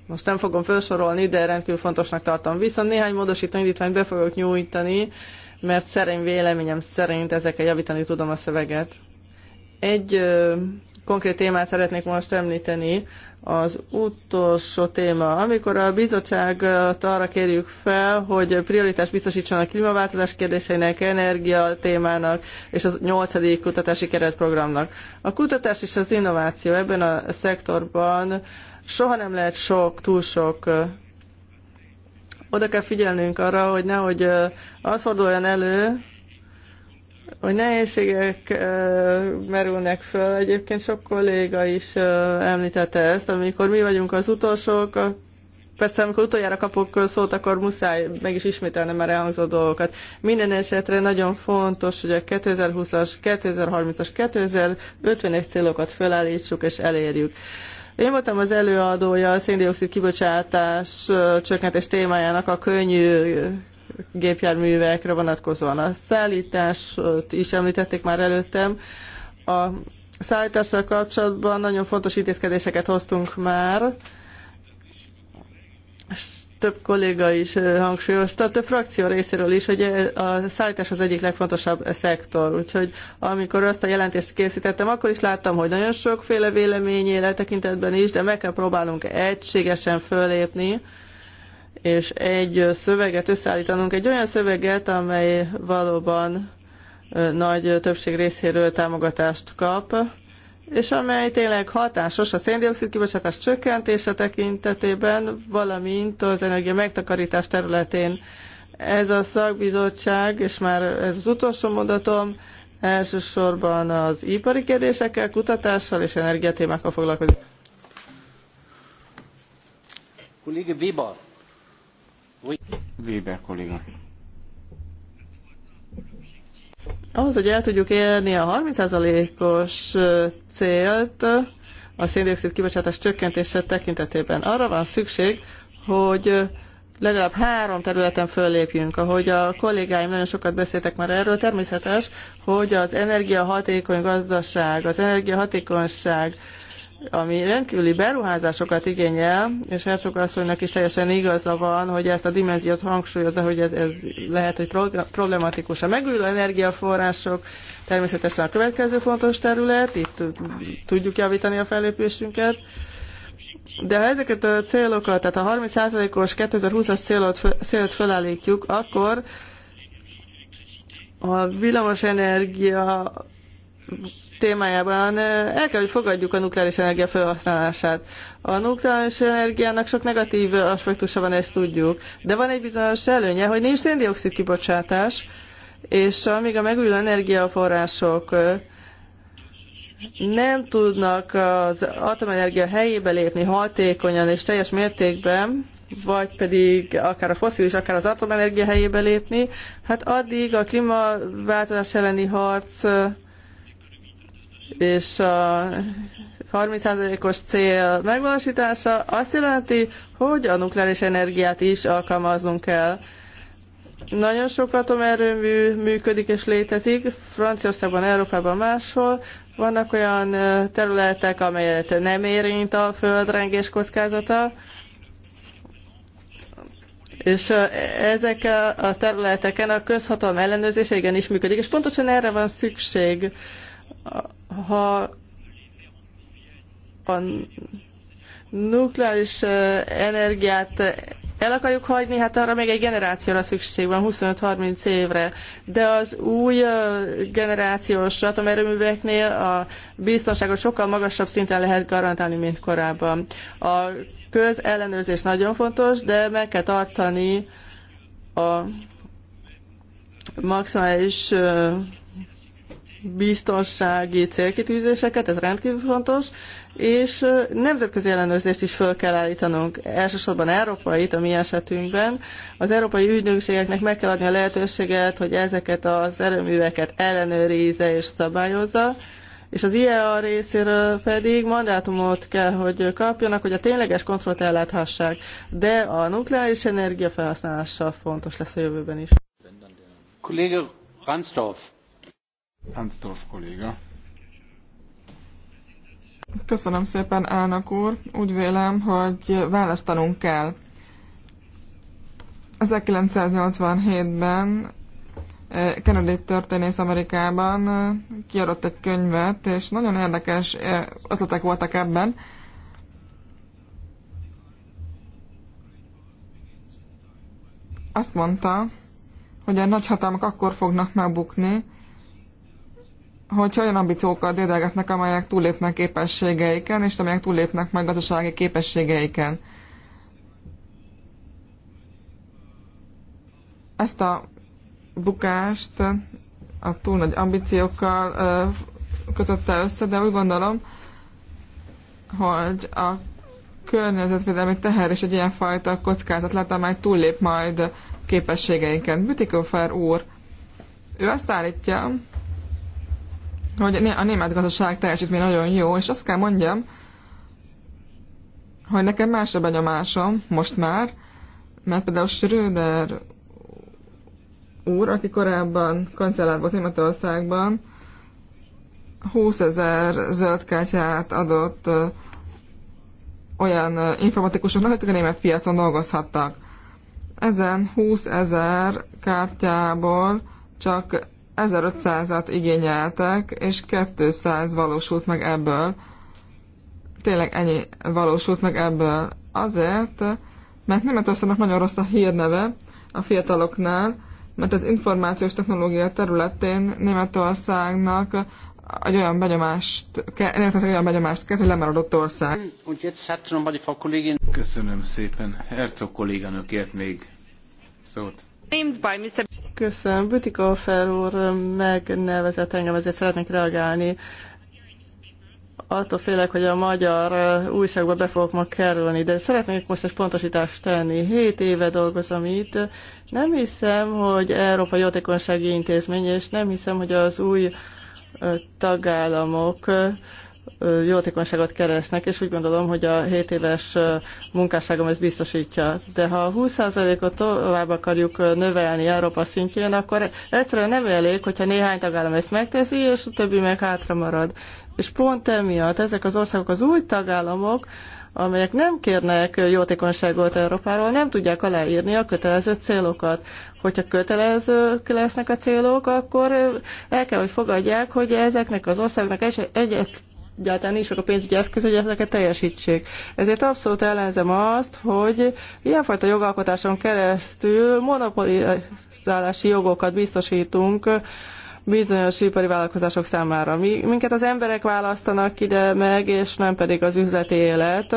D: most nem fogom felsorolni, de rendkívül fontosnak tartom. Viszont néhány módosító indítványt be fogok nyújtani, mert szerint véleményem szerint ezekkel javítani tudom a szöveget. Egy ö, konkrét témát szeretnék most említeni, az utolsó téma. Amikor a bizottságot arra kérjük fel, hogy prioritást biztosítson a klímaváltozás kérdéseinek, energia témának és a nyolcadik kutatási keretprogramnak. A kutatás és az innováció ebben a szektorban Soha nem lehet sok, túl sok. Oda kell figyelnünk arra, hogy nehogy az forduljon elő, hogy nehézségek merülnek föl. Egyébként sok kolléga is említette ezt, amikor mi vagyunk az utolsók, persze amikor utoljára kapok szót, akkor muszáj meg is ismételnem már elhangzó dolgokat. Minden esetre nagyon fontos, hogy a 2020-as, 2030-as, 2050-es célokat felállítsuk és elérjük. Én voltam az előadója a széndiokszid kibocsátás csökkentés témájának a könnyű gépjárművekre vonatkozóan. A szállítást is említették már előttem. A szállítással kapcsolatban nagyon fontos intézkedéseket hoztunk már, több kolléga is hangsúlyozta, több frakció részéről is, hogy a szállítás az egyik legfontosabb szektor. Úgyhogy amikor azt a jelentést készítettem, akkor is láttam, hogy nagyon sokféle vélemény él tekintetben is, de meg kell próbálnunk egységesen fölépni, és egy szöveget összeállítanunk, egy olyan szöveget, amely valóban nagy többség részéről támogatást kap és amely tényleg hatásos a széndiokszid kibocsátás csökkentése tekintetében, valamint az energia megtakarítás területén. Ez a szakbizottság, és már ez az utolsó mondatom, elsősorban az ipari kérdésekkel, kutatással és energiatémákkal foglalkozik. Kollége Weber.
C: Weber kolléga.
D: Ahhoz, hogy el tudjuk érni a 30%-os célt a széndiokszid kibocsátás csökkentése tekintetében, arra van szükség, hogy legalább három területen föllépjünk. Ahogy a kollégáim nagyon sokat beszéltek már erről, természetes, hogy az energiahatékony gazdaság, az energiahatékonyság, ami rendkívüli beruházásokat igényel, és Herzog asszonynak is teljesen igaza van, hogy ezt a dimenziót hangsúlyozza, hogy ez, ez lehet, hogy problematikus. A megújuló energiaforrások természetesen a következő fontos terület, itt tudjuk javítani a fellépésünket, de ha ezeket a célokat, tehát a 30%-os 2020-as célot, célt felállítjuk, akkor a villamosenergia témájában eh, el kell, hogy fogadjuk a nukleáris energia felhasználását. A nukleáris energiának sok negatív aspektusa van, ezt tudjuk, de van egy bizonyos előnye, hogy nincs széndiokszid kibocsátás, és amíg a megújuló energiaforrások eh, nem tudnak az atomenergia helyébe lépni hatékonyan és teljes mértékben, vagy pedig akár a foszilis, akár az atomenergia helyébe lépni, hát addig a klímaváltozás elleni harc eh, és a 30%-os cél megvalósítása azt jelenti, hogy a nukleáris energiát is alkalmaznunk kell. Nagyon sok atomerőmű működik és létezik, Franciaországban, Európában máshol. Vannak olyan területek, amelyet nem érint a földrengés kockázata, és ezek a területeken a közhatalom ellenőrzése igenis működik, és pontosan erre van szükség ha a nukleáris energiát el akarjuk hagyni, hát arra még egy generációra szükség van, 25-30 évre. De az új generációs atomerőműveknél a biztonságot sokkal magasabb szinten lehet garantálni, mint korábban. A közellenőrzés nagyon fontos, de meg kell tartani a maximális biztonsági célkitűzéseket, ez rendkívül fontos, és nemzetközi ellenőrzést is föl kell állítanunk. Elsősorban európait, a mi esetünkben. Az európai ügynökségeknek meg kell adni a lehetőséget, hogy ezeket az erőműveket ellenőrizze és szabályozza, és az IEA részéről pedig mandátumot kell, hogy kapjanak, hogy a tényleges kontrollt elláthassák, de a nukleáris energia felhasználása fontos lesz a jövőben is.
C: Kolléga Ransdorf. Hansdorf kolléga.
A: Köszönöm szépen, elnök úr. Úgy vélem, hogy választanunk kell. 1987-ben eh, Kennedy történész Amerikában eh, kiadott egy könyvet, és nagyon érdekes eh, ötletek voltak ebben. Azt mondta, hogy a nagyhatalmak akkor fognak megbukni, hogyha olyan ambíciókkal dédelgetnek, amelyek túllépnek képességeiken, és amelyek túllépnek meg gazdasági képességeiken. Ezt a bukást a túl nagy ambíciókkal kötötte össze, de úgy gondolom, hogy a környezetvédelmi teher is egy ilyen fajta kockázat lett, amely túllép majd képességeinken. Bütikofer úr, ő azt állítja, hogy a német gazdaság teljesítmény nagyon jó, és azt kell mondjam, hogy nekem más a benyomásom most már, mert például Schröder úr, aki korábban kancellár volt Németországban, 20 ezer zöld kártyát adott olyan informatikusoknak, akik a német piacon dolgozhattak. Ezen 20 ezer kártyából csak 1500-at igényeltek, és 200 valósult meg ebből. Tényleg ennyi valósult meg ebből. Azért, mert Németországnak nagyon rossz a hírneve a fiataloknál, mert az információs technológia területén Németországnak egy olyan benyomást, Németország olyan benyomást kell, hogy lemaradott ország.
C: Köszönöm szépen. Herzog kolléganőkért még szót.
D: Köszönöm. Butikófer úr megnevezett engem, ezért szeretnék reagálni. Attól félek, hogy a magyar újságba be fogok ma kerülni, de szeretnék most egy pontosítást tenni. Hét éve dolgozom itt. Nem hiszem, hogy Európa Jótékonysági Intézmény, és nem hiszem, hogy az új tagállamok jótékonyságot keresnek, és úgy gondolom, hogy a 7 éves munkásságom ezt biztosítja. De ha 20%-ot tovább akarjuk növelni Európa szintjén, akkor egyszerűen nem elég, hogyha néhány tagállam ezt megteszi, és a többi meg hátra marad. És pont emiatt ezek az országok, az új tagállamok, amelyek nem kérnek jótékonyságot Európáról, nem tudják aláírni a kötelező célokat. Hogyha kötelezők lesznek a célok, akkor el kell, hogy fogadják, hogy ezeknek az országnak egy, egy, egyáltalán nincs meg a pénzügyi eszköz, hogy ezeket teljesítsék. Ezért abszolút ellenzem azt, hogy ilyenfajta jogalkotáson keresztül monopolizálási jogokat biztosítunk bizonyos ipari vállalkozások számára. Mi, minket az emberek választanak ide meg, és nem pedig az üzleti élet,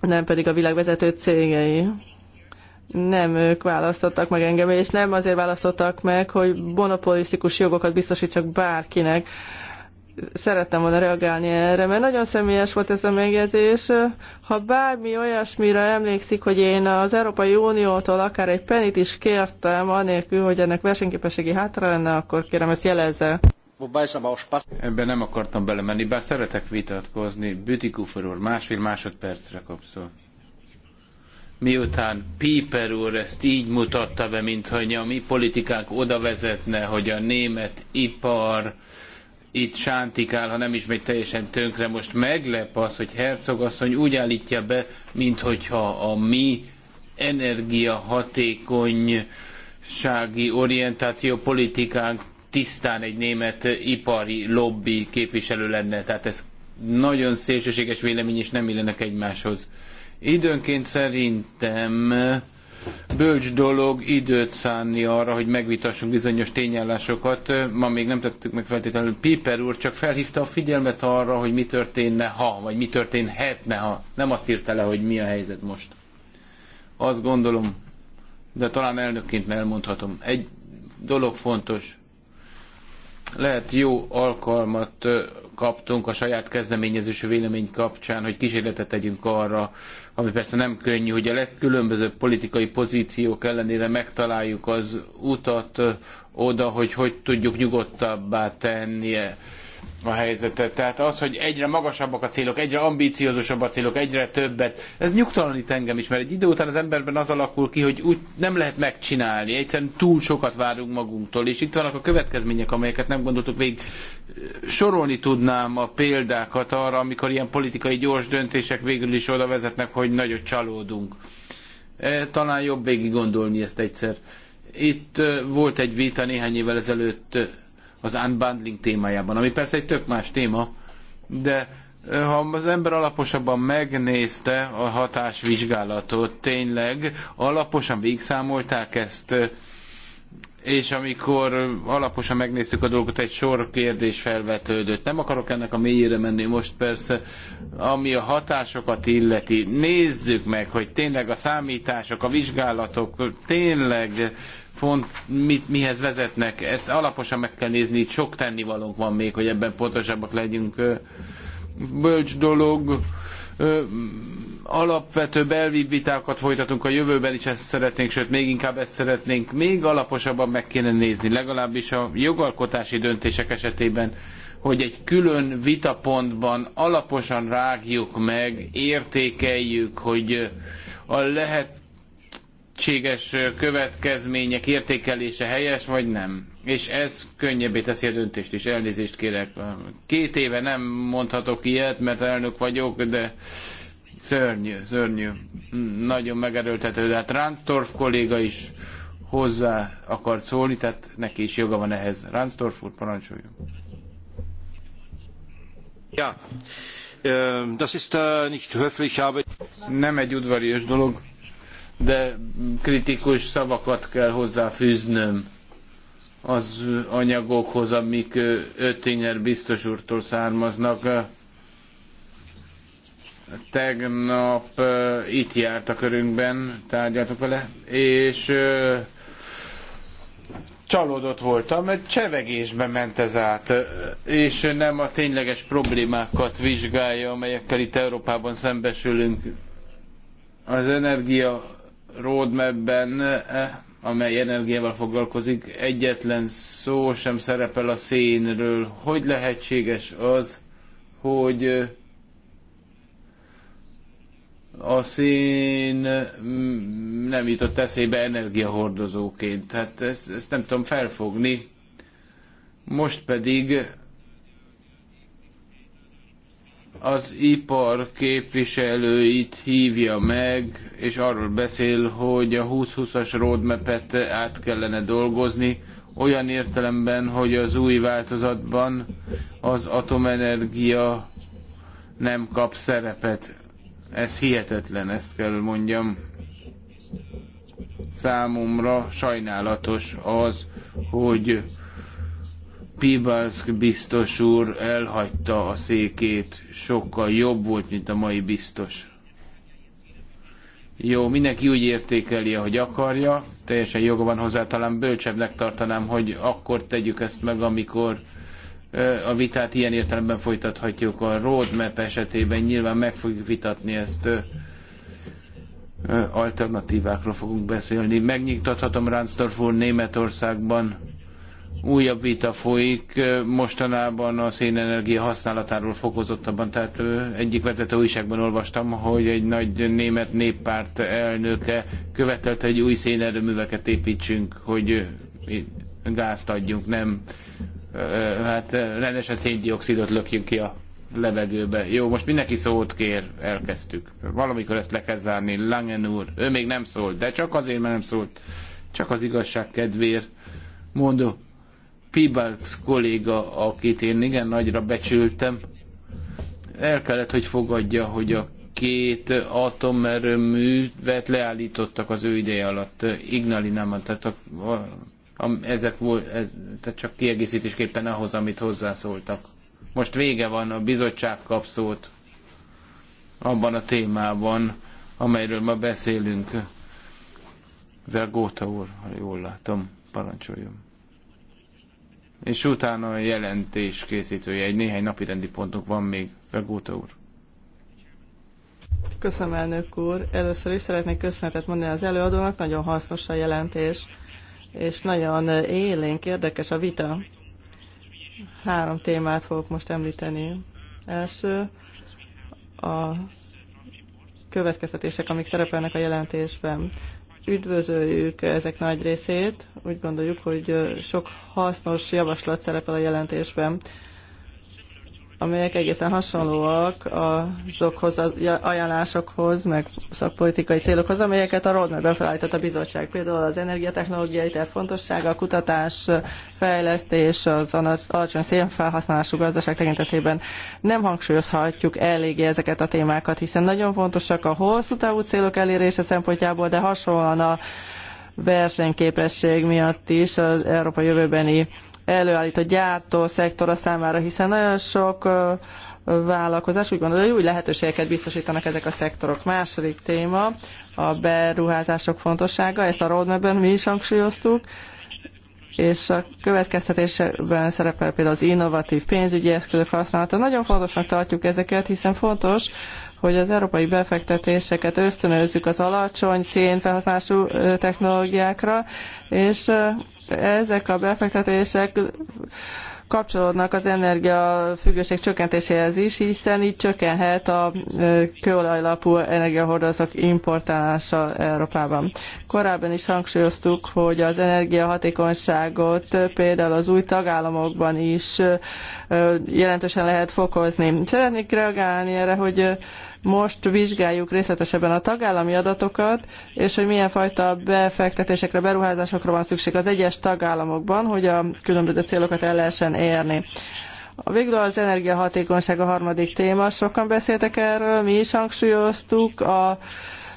D: nem pedig a világ vezető cégei nem ők választottak meg engem, és nem azért választottak meg, hogy monopolisztikus jogokat biztosítsak bárkinek szerettem volna reagálni erre, mert nagyon személyes volt ez a megjegyzés. Ha bármi olyasmire emlékszik, hogy én az Európai Uniótól akár egy penit is kértem, anélkül, hogy ennek versenyképességi hátra lenne, akkor kérem ezt jelezze.
C: Ebben nem akartam belemenni, bár szeretek vitatkozni. Bütikufer úr, másfél másodpercre kapszol. Miután Piper úr ezt így mutatta be, mintha a mi politikánk oda vezetne, hogy a német ipar itt sántikál, ha nem is megy teljesen tönkre. Most meglep az, hogy hercogasszony úgy állítja be, minthogyha a mi energiahatékonysági orientáció politikánk tisztán egy német ipari lobby képviselő lenne. Tehát ez nagyon szélsőséges vélemény, és nem illenek egymáshoz. Időnként szerintem bölcs dolog időt szánni arra, hogy megvitassunk bizonyos tényállásokat. Ma még nem tettük meg feltétlenül. Piper úr csak felhívta a figyelmet arra, hogy mi történne ha, vagy mi történhetne ha. Nem azt írta le, hogy mi a helyzet most. Azt gondolom, de talán elnökként elmondhatom. Egy dolog fontos lehet jó alkalmat kaptunk a saját kezdeményezésű vélemény kapcsán, hogy kísérletet tegyünk arra, ami persze nem könnyű, hogy a legkülönbözőbb politikai pozíciók ellenére megtaláljuk az utat oda, hogy hogy tudjuk nyugodtabbá tenni a helyzetet. Tehát az, hogy egyre magasabbak a célok, egyre ambíciózusabb a célok, egyre többet, ez nyugtalanít engem is, mert egy idő után az emberben az alakul ki, hogy úgy nem lehet megcsinálni, egyszerűen túl sokat várunk magunktól, és itt vannak a következmények, amelyeket nem gondoltuk végig. Sorolni tudnám a példákat arra, amikor ilyen politikai gyors döntések végül is oda vezetnek, hogy nagyot csalódunk. E, talán jobb végig gondolni ezt egyszer. Itt volt egy vita néhány évvel ezelőtt az unbundling témájában, ami persze egy tök más téma, de ha az ember alaposabban megnézte a hatásvizsgálatot, tényleg alaposan végszámolták ezt, és amikor alaposan megnéztük a dolgot, egy sor kérdés felvetődött. Nem akarok ennek a mélyére menni most persze, ami a hatásokat illeti. Nézzük meg, hogy tényleg a számítások, a vizsgálatok tényleg font, mit, mihez vezetnek. Ezt alaposan meg kell nézni, itt sok tennivalónk van még, hogy ebben pontosabbak legyünk. Bölcs dolog, alapvető belvív vitákat folytatunk a jövőben is ezt szeretnénk, sőt még inkább ezt szeretnénk, még alaposabban meg kéne nézni, legalábbis a jogalkotási döntések esetében, hogy egy külön vitapontban alaposan rágjuk meg, értékeljük, hogy a lehet lehetséges következmények értékelése helyes, vagy nem. És ez könnyebbé teszi a döntést is. Elnézést kérek. Két éve nem mondhatok ilyet, mert elnök vagyok, de szörnyű, szörnyű. Nagyon megerőltető. De a hát Ransdorf kolléga is hozzá akart szólni, tehát neki is joga van ehhez. Ransdorf úr, parancsoljon.
D: Ja, das
C: ist äh, nicht höflich, aber... Nem egy udvarias dolog de kritikus szavakat kell hozzáfűznöm az anyagokhoz, amik Öttinger biztos úrtól származnak. Tegnap itt járt a körünkben, tárgyaltuk vele, és csalódott voltam, mert csevegésbe ment ez át, és nem a tényleges problémákat vizsgálja, amelyekkel itt Európában szembesülünk. Az energia roadmapben, amely energiával foglalkozik, egyetlen szó sem szerepel a szénről. Hogy lehetséges az, hogy a szén nem jutott eszébe energiahordozóként. Hát ezt, ezt nem tudom felfogni. Most pedig az ipar képviselőit hívja meg, és arról beszél, hogy a 2020-as roadmap-et át kellene dolgozni, olyan értelemben, hogy az új változatban az atomenergia nem kap szerepet. Ez hihetetlen, ezt kell mondjam. Számomra sajnálatos az, hogy Pibalsk biztos úr elhagyta a székét, sokkal jobb volt, mint a mai biztos. Jó, mindenki úgy értékeli, ahogy akarja, teljesen joga van hozzá, talán bölcsebbnek tartanám, hogy akkor tegyük ezt meg, amikor a vitát ilyen értelemben folytathatjuk. A roadmap esetében nyilván meg fogjuk vitatni ezt, alternatívákról fogunk beszélni. Megnyitathatom Ransdorf úr Németországban újabb vita folyik mostanában a szénenergia használatáról fokozottabban, tehát egyik vezető újságban olvastam, hogy egy nagy német néppárt elnöke követelte, hogy új szénerőműveket építsünk, hogy gázt adjunk, nem hát rendesen széndiokszidot lökjünk ki a levegőbe. Jó, most mindenki szót kér, elkezdtük. Valamikor ezt le kell zárni. Langen úr, ő még nem szólt, de csak azért, mert nem szólt. Csak az igazság kedvéért. Mondom, Pibalks kolléga, akit én igen nagyra becsültem, el kellett, hogy fogadja, hogy a két atomerőművet leállítottak az ő ideje alatt Ignalinában, tehát a, a, a, ezek volt, ez, tehát csak kiegészítésképpen ahhoz, amit hozzászóltak. Most vége van, a bizottság kap szót abban a témában, amelyről ma beszélünk. Vergóta úr, ha jól látom, parancsoljon és utána a jelentés készítője. Egy néhány napi rendi pontunk van még. Vegóta úr.
D: Köszönöm, elnök úr. Először is szeretnék köszönetet mondani az előadónak, nagyon hasznos a jelentés, és nagyon élénk, érdekes a vita. Három témát fogok most említeni. Első, a következtetések, amik szerepelnek a jelentésben üdvözöljük ezek nagy részét. Úgy gondoljuk, hogy sok hasznos javaslat szerepel a jelentésben amelyek egészen hasonlóak azokhoz az ajánlásokhoz, meg szakpolitikai célokhoz, amelyeket a roadmap-ben felállított a bizottság. Például az energiatechnológiai terv fontossága, a kutatás, fejlesztés, az alacsony szénfelhasználású gazdaság tekintetében nem hangsúlyozhatjuk eléggé ezeket a témákat, hiszen nagyon fontosak a hosszú távú célok elérése szempontjából, de hasonlóan a versenyképesség miatt is az Európa jövőbeni a gyártó szektora számára, hiszen nagyon sok vállalkozás úgy gondolja, hogy új lehetőségeket biztosítanak ezek a szektorok. Második téma a beruházások fontossága, ezt a roadmap-ben mi is hangsúlyoztuk, és a következtetésben szerepel például az innovatív pénzügyi eszközök használata. Nagyon fontosnak tartjuk ezeket, hiszen fontos, hogy az európai befektetéseket ösztönözzük az alacsony szénfelhasználású technológiákra, és ezek a befektetések kapcsolódnak az energiafüggőség csökkentéséhez is, hiszen így csökkenhet a kőolajlapú energiahordozók importálása Európában. Korábban is hangsúlyoztuk, hogy az energiahatékonyságot például az új tagállamokban is jelentősen lehet fokozni. Szeretnék reagálni erre, hogy most vizsgáljuk részletesebben a tagállami adatokat, és hogy milyen fajta befektetésekre, beruházásokra van szükség az egyes tagállamokban, hogy a különböző célokat el lehessen érni. A végül az energiahatékonyság a harmadik téma. Sokan beszéltek erről, mi is hangsúlyoztuk a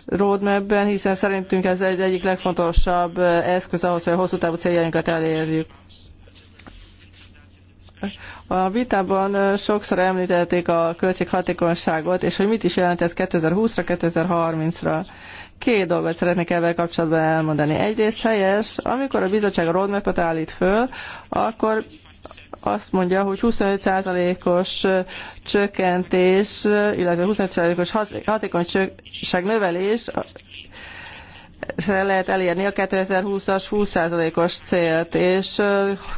D: roadmap-ben, hiszen szerintünk ez egy egyik legfontosabb eszköz ahhoz, hogy a hosszú távú céljainkat elérjük. A vitában sokszor említették a költséghatékonyságot, és hogy mit is jelent ez 2020-ra, 2030-ra. Két dolgot szeretnék ezzel kapcsolatban elmondani. Egyrészt helyes, amikor a bizottság a roadmap-ot állít föl, akkor azt mondja, hogy 25%-os csökkentés, illetve 25%-os hatékonyság növelés lehet elérni a 2020-as 20%-os célt, és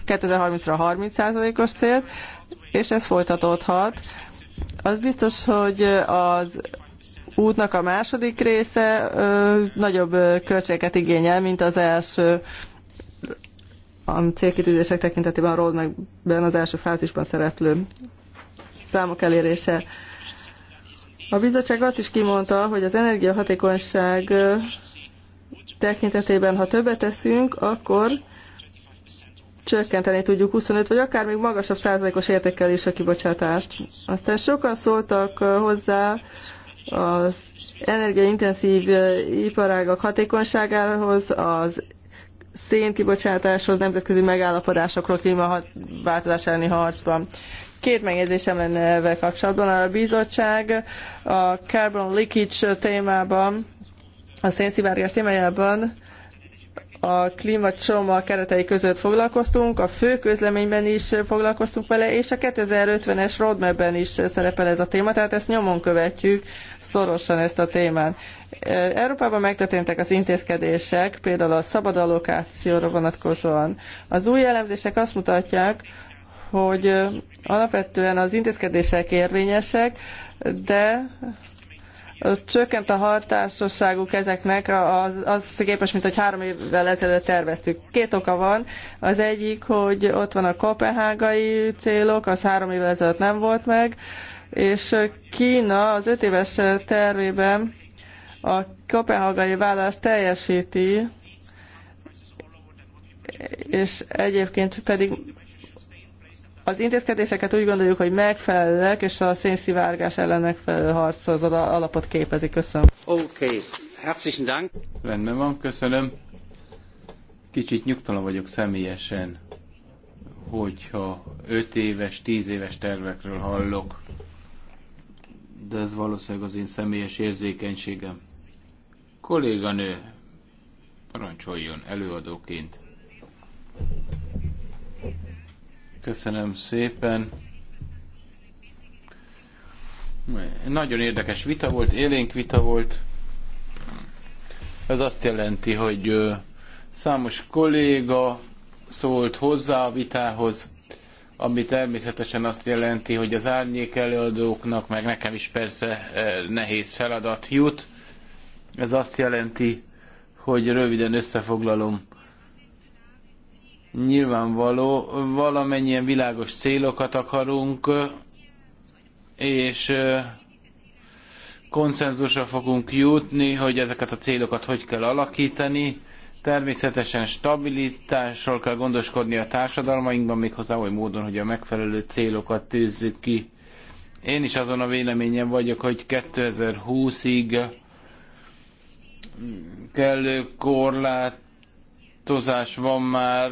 D: 2030-ra 30%-os célt, és ez folytatódhat. Az biztos, hogy az útnak a második része ö, nagyobb költséget igényel, mint az első a célkitűzések tekintetében a roadmapben az első fázisban szereplő számok elérése. A bizottság azt is kimondta, hogy az energiahatékonyság tekintetében, ha többet teszünk, akkor csökkenteni tudjuk 25 vagy akár még magasabb százalékos értékkel is a kibocsátást. Aztán sokan szóltak uh, hozzá az energiaintenzív uh, iparágak hatékonyságához, az kibocsátáshoz, nemzetközi megállapodásokról, klímaváltozás elleni harcban. Két megjegyzésem lenne ebben kapcsolatban. A bizottság a carbon leakage témában a szénszivárgás témájában a klímacsoma keretei között foglalkoztunk, a fő közleményben is foglalkoztunk vele, és a 2050-es roadmapben is szerepel ez a téma, tehát ezt nyomon követjük szorosan ezt a témát. Európában megtörténtek az intézkedések, például a szabad allokációra vonatkozóan. Az új elemzések azt mutatják, hogy alapvetően az intézkedések érvényesek, de csökkent a hatásosságuk ezeknek az, az képest, mint hogy három évvel ezelőtt terveztük. Két oka van. Az egyik, hogy ott van a kopenhágai célok, az három évvel ezelőtt nem volt meg, és Kína az öt éves tervében a kopenhágai vállalást teljesíti, és egyébként pedig az intézkedéseket úgy gondoljuk, hogy megfelelőek, és a szénszivárgás ellen megfelelő az alapot képezik. Köszönöm.
C: Oké, okay. herzlichen Dank. Rendben van, köszönöm. Kicsit nyugtalan vagyok személyesen, hogyha 5 éves, 10 éves tervekről hallok, de ez valószínűleg az én személyes érzékenységem. Kolléganő, parancsoljon előadóként. Köszönöm szépen. Nagyon érdekes vita volt, élénk vita volt. Ez azt jelenti, hogy számos kolléga szólt hozzá a vitához, ami természetesen azt jelenti, hogy az árnyék előadóknak, meg nekem is persze nehéz feladat jut. Ez azt jelenti, hogy röviden összefoglalom nyilvánvaló, valamennyien világos célokat akarunk, és konszenzusra fogunk jutni, hogy ezeket a célokat hogy kell alakítani. Természetesen stabilitásról kell gondoskodni a társadalmainkban, méghozzá oly módon, hogy a megfelelő célokat tűzzük ki. Én is azon a véleményen vagyok, hogy 2020-ig kellő korlát változás van már,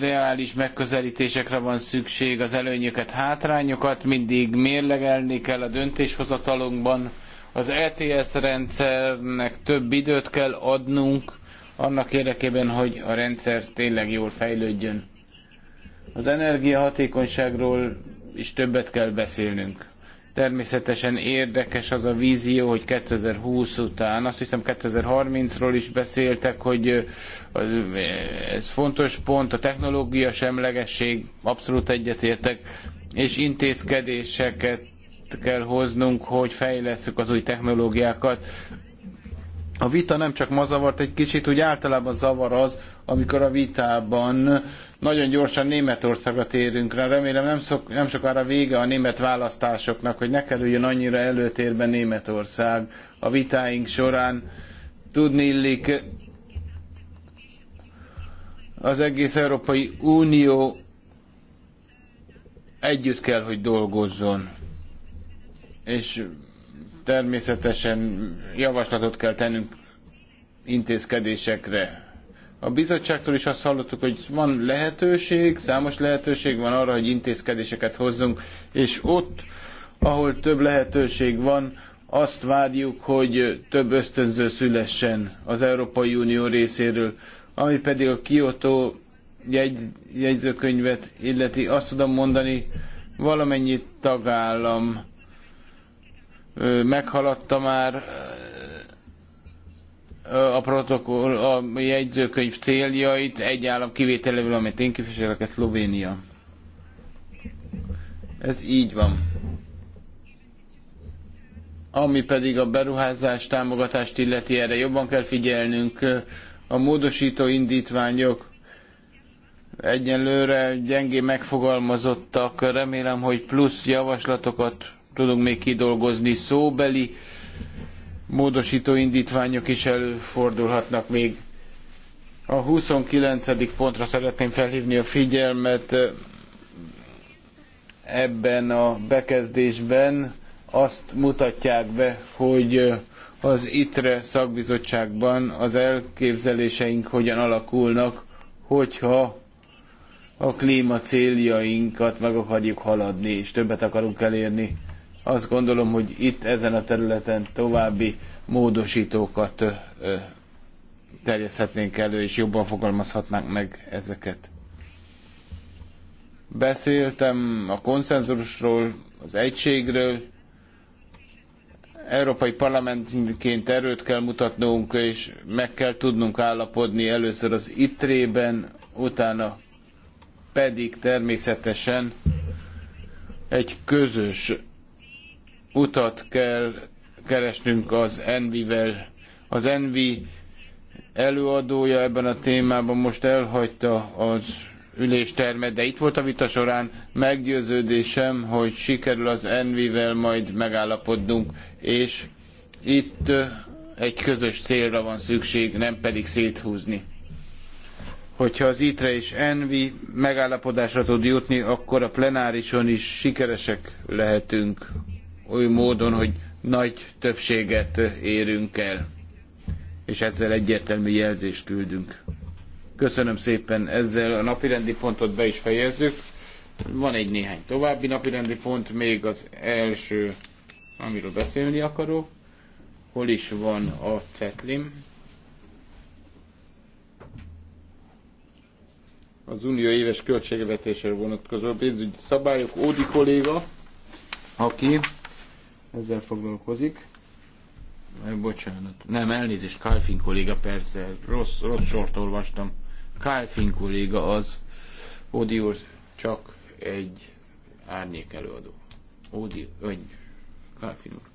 C: reális megközelítésekre van szükség, az előnyöket, hátrányokat mindig mérlegelni kell a döntéshozatalunkban. Az ETS rendszernek több időt kell adnunk annak érdekében, hogy a rendszer tényleg jól fejlődjön. Az energiahatékonyságról is többet kell beszélnünk. Természetesen érdekes az a vízió, hogy 2020 után, azt hiszem 2030-ról is beszéltek, hogy ez fontos pont, a technológia semlegesség, abszolút egyetértek, és intézkedéseket kell hoznunk, hogy fejlesszük az új technológiákat. A vita nem csak ma zavart egy kicsit, úgy általában zavar az, amikor a vitában nagyon gyorsan Németországra térünk rá. Remélem nem, szok, nem sokára vége a német választásoknak, hogy ne kerüljön annyira előtérbe Németország a vitáink során. Tudni illik, az egész Európai Unió együtt kell, hogy dolgozzon. És természetesen javaslatot kell tennünk intézkedésekre. A bizottságtól is azt hallottuk, hogy van lehetőség, számos lehetőség van arra, hogy intézkedéseket hozzunk, és ott, ahol több lehetőség van, azt várjuk, hogy több ösztönző szülessen az Európai Unió részéről, ami pedig a Kyoto jegy, jegyzőkönyvet illeti, azt tudom mondani, valamennyi tagállam meghaladta már a protokoll, a jegyzőkönyv céljait, egy állam kivételével, amit én képviselek, ez Szlovénia. Ez így van. Ami pedig a beruházás támogatást illeti, erre jobban kell figyelnünk. A módosító indítványok egyenlőre gyengé megfogalmazottak. Remélem, hogy plusz javaslatokat tudunk még kidolgozni szóbeli módosító indítványok is előfordulhatnak még. A 29. pontra szeretném felhívni a figyelmet ebben a bekezdésben. Azt mutatják be, hogy az ITRE szakbizottságban az elképzeléseink hogyan alakulnak, hogyha a klíma céljainkat meg akarjuk haladni, és többet akarunk elérni. Azt gondolom, hogy itt ezen a területen további módosítókat terjeszthetnénk elő, és jobban fogalmazhatnánk meg ezeket. Beszéltem a konszenzusról, az egységről, Európai Parlamentként erőt kell mutatnunk, és meg kell tudnunk állapodni először az ITRE-ben, utána pedig természetesen egy közös utat kell keresnünk az Envivel. Az Envi előadója ebben a témában most elhagyta az üléstermet, de itt volt a vita során meggyőződésem, hogy sikerül az Envivel majd megállapodnunk, és itt egy közös célra van szükség, nem pedig széthúzni. Hogyha az ITRE és ENVI megállapodásra tud jutni, akkor a plenárison is sikeresek lehetünk oly módon, hogy nagy többséget érünk el, és ezzel egyértelmű jelzést küldünk. Köszönöm szépen, ezzel a napirendi pontot be is fejezzük. Van egy néhány további napirendi pont, még az első, amiről beszélni akarok. Hol is van a cetlim? Az unió éves költségvetésre vonatkozó pénzügyi szabályok. Ódi kolléga, aki ezzel foglalkozik. Bocsánat. Nem, elnézést, Kálfin kolléga, persze, rossz, rossz sort olvastam. Kálfin kolléga az, Odiur úr, csak egy árnyék előadó. Odi egy Kálfin úr.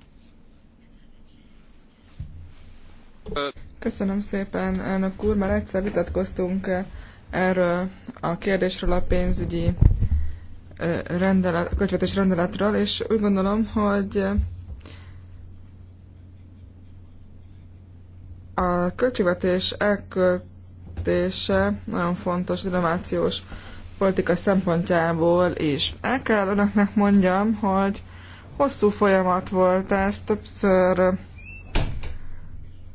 A: Köszönöm szépen, elnök úr. Már egyszer vitatkoztunk erről a kérdésről a pénzügyi rendelet, kötvetés rendeletről, és úgy gondolom, hogy a költségvetés elköltése nagyon fontos innovációs politika szempontjából is. El kell önöknek mondjam, hogy hosszú folyamat volt ez, többször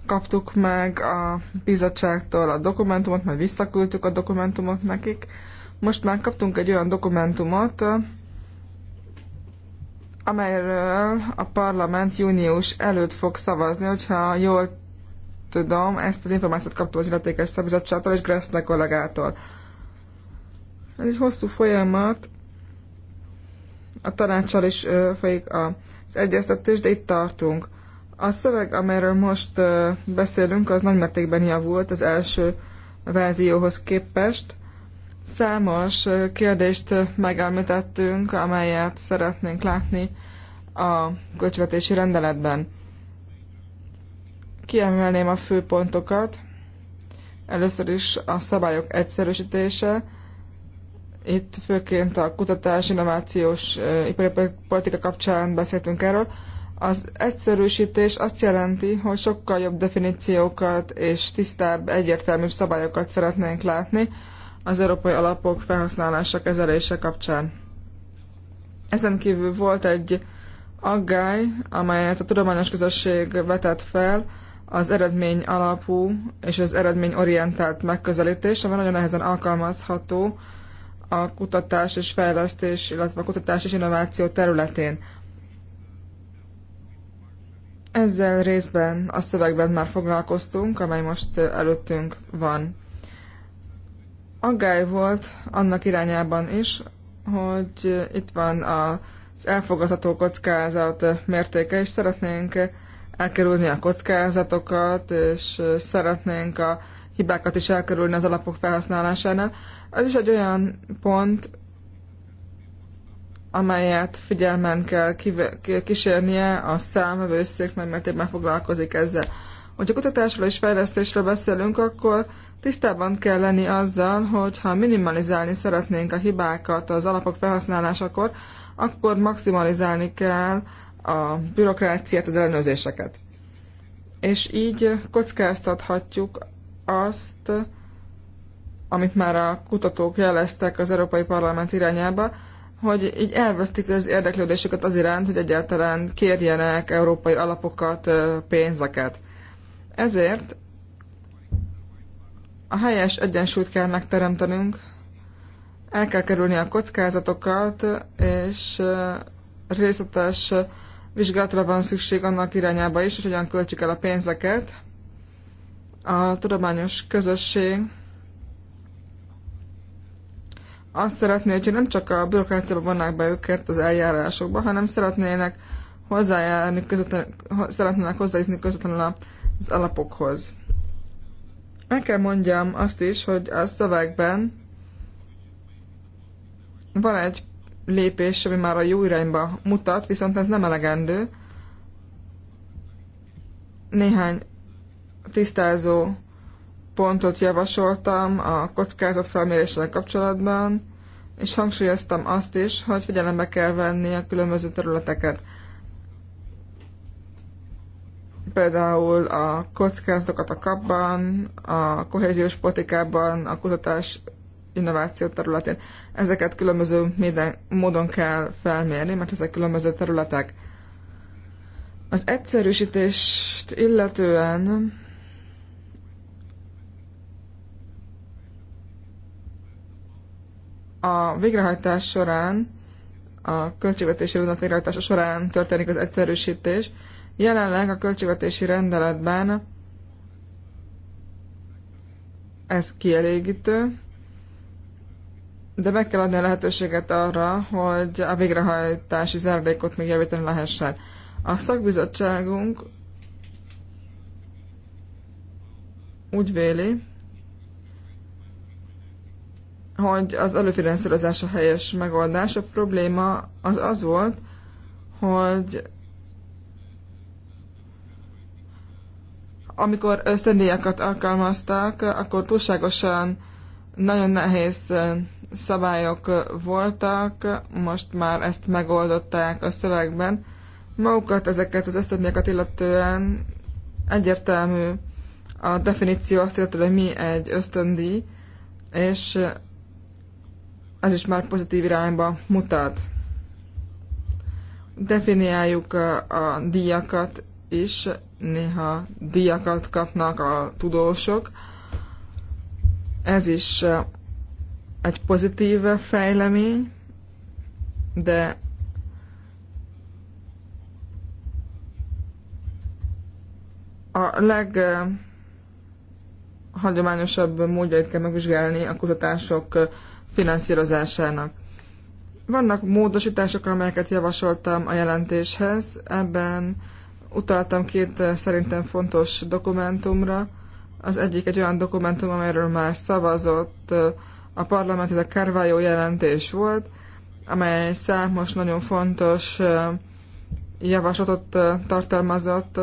A: kaptuk meg a bizottságtól a dokumentumot, majd visszaküldtük a dokumentumot nekik, most már kaptunk egy olyan dokumentumot, amelyről a parlament június előtt fog szavazni, hogyha jól tudom, ezt az információt kaptam az illetékes szabizottságtól és Gressler kollégától. Ez egy hosszú folyamat, a tanácssal is folyik az egyeztetés, de itt tartunk. A szöveg, amelyről most beszélünk, az nagymértékben javult az első verzióhoz képest. Számos kérdést megelmítettünk, amelyet szeretnénk látni a költségvetési rendeletben. Kiemelném a fő pontokat. Először is a szabályok egyszerűsítése. Itt főként a kutatás, innovációs, ipari politika kapcsán beszéltünk erről. Az egyszerűsítés azt jelenti, hogy sokkal jobb definíciókat és tisztább, egyértelműbb szabályokat szeretnénk látni az európai alapok felhasználása kezelése kapcsán. Ezen kívül volt egy aggály, amelyet a tudományos közösség vetett fel, az eredmény alapú és az eredmény orientált megközelítés, ami nagyon nehezen alkalmazható a kutatás és fejlesztés, illetve a kutatás és innováció területén. Ezzel részben a szövegben már foglalkoztunk, amely most előttünk van aggály volt annak irányában is, hogy itt van az elfogadható kockázat mértéke, és szeretnénk elkerülni a kockázatokat, és szeretnénk a hibákat is elkerülni az alapok felhasználásánál. Ez is egy olyan pont, amelyet figyelmen kell kísérnie, a számvevőszék mert mértékben foglalkozik ezzel. A kutatásról és fejlesztésről beszélünk, akkor tisztában kell lenni azzal, hogy ha minimalizálni szeretnénk a hibákat az alapok felhasználásakor, akkor maximalizálni kell a bürokráciát, az ellenőrzéseket. És így kockáztathatjuk azt, amit már a kutatók jeleztek az Európai Parlament irányába, hogy így elvesztik az érdeklődésüket az iránt, hogy egyáltalán kérjenek európai alapokat, pénzeket. Ezért a helyes egyensúlyt kell megteremtenünk, el kell kerülni a kockázatokat, és részletes vizsgálatra van szükség annak irányába is, hogy hogyan költjük el a pénzeket. A tudományos közösség azt szeretné, hogyha nem csak a bürokráciába vonnák be őket az eljárásokba, hanem szeretnének hozzájárni, közvetlen, szeretnének hozzájutni közvetlenül a az alapokhoz. El kell mondjam azt is, hogy a szövegben van egy lépés, ami már a jó irányba mutat, viszont ez nem elegendő. Néhány tisztázó pontot javasoltam a kockázatfelméréssel kapcsolatban, és hangsúlyoztam azt is, hogy figyelembe kell venni a különböző területeket például a kockázatokat a kapban, a kohéziós politikában, a kutatás innováció területén. Ezeket különböző minden módon kell felmérni, mert ezek különböző területek. Az egyszerűsítést illetően a végrehajtás során, a költségvetési rendelet végrehajtása során történik az egyszerűsítés, Jelenleg a költségvetési rendeletben ez kielégítő, de meg kell adni a lehetőséget arra, hogy a végrehajtási zárdékot még javítani lehessen. A szakbizottságunk úgy véli, hogy az előfinanszírozás a helyes megoldás. A probléma az az volt, hogy amikor ösztöndíjakat alkalmaztak, akkor túlságosan nagyon nehéz szabályok voltak, most már ezt megoldották a szövegben. Magukat ezeket az ösztöndíjakat illetően egyértelmű a definíció azt illetve, hogy mi egy ösztöndíj, és ez is már pozitív irányba mutat. Definiáljuk a, a díjakat is néha díjakat kapnak a tudósok. Ez is eh, egy pozitív fejlemény, de a eh, hagyományosabb módjait kell megvizsgálni a kutatások eh, finanszírozásának. Vannak módosítások, amelyeket javasoltam a jelentéshez. Ebben Utaltam két eh, szerintem fontos dokumentumra. Az egyik egy olyan dokumentum, amelyről már szavazott eh, a parlament, ez a Carvalho jelentés volt, amely számos nagyon fontos eh, javaslatot tartalmazott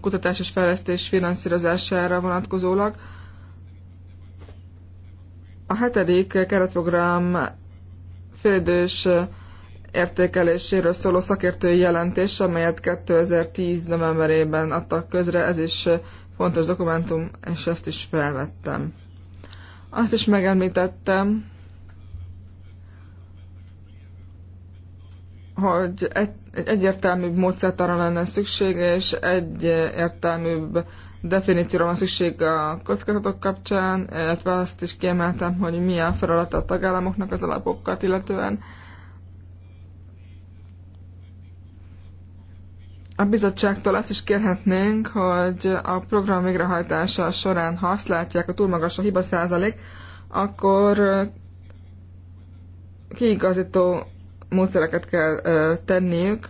A: kutatás és fejlesztés finanszírozására vonatkozólag. A hetedik keretprogram félidős értékeléséről szóló szakértői jelentés, amelyet 2010 novemberében adtak közre, ez is fontos dokumentum, és ezt is felvettem. Azt is megemlítettem, hogy egy, egy egyértelműbb módszert arra lenne szükség, és egyértelmű definícióra van szükség a kockázatok kapcsán, illetve azt is kiemeltem, hogy milyen feladat a tagállamoknak az alapokat illetően, A bizottságtól azt is kérhetnénk, hogy a program végrehajtása során, ha azt látják, a túl magas a hiba százalék, akkor kiigazító módszereket kell tenniük,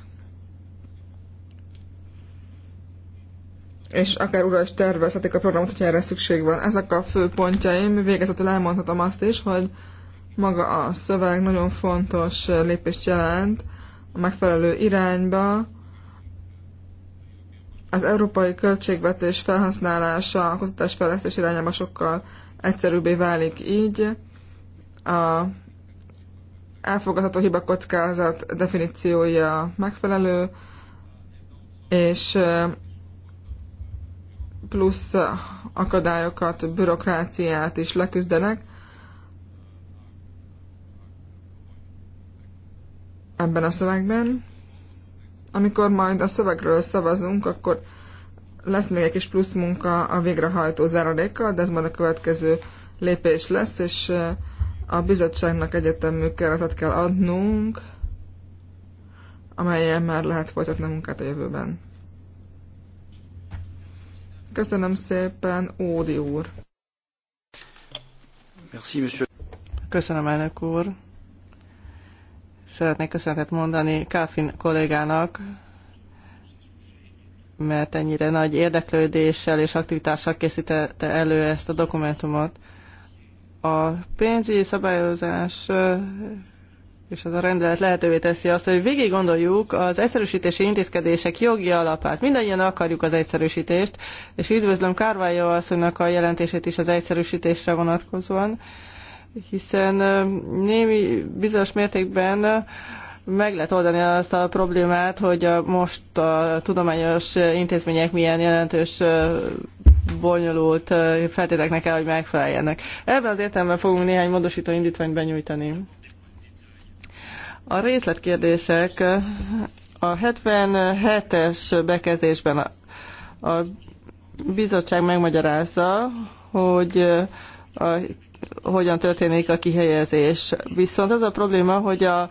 A: és akár újra is tervezhetik a programot, hogyha erre szükség van. Ezek a fő pontjaim. Végezetül elmondhatom azt is, hogy maga a szöveg nagyon fontos lépést jelent a megfelelő irányba, az európai költségvetés felhasználása a fejlesztés irányába sokkal egyszerűbbé válik így. A elfogadható hibakockázat definíciója megfelelő, és plusz akadályokat, bürokráciát is leküzdenek. Ebben a szövegben amikor majd a szövegről szavazunk, akkor lesz még egy kis plusz munka a végrehajtó záradékkal, de ez majd a következő lépés lesz, és eh, a bizottságnak egyetemű keretet kell adnunk, amelyen már lehet folytatni a munkát a jövőben. Köszönöm szépen, Ódi úr! Köszönöm, elnök úr!
D: Szeretnék köszönetet mondani Káfin kollégának, mert ennyire nagy érdeklődéssel és aktivitással készítette elő ezt a dokumentumot. A pénzügyi szabályozás és az a rendelet lehetővé teszi azt, hogy végig gondoljuk az egyszerűsítési intézkedések jogi alapát. Mindannyian akarjuk az egyszerűsítést, és üdvözlöm Kárvályó asszonynak a jelentését is az egyszerűsítésre vonatkozóan hiszen némi bizonyos mértékben meg lehet oldani azt a problémát, hogy a most a tudományos intézmények milyen jelentős bonyolult feltételeknek kell, hogy megfeleljenek. Ebben az értelemben fogunk néhány módosító indítványt benyújtani. A részletkérdések a 77-es bekezdésben a, a bizottság megmagyarázza, hogy a hogyan történik a kihelyezés. Viszont az a probléma, hogy a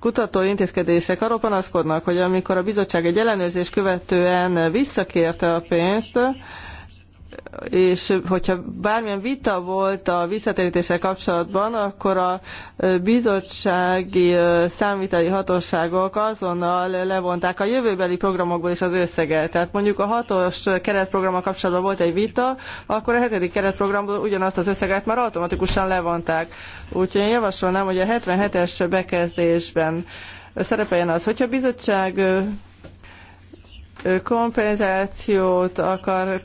D: kutatóintézkedések arról panaszkodnak, hogy amikor a bizottság egy ellenőrzés követően visszakérte a pénzt, és hogyha bármilyen vita volt a visszatérítéssel kapcsolatban, akkor a bizottsági számviteli hatóságok azonnal levonták a jövőbeli programokból is az összeget. Tehát mondjuk a hatos keretprogrammal kapcsolatban volt egy vita, akkor a hetedik keretprogramból ugyanazt az összeget már automatikusan levonták. Úgyhogy én javasolnám, hogy a 77-es bekezdésben szerepeljen az, hogyha a bizottság kompenzációt akar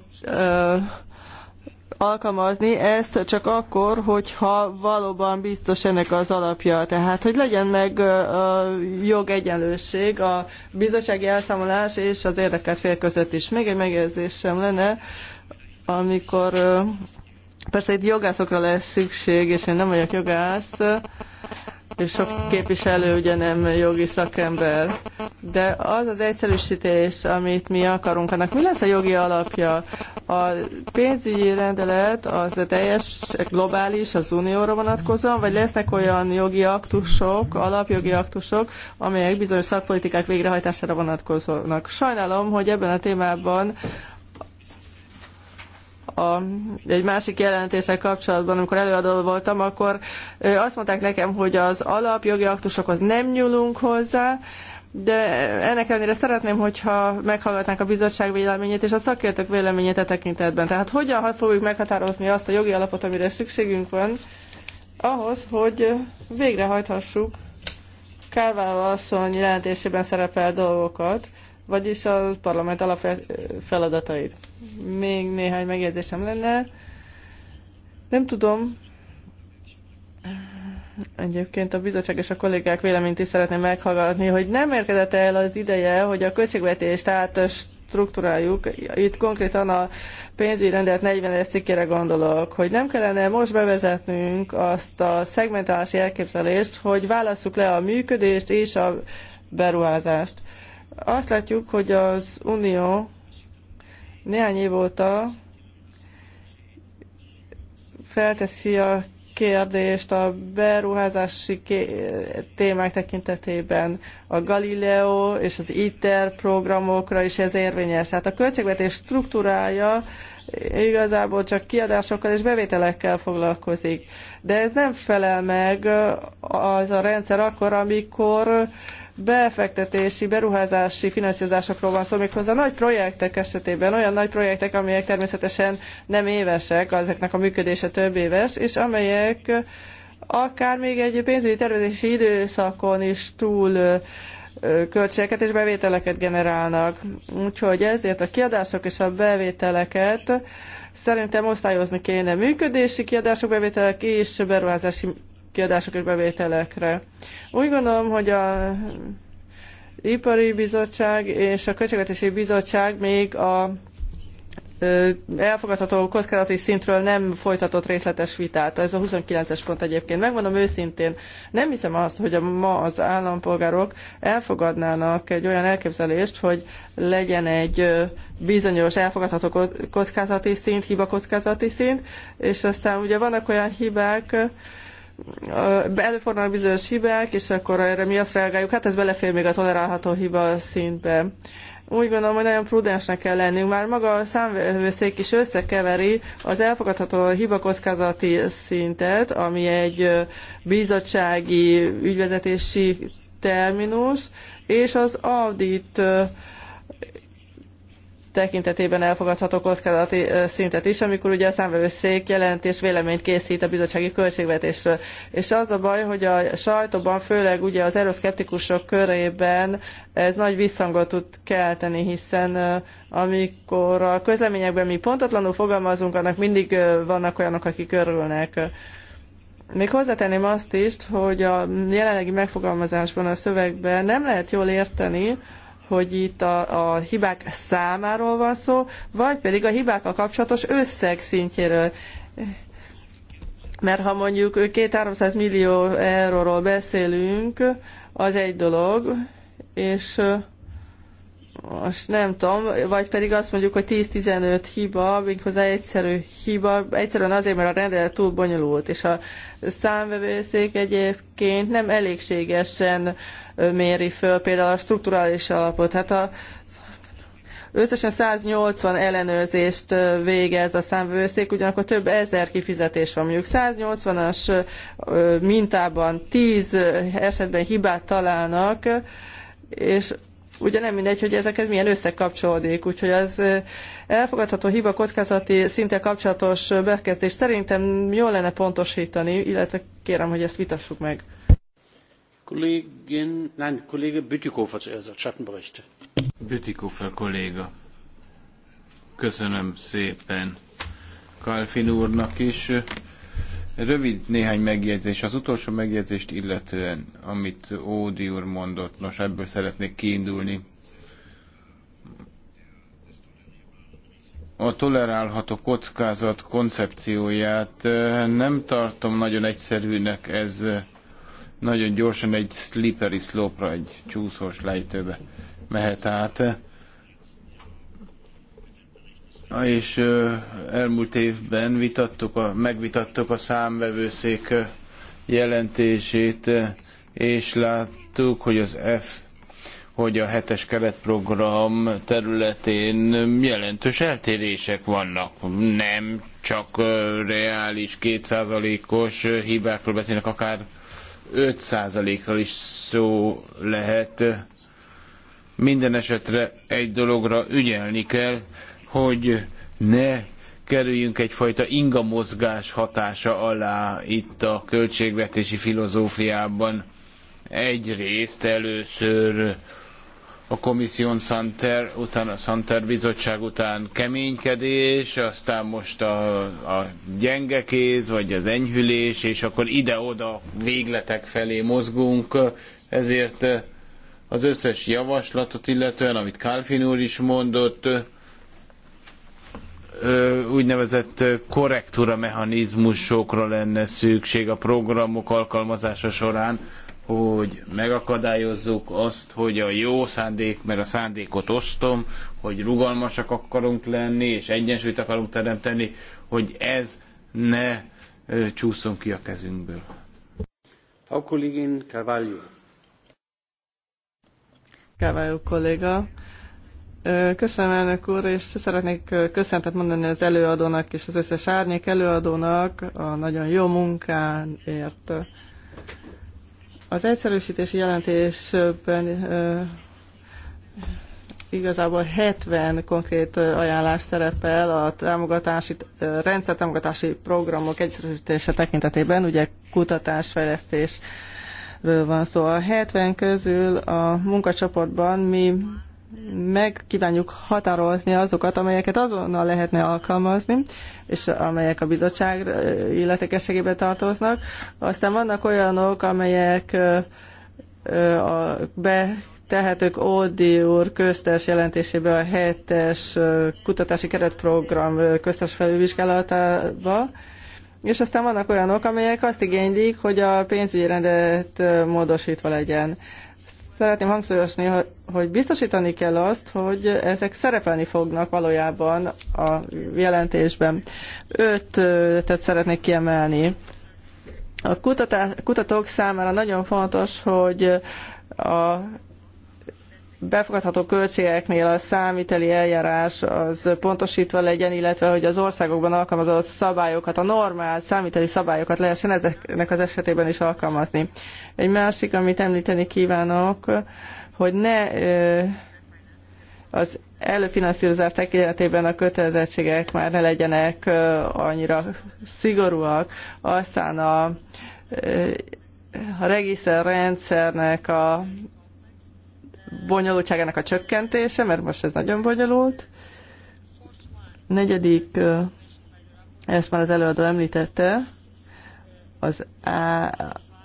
D: alkalmazni, ezt csak akkor, hogyha valóban biztos ennek az alapja. Tehát, hogy legyen meg a jogegyenlőség a bizottsági elszámolás és az érdekelt fél között is. Még egy megjegyzésem lenne, amikor persze itt jogászokra lesz szükség, és én nem vagyok jogász, és sok képviselő ugye nem jogi szakember, de az az egyszerűsítés, amit mi akarunk, annak mi lesz a jogi alapja? A pénzügyi rendelet az a teljes, globális, az unióra vonatkozóan, vagy lesznek olyan jogi aktusok, alapjogi aktusok, amelyek bizonyos szakpolitikák végrehajtására vonatkoznak. Sajnálom, hogy ebben a témában a, egy másik jelentéssel kapcsolatban, amikor előadó voltam, akkor azt mondták nekem, hogy az alapjogi aktusokhoz nem nyúlunk hozzá, de ennek ellenére szeretném, hogyha meghallgatnánk a bizottság véleményét és a szakértők véleményét a e tekintetben. Tehát hogyan fogjuk meghatározni azt a jogi alapot, amire szükségünk van, ahhoz, hogy végrehajthassuk Kárvállalasszony jelentésében szerepel dolgokat, vagyis a parlament alapfeladatait. Még néhány megjegyzésem lenne. Nem tudom, egyébként a bizottság és a kollégák véleményt is szeretném meghallgatni, hogy nem érkezett el az ideje, hogy a költségvetést átös struktúráljuk. Itt konkrétan a pénzügyi rendelet 40-es cikkére gondolok, hogy nem kellene most bevezetnünk azt a szegmentálási elképzelést, hogy válasszuk le a működést és a beruházást. Azt látjuk, hogy az Unió néhány év óta felteszi a kérdést a beruházási témák tekintetében a Galileo és az ITER programokra is ez érvényes. Tehát a költségvetés struktúrája igazából csak kiadásokkal és bevételekkel foglalkozik. De ez nem felel meg az a rendszer akkor, amikor befektetési, beruházási finanszírozásokról van szó, méghozzá nagy projektek esetében, olyan nagy projektek, amelyek természetesen nem évesek, ezeknek a működése több éves, és amelyek akár még egy pénzügyi tervezési időszakon is túl költségeket és bevételeket generálnak. Úgyhogy ezért a kiadások és a bevételeket szerintem osztályozni kéne működési kiadások, bevételek és beruházási kiadások és bevételekre. Úgy gondolom, hogy a Ipari Bizottság és a Költségvetési Bizottság még a elfogadható kockázati szintről nem folytatott részletes vitát. Ez a 29-es pont egyébként. Megmondom őszintén, nem hiszem azt, hogy a, ma az állampolgárok elfogadnának egy olyan elképzelést, hogy legyen egy bizonyos elfogadható kockázati szint, hiba kockázati szint, és aztán ugye vannak olyan hibák, előfordulnak bizonyos hibák, és akkor erre mi azt reagáljuk, hát ez belefér még a tolerálható hiba szintbe. Úgy gondolom, hogy nagyon prudensnek kell lennünk. Már maga a számvőszék is összekeveri az elfogadható hibakockázati szintet, ami egy bizottsági ügyvezetési terminus, és az audit tekintetében elfogadható kockázati szintet is, amikor ugye a számvevőszék jelentés véleményt készít a bizottsági költségvetésről. És az a baj, hogy a sajtóban, főleg ugye az euroszkeptikusok körében ez nagy visszhangot tud kelteni, hiszen amikor a közleményekben mi pontatlanul fogalmazunk, annak mindig vannak olyanok, akik örülnek. Még hozzátenném azt is, hogy a jelenlegi megfogalmazásban a szövegben nem lehet jól érteni, hogy itt a, a hibák számáról van szó, vagy pedig a hibákkal kapcsolatos összeg szintjéről. Mert ha mondjuk 2-300 millió euróról beszélünk, az egy dolog, és most nem tudom, vagy pedig azt mondjuk, hogy 10-15 hiba, méghozzá egyszerű hiba, egyszerűen azért, mert a rendelet túl bonyolult, és a számvevőszék egyébként nem elégségesen méri föl, például a strukturális alapot. Hát a, Összesen 180 ellenőrzést végez a számvőszék, ugyanakkor több ezer kifizetés van. Mondjuk 180-as mintában 10 esetben hibát találnak, és ugye nem mindegy, hogy ezeket milyen összekapcsolódik, úgyhogy az elfogadható hiba kockázati szinte kapcsolatos bekezdés szerintem jól lenne pontosítani, illetve kérem, hogy ezt vitassuk meg.
C: Kollegin, nein, Kollege Bütikofer zuerst, Schattenberichte. Bütikofer kolléga. Köszönöm szépen Kalfin úrnak is. Rövid néhány megjegyzés. Az utolsó megjegyzést illetően, amit Ódi úr mondott, nos ebből szeretnék kiindulni. A tolerálható kockázat koncepcióját eh, nem tartom nagyon egyszerűnek, ez eh, nagyon gyorsan egy slippery slope-ra, egy csúszós lejtőbe mehet át. És elmúlt évben vitattuk a, megvitattuk a számvevőszék jelentését, és láttuk, hogy az F hogy a hetes keretprogram területén jelentős eltérések vannak. Nem csak reális, kétszázalékos hibákról beszélnek, akár 5%-ról is szó lehet. Minden esetre egy dologra ügyelni kell, hogy ne kerüljünk egyfajta ingamozgás hatása alá itt a költségvetési filozófiában. Egyrészt először a komisszión Santer, utána a Santer bizottság után keménykedés, aztán most a, a gyenge kéz, vagy az enyhülés, és akkor ide-oda végletek felé mozgunk, ezért az összes javaslatot illetően, amit Kálfin úr is mondott, úgynevezett korrektúra mechanizmusokra lenne szükség a programok alkalmazása során hogy megakadályozzuk azt, hogy a jó szándék, mert a szándékot osztom, hogy rugalmasak akarunk lenni, és egyensúlyt akarunk teremteni, hogy ez ne ö, csúszom ki a kezünkből. A kollégén Kávályó.
D: Kávályó kolléga. Köszönöm elnök úr, és szeretnék köszöntet mondani az előadónak és az összes árnyék előadónak a nagyon jó munkáért. Az egyszerűsítési jelentésben igazából 70 konkrét ajánlás szerepel a támogatási, rendszertámogatási programok egyszerűsítése tekintetében, ugye kutatás, van szó. A 70 közül a munkacsoportban mi meg kívánjuk határozni azokat, amelyeket azonnal lehetne alkalmazni, és amelyek a bizottság illetékességébe tartoznak. Aztán vannak olyanok, amelyek a be tehetők Ódi úr köztes jelentésébe a hetes kutatási keretprogram köztes felülvizsgálatába, és aztán vannak olyanok, amelyek azt igénylik, hogy a pénzügyi rendet módosítva legyen szeretném hangsúlyozni, hogy biztosítani kell azt, hogy ezek szerepelni fognak valójában a jelentésben. tehát szeretnék kiemelni. A kutatók számára nagyon fontos, hogy a befogadható költségeknél a számviteli eljárás az pontosítva legyen, illetve hogy az országokban alkalmazott szabályokat, a normál számviteli szabályokat lehessen ezeknek az esetében is alkalmazni. Egy másik, amit említeni kívánok, hogy ne az előfinanszírozás tekintetében a kötelezettségek már ne legyenek annyira szigorúak, aztán a a regiszterrendszernek a bonyolultságának a csökkentése, mert most ez nagyon bonyolult. Negyedik, ezt már az előadó említette, az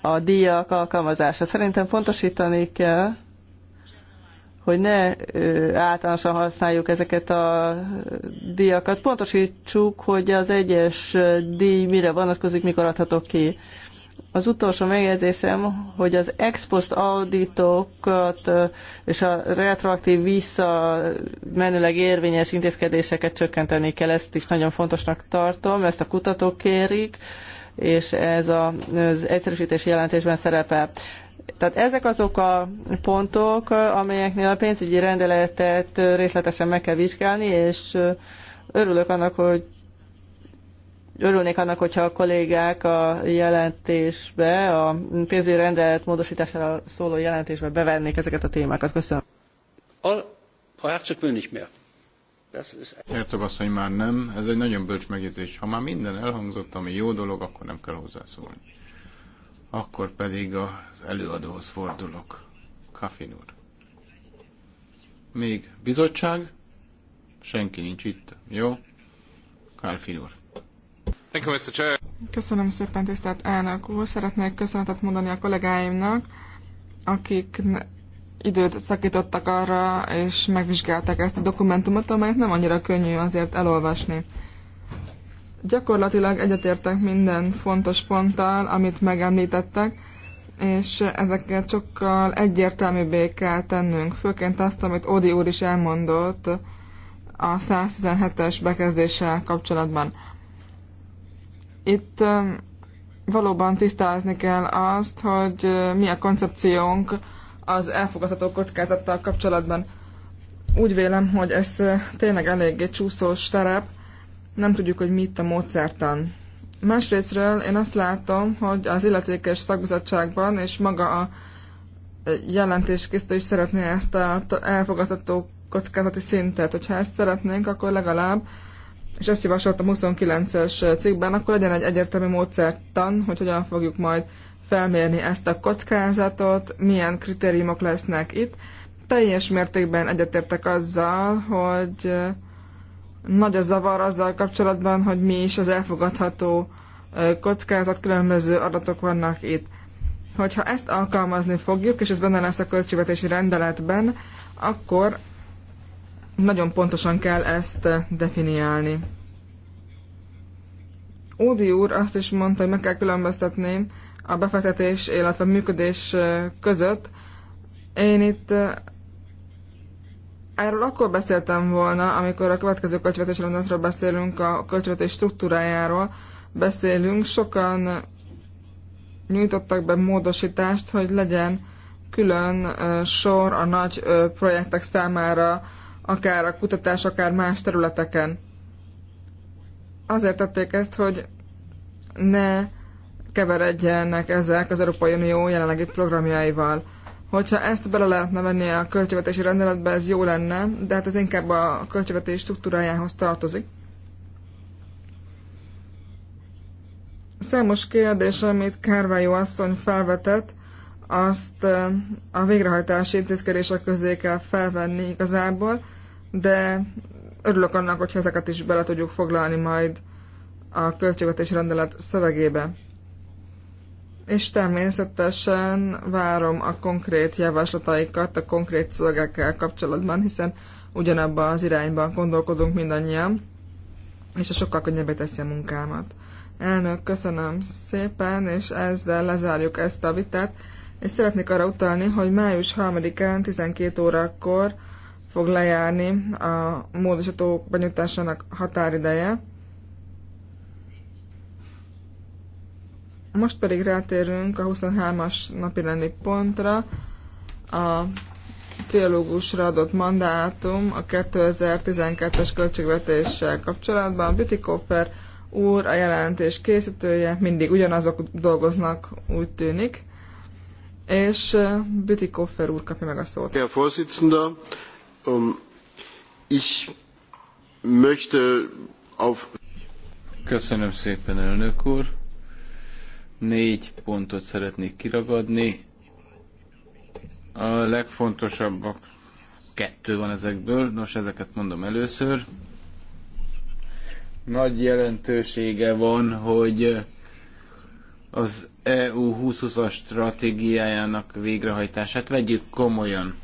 D: a, a díjak alkalmazása. Szerintem pontosítani kell, hogy ne általánosan használjuk ezeket a díjakat. Pontosítsuk, hogy az egyes díj mire vonatkozik, mikor adhatok ki. Az utolsó megjegyzésem, hogy az ex post auditokat és a retroaktív visszamenőleg érvényes intézkedéseket csökkenteni kell, ezt is nagyon fontosnak tartom, ezt a kutatók kérik, és ez az egyszerűsítési jelentésben szerepel. Tehát ezek azok a pontok, amelyeknél a pénzügyi rendeletet részletesen meg kell vizsgálni, és örülök annak, hogy örülnék annak, hogyha a kollégák a jelentésbe, a pénzügyi rendelet módosítására szóló jelentésbe bevennék ezeket a témákat. Köszönöm.
C: Al, ha csak will mér. mehr. azt, hogy már nem, ez egy nagyon bölcs megjegyzés. Ha már minden elhangzott, ami jó dolog, akkor nem kell hozzászólni. Akkor pedig az előadóhoz fordulok. Kaffin úr. Még bizottság? Senki nincs itt. Jó? Kaffin úr.
A: Köszönöm szépen, tisztelt elnök úr. Szeretnék köszönetet mondani a kollégáimnak, akik időt szakítottak arra, és megvizsgálták ezt a dokumentumot, amelyet nem annyira könnyű azért elolvasni. Gyakorlatilag egyetértek minden fontos ponttal, amit megemlítettek, és ezeket sokkal egyértelműbbé kell tennünk, főként azt, amit Ódi úr is elmondott a 117-es bekezdéssel kapcsolatban. Itt valóban tisztázni kell azt, hogy mi a koncepciónk az elfogadható kockázattal kapcsolatban. Úgy vélem, hogy ez tényleg eléggé csúszós terep, nem tudjuk, hogy mit a módszertan. Másrésztről én azt látom, hogy az illetékes szakbizottságban és maga a jelentéskészítő is szeretné ezt a elfogadható kockázati szintet. Hogyha ezt szeretnénk, akkor legalább és ezt javasoltam 29-es cikkben, akkor legyen egy egyértelmű módszertan, hogy hogyan fogjuk majd felmérni ezt a kockázatot, milyen kritériumok lesznek itt. Teljes mértékben egyetértek azzal, hogy nagy a zavar azzal kapcsolatban, hogy mi is az elfogadható kockázat, különböző adatok vannak itt. Hogyha ezt alkalmazni fogjuk, és ez benne lesz a költségvetési rendeletben, akkor nagyon pontosan kell ezt eh, definiálni. Ódi úr azt is mondta, hogy meg kell különböztetni a befektetés, illetve működés eh, között. Én itt eh, erről akkor beszéltem volna, amikor a következő költségvetési rendeletről beszélünk, a költségvetés struktúrájáról beszélünk. Sokan nyújtottak be módosítást, hogy legyen külön sor a nagy projektek számára akár a kutatás, akár más területeken. Azért tették ezt, hogy ne keveredjenek ezek az Európai Unió jelenlegi programjaival. Hogyha ezt bele lehetne venni a költségvetési rendeletbe, ez jó lenne, de hát ez inkább a költségvetés struktúrájához tartozik. Számos kérdés, amit Kárvályó asszony felvetett, azt a végrehajtási intézkedések közé kell felvenni igazából, de örülök annak, hogyha ezeket is bele tudjuk foglalni majd a költségvetési rendelet szövegébe. És természetesen várom a konkrét javaslataikat a konkrét szövegekkel kapcsolatban, hiszen ugyanabban az irányban gondolkodunk mindannyian, és a sokkal könnyebbé teszi a munkámat. Elnök, köszönöm szépen, és ezzel lezárjuk ezt a vitát és szeretnék arra utalni, hogy május 3-án 12 órakor fog lejárni a módosító benyújtásának határideje. Most pedig rátérünk a 23-as lenni pontra, a triológusra adott mandátum a 2012-es költségvetéssel kapcsolatban. Cooper úr, a jelentés készítője, mindig ugyanazok dolgoznak, úgy tűnik és eh, Bütikoffer úr kapja meg a szót.
C: Herr Vorsitzender, um, ich möchte auf... Köszönöm szépen, elnök úr. Négy pontot szeretnék kiragadni. A legfontosabbak kettő van ezekből, nos ezeket mondom először. Nagy jelentősége van, hogy az EU 2020-as stratégiájának végrehajtását vegyük komolyan.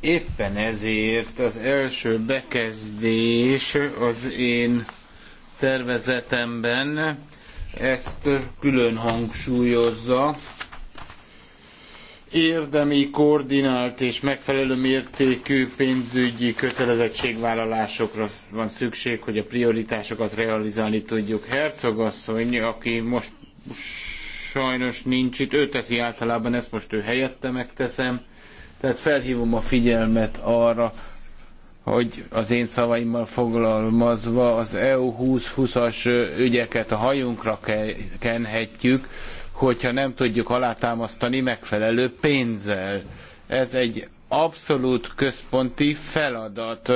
C: Éppen ezért az első bekezdés az én tervezetemben ezt külön hangsúlyozza. Érdemi, koordinált és megfelelő mértékű pénzügyi kötelezettségvállalásokra van szükség, hogy a prioritásokat realizálni tudjuk. Hercogasszony, aki most sajnos nincs itt, ő teszi általában, ezt most ő helyette megteszem. Tehát felhívom a figyelmet arra, hogy az én szavaimmal foglalmazva az EU 2020-as ügyeket a hajunkra kenhetjük, hogyha nem tudjuk alátámasztani megfelelő pénzzel. Ez egy abszolút központi feladat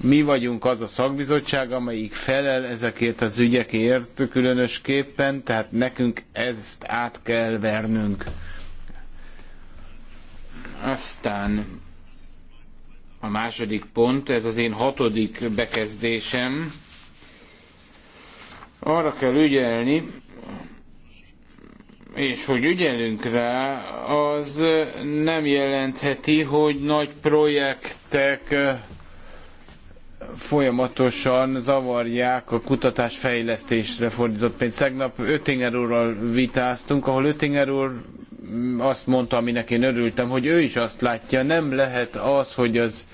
C: mi vagyunk az a szakbizottság, amelyik felel ezekért az ügyekért különösképpen, tehát nekünk ezt át kell vernünk. Aztán a második pont, ez az én hatodik bekezdésem. Arra kell ügyelni, és hogy ügyelünk rá, az nem jelentheti, hogy nagy projektek folyamatosan zavarják a kutatás fejlesztésre fordított pénzt. Tegnap Öttinger úrral vitáztunk, ahol Öttinger úr azt mondta, aminek én örültem, hogy ő is azt látja, nem lehet az, hogy az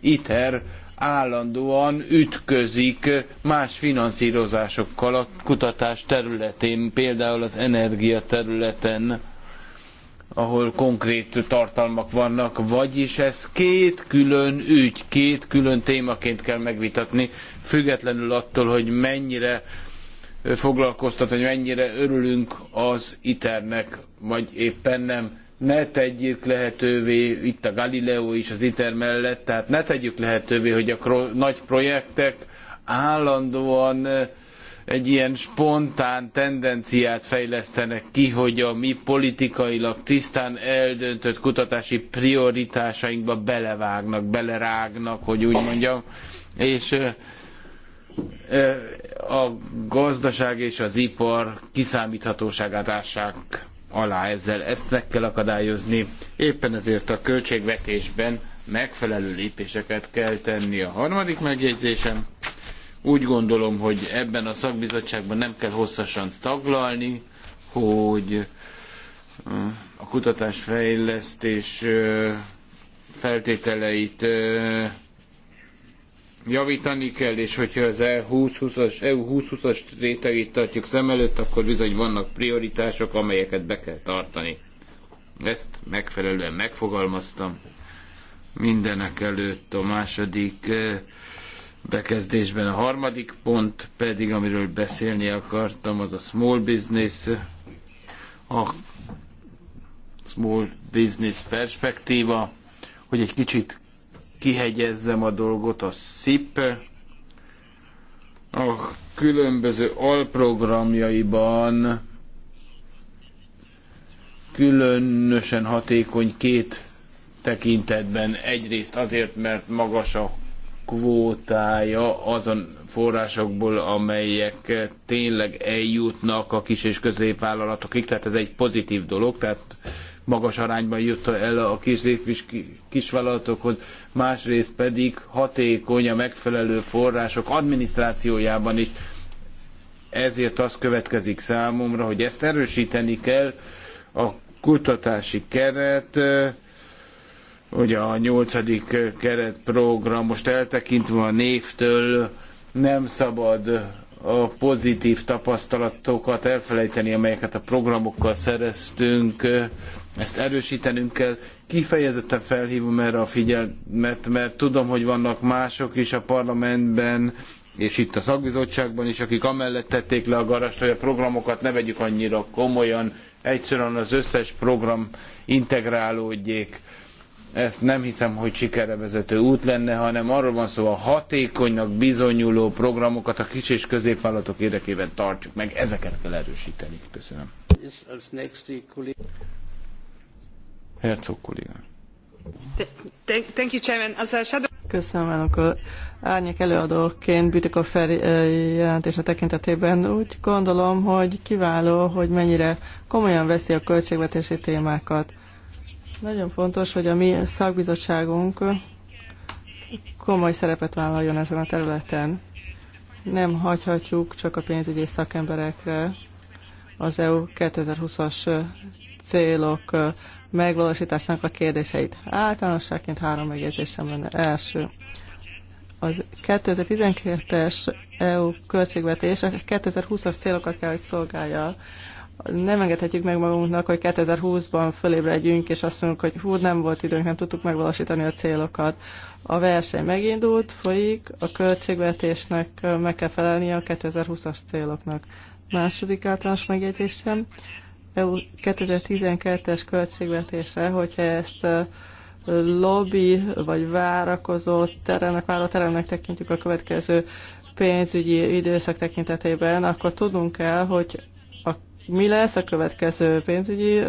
C: ITER állandóan ütközik más finanszírozásokkal a kutatás területén, például az energia területen ahol konkrét tartalmak vannak, vagyis ez két külön ügy, két külön témaként kell megvitatni, függetlenül attól, hogy mennyire foglalkoztat, hogy mennyire örülünk az iternek, vagy éppen nem. Ne tegyük lehetővé, itt a Galileo is az iter mellett, tehát ne tegyük lehetővé, hogy a nagy projektek állandóan egy ilyen spontán tendenciát fejlesztenek ki, hogy a mi politikailag tisztán eldöntött kutatási prioritásainkba belevágnak, belerágnak, hogy úgy mondjam, és a gazdaság és az ipar kiszámíthatóságát ássák alá ezzel. Ezt meg kell akadályozni. Éppen ezért a költségvetésben megfelelő lépéseket kell tenni. A harmadik megjegyzésem úgy gondolom, hogy ebben a szakbizottságban nem kell hosszasan taglalni, hogy a kutatásfejlesztés feltételeit javítani kell, és hogyha az EU20-as, EU 20 as 2020 as rétegét tartjuk szem előtt, akkor bizony vannak prioritások, amelyeket be kell tartani. Ezt megfelelően megfogalmaztam. Mindenek előtt a második bekezdésben. A harmadik pont pedig, amiről beszélni akartam, az a small business, a small business perspektíva, hogy egy kicsit kihegyezzem a dolgot, a SIP a különböző alprogramjaiban különösen hatékony két tekintetben. Egyrészt azért, mert magas a kvótája azon forrásokból, amelyek tényleg eljutnak a kis és középvállalatokig, tehát ez egy pozitív dolog, tehát magas arányban jut el a kis és kisvállalatokhoz, másrészt pedig hatékony a megfelelő források adminisztrációjában is. Ezért az következik számomra, hogy ezt erősíteni kell a kutatási keret ugye a nyolcadik keretprogram most eltekintve a névtől nem szabad a pozitív tapasztalatokat elfelejteni, amelyeket a programokkal szereztünk, ezt erősítenünk kell. Kifejezetten felhívom erre a figyelmet, mert tudom, hogy vannak mások is a parlamentben, és itt a szakbizottságban is, akik amellett tették le a garast, hogy a programokat ne vegyük annyira komolyan, egyszerűen az összes program integrálódjék ezt nem hiszem, hogy sikere vezető út lenne, hanem arról van szó, a hatékonynak bizonyuló programokat a kis és középvállalatok érdekében tartsuk meg. Ezeket kell erősíteni. Köszönöm. Herzog kolléga.
D: Thank you, Chairman. Köszönöm, elnök úr. Árnyék előadóként Bütikofer eh, jelentése tekintetében úgy gondolom, hogy kiváló, hogy mennyire komolyan veszi a költségvetési témákat. Nagyon fontos, hogy a mi szakbizottságunk komoly szerepet vállaljon ezen a területen. Nem hagyhatjuk csak a pénzügyi szakemberekre az EU 2020-as célok megvalósításának a kérdéseit. Általánosságként három megjegyzésem lenne. Első, az 2012-es EU költségvetés a 2020-as célokat kell, hogy szolgálja nem engedhetjük meg magunknak, hogy 2020-ban fölébredjünk, és azt mondjuk, hogy hú, nem volt időnk, nem tudtuk megvalósítani a célokat. A verseny megindult, folyik, a költségvetésnek meg kell felelnie a 2020-as céloknak. Második általános megjegyzésem, 2012-es költségvetése, hogyha ezt lobby vagy várakozó teremnek, váró teremnek tekintjük a következő pénzügyi időszak tekintetében, akkor tudunk kell, hogy mi lesz a következő pénzügyi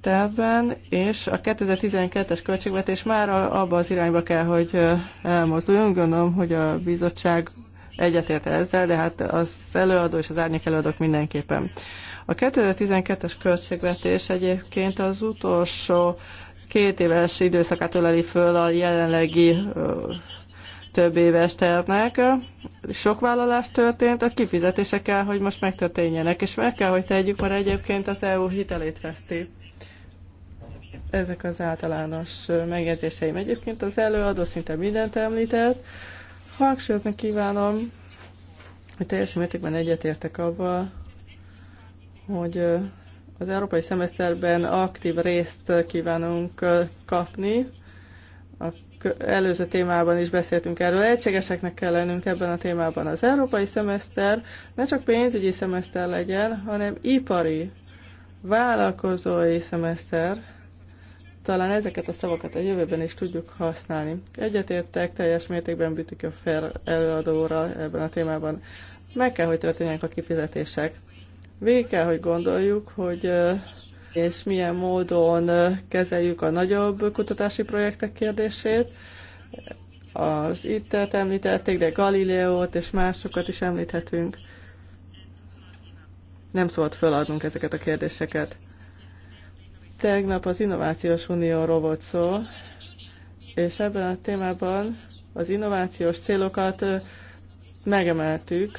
D: tervben, és a 2012-es költségvetés már abba az irányba kell, hogy elmozduljon. Gondolom, hogy a bizottság egyetért ezzel, de hát az előadó és az árnyék előadók mindenképpen. A 2012-es költségvetés egyébként az utolsó két éves időszakát öleli föl a jelenlegi több éves tervnek. Sok vállalás történt, a kifizetések kell, hogy most megtörténjenek, és meg kell, hogy tegyük, mert egyébként az EU hitelét veszti. Ezek az általános megjegyzéseim. Egyébként az előadó szinte mindent említett. Hangsúlyozni kívánom, hogy teljes mértékben egyetértek avval, hogy az európai szemeszterben aktív részt kívánunk kapni, előző témában is beszéltünk erről. Egységeseknek kell lennünk ebben a témában. Az európai szemeszter ne csak pénzügyi szemeszter legyen, hanem ipari, vállalkozói szemeszter. Talán ezeket a szavakat a jövőben is tudjuk használni. Egyetértek teljes mértékben bütik a fel előadóra ebben a témában. Meg kell, hogy történjenek a kifizetések. Végig kell, hogy gondoljuk, hogy és milyen módon kezeljük a nagyobb kutatási projektek kérdését. Az itt említették, de Galileót és másokat is említhetünk. Nem szólt feladnunk ezeket a kérdéseket. Tegnap az Innovációs Unióról volt szó, és ebben a témában az innovációs célokat megemeltük,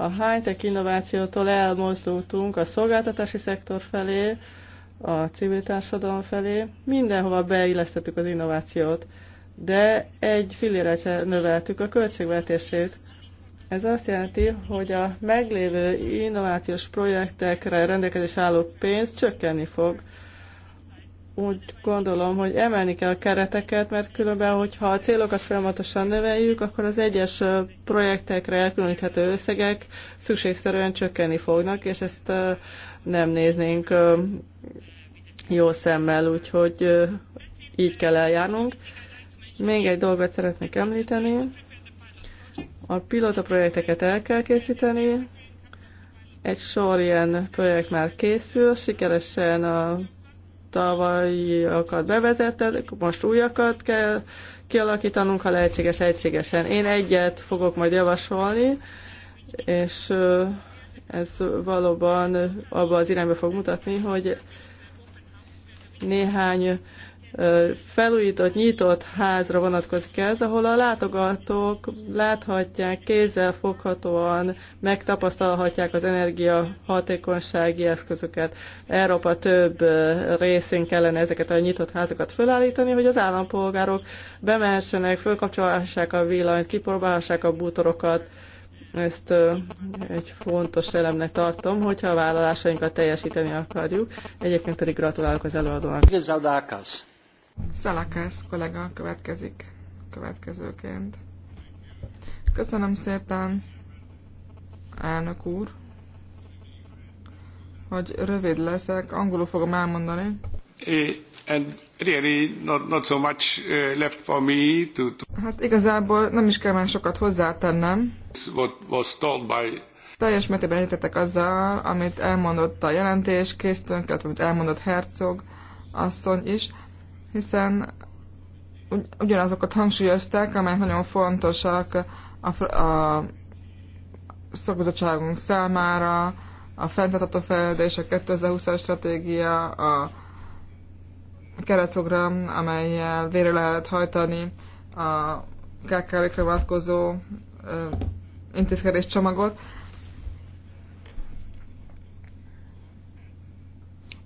D: a high-tech innovációtól elmozdultunk a szolgáltatási szektor felé, a civil társadalom felé, mindenhova beillesztettük az innovációt, de egy fillére növeltük a költségvetését. Ez azt jelenti, hogy a meglévő innovációs projektekre rendelkezés álló pénz csökkenni fog úgy gondolom, hogy emelni kell a kereteket, mert különben, hogyha a célokat folyamatosan növeljük, akkor az egyes projektekre elkülöníthető összegek szükségszerűen csökkenni fognak, és ezt nem néznénk jó szemmel, úgyhogy így kell eljárnunk. Még egy dolgot szeretnék említeni. A pilota projekteket el kell készíteni. Egy sor ilyen projekt már készül, sikeresen a tavalyiakat bevezettek, most újakat kell kialakítanunk, ha lehetséges egységesen. Én egyet fogok majd javasolni, és ez valóban abba az irányba fog mutatni, hogy néhány felújított, nyitott házra vonatkozik ez, ahol a látogatók láthatják, kézzel foghatóan megtapasztalhatják az energia hatékonysági eszközöket. Európa több részén kellene ezeket a nyitott házakat felállítani, hogy az állampolgárok bemehessenek, fölkapcsolhassák a villanyt, kipróbálhassák a bútorokat, ezt egy fontos elemnek tartom, hogyha a vállalásainkat teljesíteni akarjuk. Egyébként pedig gratulálok az előadónak.
A: Szalakász kollega következik következőként. Köszönöm szépen, elnök úr, hogy rövid leszek, angolul fogom elmondani.
C: Eh, and really not, not so much eh, left for me to, to...
A: Hát igazából nem is kell már sokat hozzátennem.
C: What was told by
A: teljes mértékben egyetetek azzal, amit elmondott a jelentés, készítőnk, illetve amit elmondott Herzog asszony is hiszen ugyanazokat hangsúlyozták, amelyek nagyon fontosak a, a szakbizottságunk számára, a fenntartható fejlődés, a 2020-as stratégia, a keretprogram, amelyel vére lehet hajtani a KKV-kre vonatkozó intézkedés csomagot.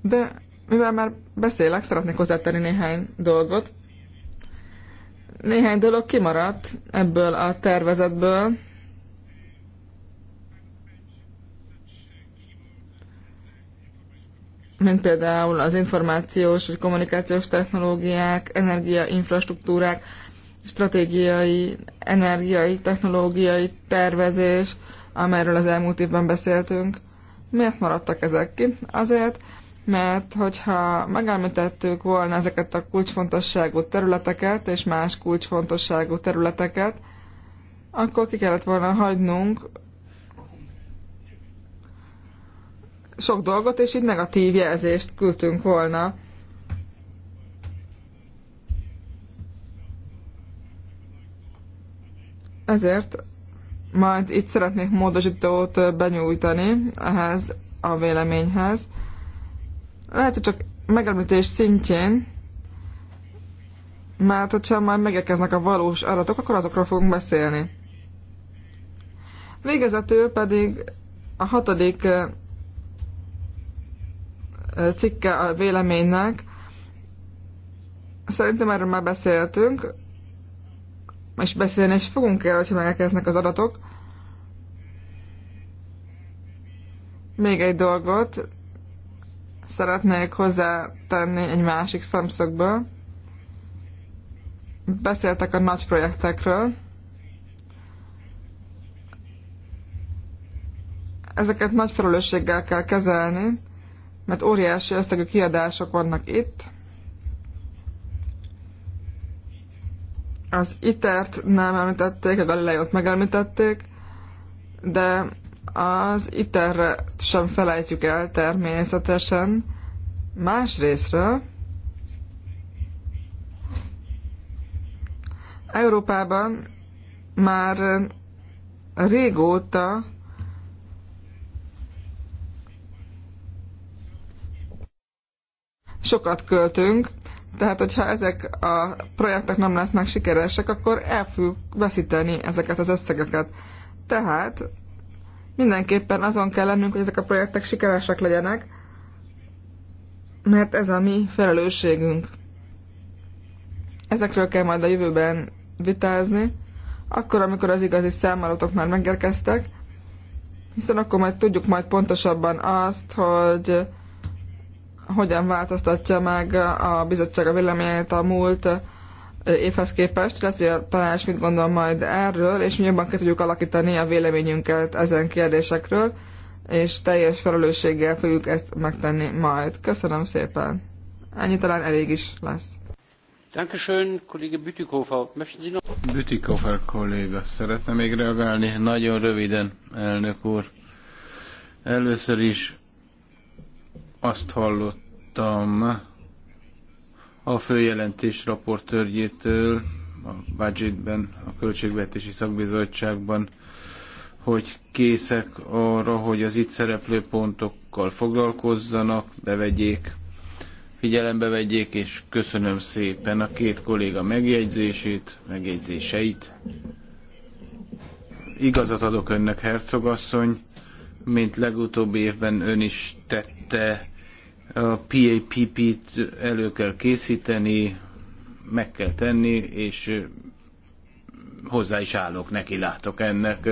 A: De mivel már beszélek, szeretnék hozzátenni néhány dolgot. Néhány dolog kimaradt ebből a tervezetből. mint például az információs vagy kommunikációs technológiák, energiainfrastruktúrák, stratégiai, energiai, technológiai tervezés, amelyről az elmúlt évben beszéltünk. Miért maradtak ezek ki? Azért, mert hogyha megállapítettük volna ezeket a kulcsfontosságú területeket és más kulcsfontosságú területeket, akkor ki kellett volna hagynunk sok dolgot, és így negatív jelzést küldtünk volna. Ezért majd itt szeretnék módosítót benyújtani ehhez a véleményhez lehet, hogy csak megemlítés szintjén, mert hogyha már megérkeznek a valós adatok, akkor azokról fogunk beszélni. Végezetül pedig a hatodik cikke a véleménynek. Szerintem erről már beszéltünk, és beszélni is fogunk el, hogyha megérkeznek az adatok. Még egy dolgot, szeretnék hozzátenni egy másik szemszögből. Beszéltek a nagy projektekről. Ezeket nagy felelősséggel kell kezelni, mert óriási összegű kiadások vannak itt. Az ITER-t nem említették, a Galileót megelmítették, de az iterre sem felejtjük el természetesen. Más Európában már régóta sokat költünk, tehát hogyha ezek a projektek nem lesznek sikeresek, akkor el fogjuk veszíteni ezeket az összegeket. Tehát Mindenképpen azon kell lennünk, hogy ezek a projektek sikeresek legyenek, mert ez a mi felelősségünk. Ezekről kell majd a jövőben vitázni, akkor, amikor az igazi számolatok már megérkeztek, hiszen akkor majd tudjuk majd pontosabban azt, hogy hogyan változtatja meg a bizottság a véleményét a múlt évhez képest, illetve a tanács mit gondol majd erről, és mi jobban ki tudjuk alakítani a véleményünket ezen kérdésekről, és teljes felelősséggel fogjuk ezt megtenni majd. Köszönöm szépen. Ennyi talán elég is lesz.
C: Dankeschön, kollége Bütikofer. Bütikofer kolléga, szeretne még reagálni? Nagyon röviden, elnök úr. Először is azt hallottam, a főjelentés raportőrjétől a budgetben, a Költségvetési Szakbizottságban, hogy készek arra, hogy az itt szereplő pontokkal foglalkozzanak, bevegyék, figyelembe vegyék, és köszönöm szépen a két kolléga megjegyzését, megjegyzéseit. Igazat adok önnek, hercogasszony, mint legutóbbi évben ön is tette, a PAPP-t elő kell készíteni, meg kell tenni, és hozzá is állok, neki látok ennek,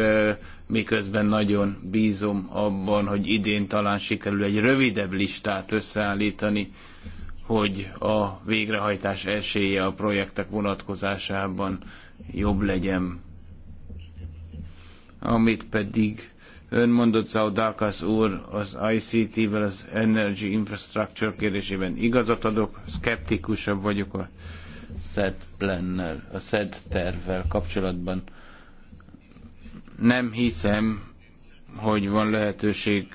C: miközben nagyon bízom abban, hogy idén talán sikerül egy rövidebb listát összeállítani, hogy a végrehajtás esélye a projektek vonatkozásában jobb legyen. Amit pedig Ön mondott Zaudákas úr az ICT-vel, az Energy Infrastructure kérdésében igazat adok, szkeptikusabb vagyok a SED plennel, a SED tervvel kapcsolatban. Nem hiszem, hogy van lehetőség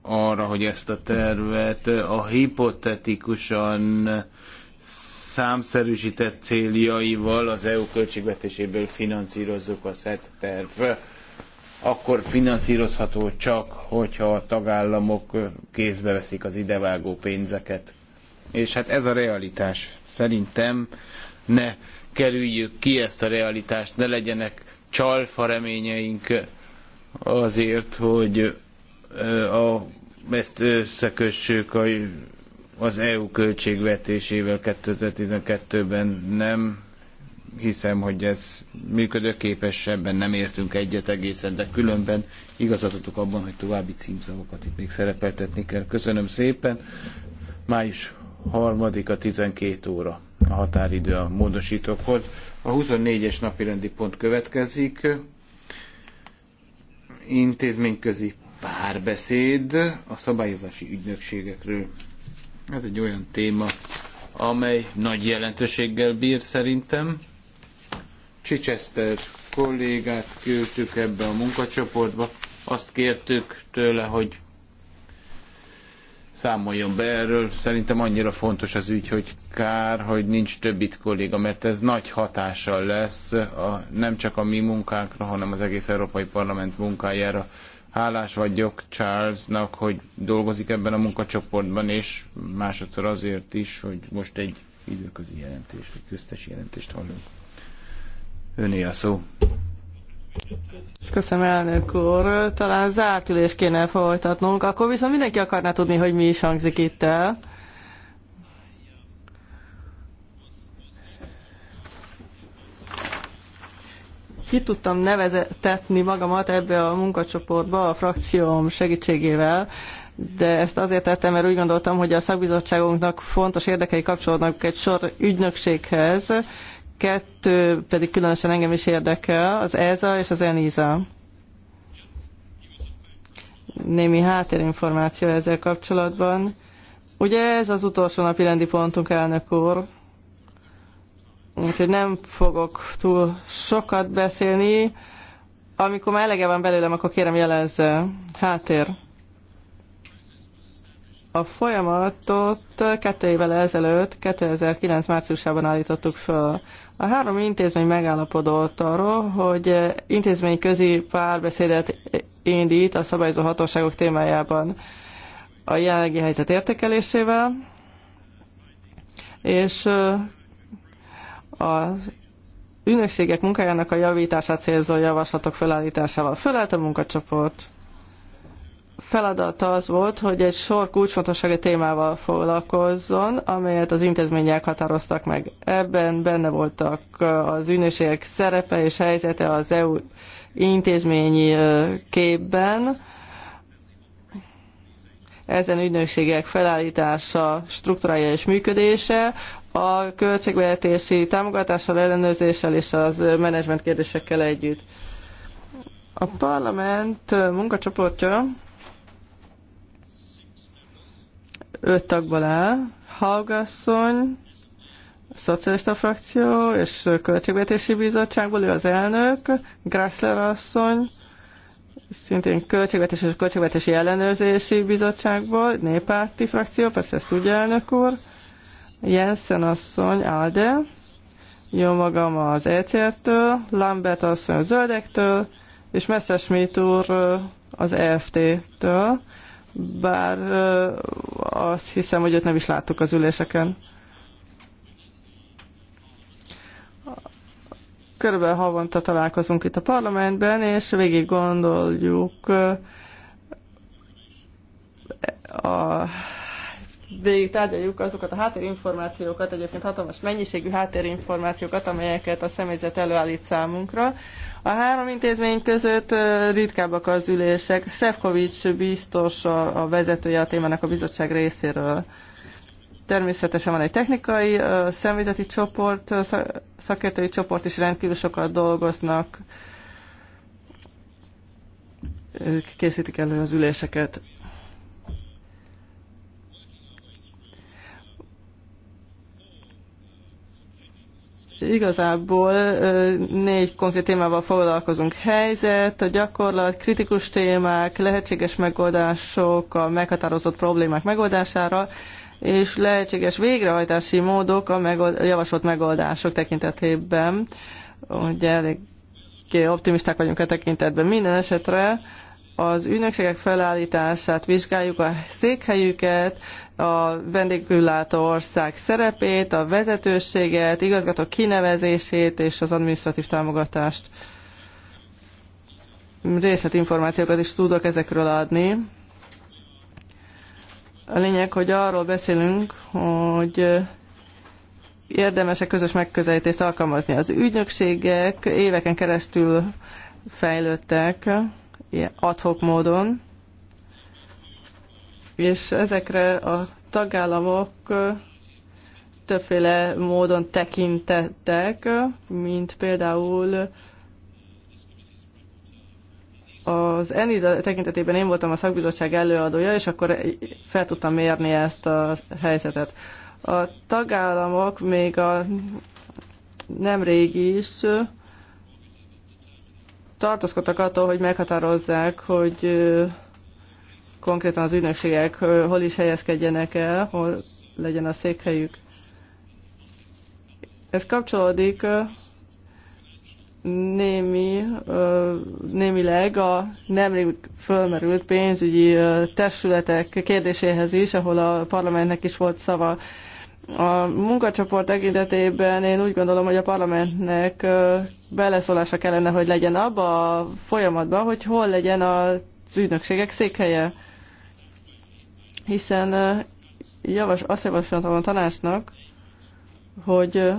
C: arra, hogy ezt a tervet a hipotetikusan számszerűsített céljaival az EU költségvetéséből finanszírozzuk a SZET terv akkor finanszírozható csak, hogyha a tagállamok kézbe veszik az idevágó pénzeket. És hát ez a realitás. Szerintem ne kerüljük ki ezt a realitást, ne legyenek csalfa reményeink azért, hogy a, ezt összekössük a, az EU költségvetésével 2012-ben nem hiszem, hogy ez működőképes, ebben nem értünk egyet egészen, de különben igazatotok abban, hogy további címszavakat itt még szerepeltetni kell. Köszönöm szépen. Május harmadik a 12 óra a határidő a módosítókhoz. A 24-es rendi pont következik. Intézményközi párbeszéd a szabályozási ügynökségekről. Ez egy olyan téma, amely nagy jelentőséggel bír szerintem. Chichester kollégát küldtük ebbe a munkacsoportba. Azt kértük tőle, hogy számoljon be erről. Szerintem annyira fontos az ügy, hogy kár, hogy nincs több itt kolléga, mert ez nagy hatással lesz a, nem csak a mi munkánkra, hanem az egész Európai Parlament munkájára. Hálás vagyok Charlesnak, hogy dolgozik ebben a munkacsoportban, és másodszor azért is, hogy most egy időközi jelentést, egy köztes jelentést hallunk. Öné a szó.
D: Köszönöm, elnök úr. Talán zárt ülés kéne folytatnunk, akkor viszont mindenki akarná tudni, hogy mi is hangzik itt el. Ki tudtam nevezetetni magamat ebbe a munkacsoportba a frakcióm segítségével, de ezt azért tettem, mert úgy gondoltam, hogy a szakbizottságunknak fontos érdekei kapcsolódnak egy sor ügynökséghez, kettő pedig különösen engem is érdekel, az ESA és az ENISA. Némi háttérinformáció ezzel kapcsolatban. Ugye ez az utolsó napi rendi pontunk, elnök úr, úgyhogy nem fogok túl sokat beszélni. Amikor már elege van belőlem, akkor kérem jelezze. Háttér. A folyamatot kettő évvel ezelőtt, 2009. márciusában állítottuk föl. A három intézmény megállapodott arról, hogy intézmény közi párbeszédet indít a szabályozó hatóságok témájában a jelenlegi helyzet értékelésével, és az ügynökségek munkájának a javítását célzó javaslatok felállításával felállt a munkacsoport feladata az volt, hogy egy sor kulcsfontosságú témával foglalkozzon, amelyet az intézmények határoztak meg. Ebben benne voltak az ügynökségek szerepe és helyzete az EU intézményi képben, ezen ügynökségek felállítása, struktúrája és működése, a költségvetési támogatással, ellenőrzéssel és az menedzsment kérdésekkel együtt. A parlament munkacsoportja öt tagból áll, Haugasszony, a Szocialista Frakció és Költségvetési Bizottságból, ő az elnök, Grassler asszony, szintén Költségvetési és Költségvetési Ellenőrzési Bizottságból, Néppárti Frakció, persze ezt tudja elnök úr, Jensen asszony, Alde, jó magam az ECR-től, Lambert asszony a Zöldektől, és Messerschmitt úr az EFT-től bár azt hiszem, hogy őt nem is láttuk az üléseken. Körülbelül havonta találkozunk itt a parlamentben, és végig gondoljuk a végig tárgyaljuk azokat a háttérinformációkat, egyébként hatalmas mennyiségű háttérinformációkat, amelyeket a személyzet előállít számunkra. A három intézmény között ritkábbak az ülések. Sefcovics biztos a, a vezetője a témának a bizottság részéről. Természetesen van egy technikai, személyzeti csoport, szakértői csoport is rendkívül sokat dolgoznak. Ők készítik elő az üléseket. igazából négy konkrét témával foglalkozunk. Helyzet, a gyakorlat, kritikus témák, lehetséges megoldások, a meghatározott problémák megoldására, és lehetséges végrehajtási módok a megold- javasolt megoldások tekintetében. Ugye eléggé optimisták vagyunk a e tekintetben. Minden esetre az ügynökségek felállítását vizsgáljuk, a székhelyüket, a vendéglátó ország szerepét, a vezetőséget, igazgató kinevezését és az administratív támogatást. Részletinformációkat is tudok ezekről adni. A lényeg, hogy arról beszélünk, hogy érdemes közös megközelítést alkalmazni. Az ügynökségek éveken keresztül fejlődtek, adhok módon, és ezekre a tagállamok többféle módon tekintettek, mint például az ENISA tekintetében én voltam a szakbizottság előadója, és akkor fel tudtam mérni ezt a helyzetet. A tagállamok még a nemrég is tartózkodtak attól, hogy meghatározzák, hogy konkrétan az ügynökségek hol is helyezkedjenek el, hol legyen a székhelyük. Ez kapcsolódik némi, némileg a nemrég fölmerült pénzügyi testületek kérdéséhez is, ahol a parlamentnek is volt szava. A munkacsoport tekintetében én úgy gondolom, hogy a parlamentnek beleszólása kellene, hogy legyen abba a folyamatban, hogy hol legyen az ügynökségek székhelye. Hiszen javas, azt javaslatom a tanácsnak, hogy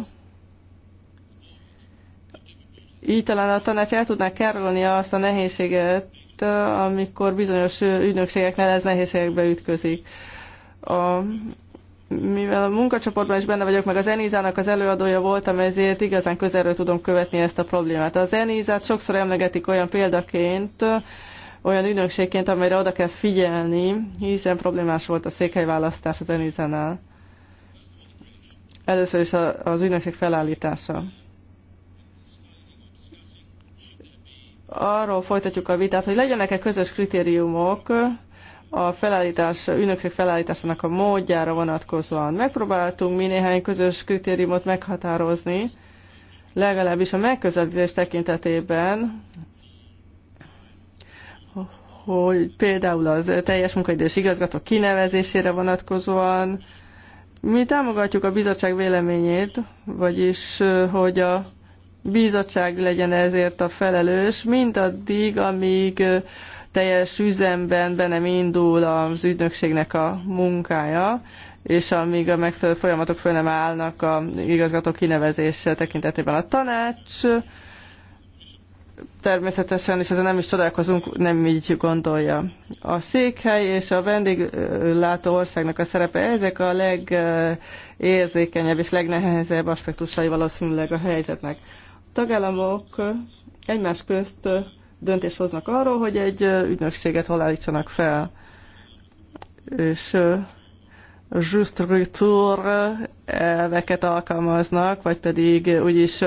D: így talán a tanács el tudná kerülni azt a nehézséget, amikor bizonyos ügynökségeknél ez nehézségekbe ütközik. A mivel a munkacsoportban is benne vagyok, meg az Enizának az előadója voltam, ezért igazán közelről tudom követni ezt a problémát. Az Enizát sokszor emlegetik olyan példaként, olyan ügynökségként, amelyre oda kell figyelni, hiszen problémás volt a székhelyválasztás az Enizánál. Először is az ügynökség felállítása. Arról folytatjuk a vitát, hogy legyenek-e közös kritériumok, a felállítás, ünökség felállításának a módjára vonatkozóan. Megpróbáltunk mi néhány közös kritériumot meghatározni, legalábbis a megközelítés tekintetében, hogy például az teljes munkaidős igazgató kinevezésére vonatkozóan mi támogatjuk a bizottság véleményét, vagyis hogy a bizottság legyen ezért a felelős, mindaddig, amíg teljes üzemben be nem indul az ügynökségnek a munkája, és amíg a megfelelő folyamatok föl nem állnak a igazgató kinevezése tekintetében a tanács, természetesen, és ezzel nem is csodálkozunk, nem így gondolja. A székhely és a vendéglátó országnak a szerepe, ezek a legérzékenyebb és legnehezebb aspektusai valószínűleg a helyzetnek. A tagállamok egymás közt döntést hoznak arról, hogy egy ügynökséget hol állítsanak fel. És just retour elveket alkalmaznak, vagy pedig úgy is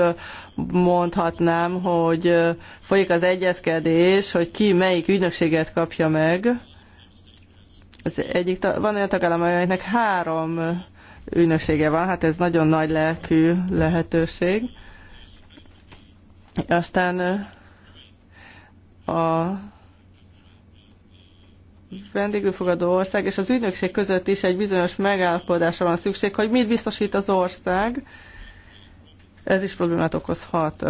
D: mondhatnám, hogy folyik az egyezkedés, hogy ki melyik ügynökséget kapja meg. Az egyik, van olyan tagállam, amelynek három ügynöksége van, hát ez nagyon nagy lelkű lehetőség. Aztán a vendégülfogadó ország és az ügynökség között is egy bizonyos megállapodásra van szükség, hogy mit biztosít az ország. Ez is problémát okozhat.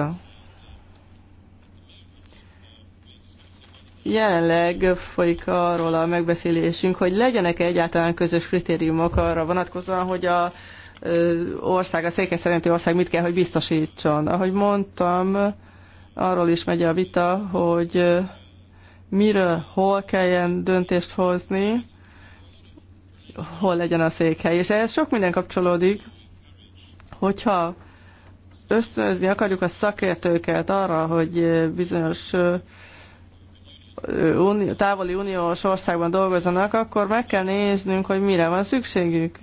D: Jelenleg folyik arról a megbeszélésünk, hogy legyenek -e egyáltalán közös kritériumok arra vonatkozóan, hogy a ország, a székely szerinti ország mit kell, hogy biztosítson. Ahogy mondtam, arról is megy a vita, hogy miről, hol kelljen döntést hozni, hol legyen a székhely. És ehhez sok minden kapcsolódik, hogyha ösztönözni akarjuk a szakértőket arra, hogy bizonyos távoli uniós országban dolgozzanak, akkor meg kell néznünk, hogy mire van szükségük.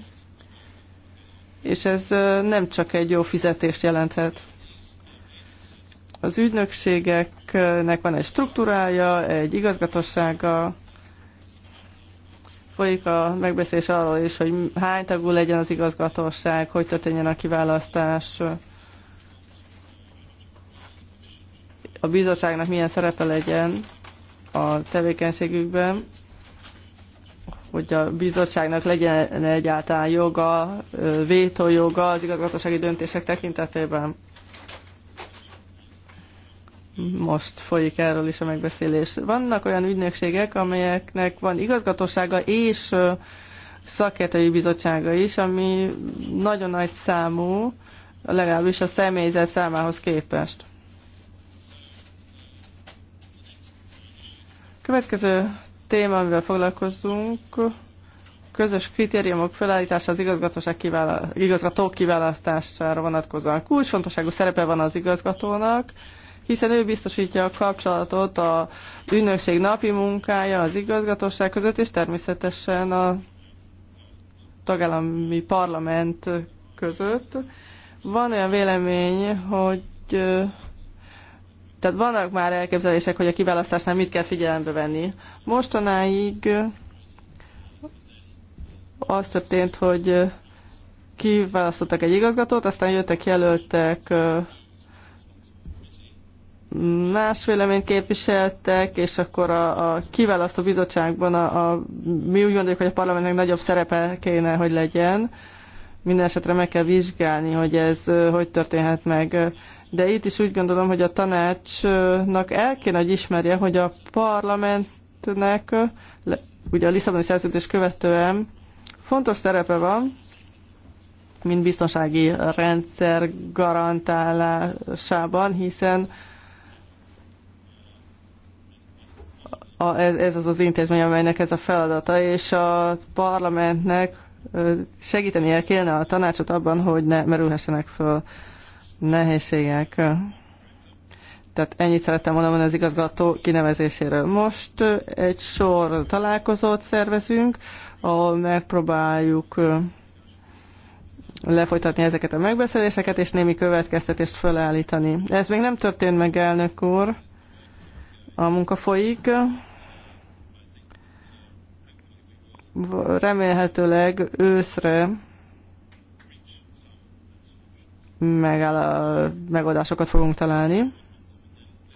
D: És ez nem csak egy jó fizetést jelenthet. Az ügynökségeknek van egy struktúrája, egy igazgatósága, folyik a megbeszélés arról is, hogy hány tagú legyen az igazgatóság, hogy történjen a kiválasztás, a bizottságnak milyen szerepe legyen a tevékenységükben, hogy a bizottságnak legyen egyáltalán joga, vétójoga az igazgatósági döntések tekintetében most folyik erről is a megbeszélés. Vannak olyan ügynökségek, amelyeknek van igazgatósága és szakértői bizottsága is, ami nagyon nagy számú, legalábbis a személyzet számához képest. Következő téma, amivel foglalkozunk, közös kritériumok felállítása az igazgatóság kivála- igazgató kiválasztására vonatkozóan. Kulcsfontosságú szerepe van az igazgatónak, hiszen ő biztosítja a kapcsolatot a ügynökség napi munkája, az igazgatóság között, és természetesen a tagállami parlament között. Van olyan vélemény, hogy tehát vannak már elképzelések, hogy a kiválasztásnál mit kell figyelembe venni. Mostanáig az történt, hogy kiválasztottak egy igazgatót, aztán jöttek jelöltek más véleményt képviseltek, és akkor a, a kiválasztó bizottságban a, a, mi úgy gondoljuk, hogy a parlamentnek nagyobb szerepe kéne, hogy legyen. Minden esetre meg kell vizsgálni, hogy ez hogy történhet meg. De itt is úgy gondolom, hogy a tanácsnak el kéne, hogy ismerje, hogy a parlamentnek, ugye a Lisszaboni szerződés követően fontos szerepe van, mint biztonsági rendszer garantálásában, hiszen a, ez, ez az az intézmény, amelynek ez a feladata, és a parlamentnek segítenie kéne a tanácsot abban, hogy ne merülhessenek föl nehézségek. Tehát ennyit szerettem volna mondani az igazgató kinevezéséről. Most egy sor találkozót szervezünk, ahol megpróbáljuk lefolytatni ezeket a megbeszéléseket, és némi következtetést felállítani. Ez még nem történt meg, elnök úr. A munka folyik. remélhetőleg őszre megáll megoldásokat fogunk találni,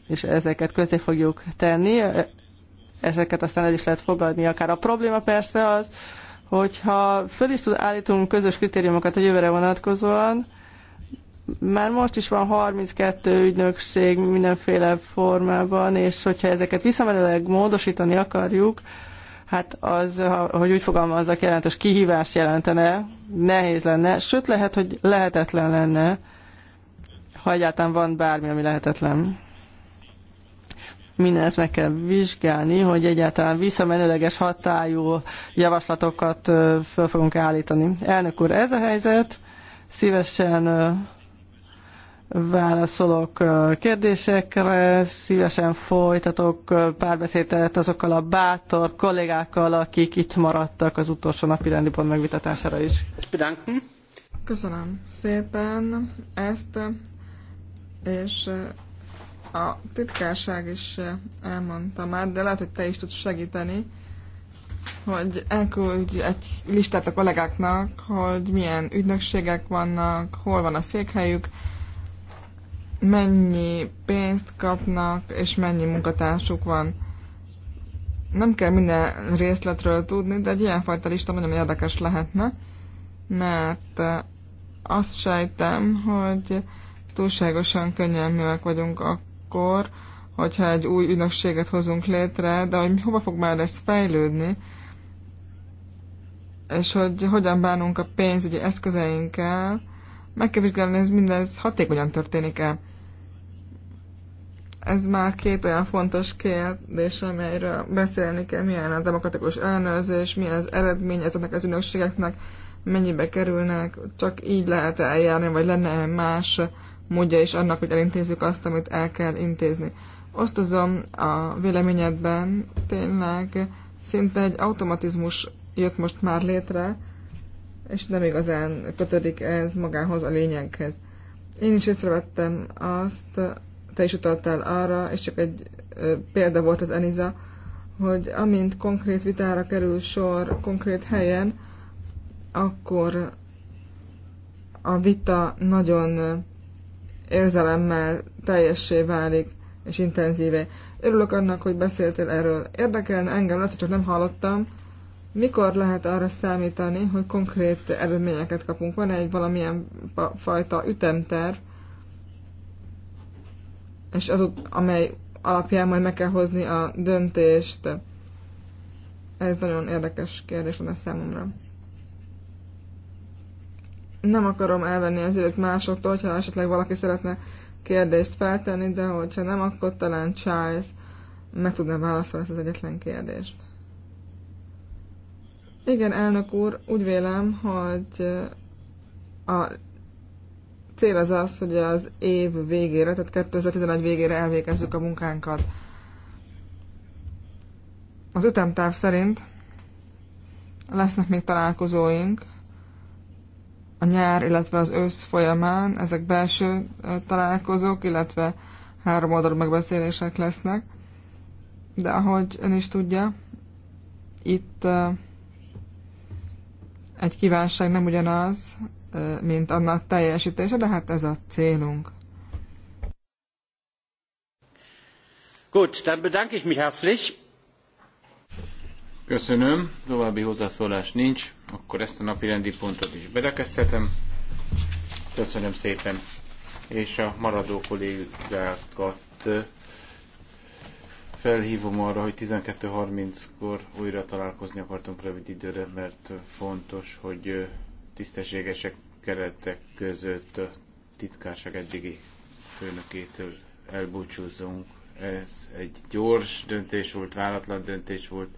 D: és ezeket közé fogjuk tenni, ezeket aztán el is lehet fogadni. Akár a probléma persze az, hogyha föl is tud, állítunk közös kritériumokat a jövőre vonatkozóan, már most is van 32 ügynökség mindenféle formában, és hogyha ezeket visszamenőleg módosítani akarjuk, hát az, hogy úgy fogalmazzak, jelentős kihívást jelentene, nehéz lenne, sőt lehet, hogy lehetetlen lenne, ha egyáltalán van bármi, ami lehetetlen. ezt meg kell vizsgálni, hogy egyáltalán visszamenőleges hatályú javaslatokat föl fogunk állítani. Elnök úr, ez a helyzet, szívesen válaszolok kérdésekre, szívesen folytatok párbeszédet azokkal a bátor kollégákkal, akik itt maradtak az utolsó napi rendi pont megvitatására is.
A: Köszönöm szépen ezt, és a titkárság is elmondta már, de lehet, hogy te is tudsz segíteni, hogy elküldj egy listát a kollégáknak, hogy milyen ügynökségek vannak, hol van a székhelyük, mennyi pénzt kapnak, és mennyi munkatársuk van. Nem kell minden részletről tudni, de egy ilyenfajta lista nagyon érdekes lehetne, mert eh, azt sejtem, hogy túlságosan könnyelműek vagyunk akkor, hogyha egy új ügynökséget hozunk létre, de hogy hova fog már ez fejlődni, és hogy hogyan bánunk a pénzügyi eszközeinkkel, meg kell vizsgálni, ez mindez hatékonyan történik-e ez már két olyan fontos kérdés, amelyről beszélni kell, milyen a demokratikus ellenőrzés, milyen az eredmény ezeknek az ünökségeknek, mennyibe kerülnek, csak így lehet eljárni, vagy lenne más módja is annak, hogy elintézzük azt, amit el kell intézni. Osztozom a véleményedben, tényleg szinte egy automatizmus jött most már létre, és nem igazán kötődik ez magához a lényeghez. Én is észrevettem azt, te is utaltál arra, és csak egy példa volt az Eniza, hogy amint konkrét vitára kerül sor konkrét helyen, akkor a vita nagyon érzelemmel teljessé válik, és intenzíve. Örülök annak, hogy beszéltél erről. Érdekelne engem, lehet, hogy csak nem hallottam, mikor lehet arra számítani, hogy konkrét eredményeket kapunk? Van -e egy valamilyen fajta ütemterv, és az, amely alapján majd meg kell hozni a döntést. Ez nagyon érdekes kérdés van a számomra. Nem akarom elvenni az időt másoktól, ha esetleg valaki szeretne kérdést feltenni, de hogyha nem, akkor talán Charles meg tudna válaszolni ezt az egyetlen kérdést. Igen, elnök úr, úgy vélem, hogy a cél az az, hogy az év végére, tehát 2011 végére elvégezzük a munkánkat. Az ütemtáv szerint lesznek még találkozóink a nyár, illetve az ősz folyamán. Ezek belső találkozók, illetve három oldalú megbeszélések lesznek. De ahogy ön is tudja, itt egy kívánság nem ugyanaz, mint annak teljesítése, de hát ez a célunk.
C: Gut, dann bedanke ich mich herzlich. Köszönöm, további hozzászólás nincs, akkor ezt a napi rendi pontot is bedekeztetem. Köszönöm szépen, és a maradó kollégákat felhívom arra, hogy 12.30-kor újra találkozni akartunk rövid időre, mert fontos, hogy tisztességesek keretek között a titkárság eddigi főnökétől elbúcsúzunk. Ez egy gyors döntés volt, váratlan döntés volt,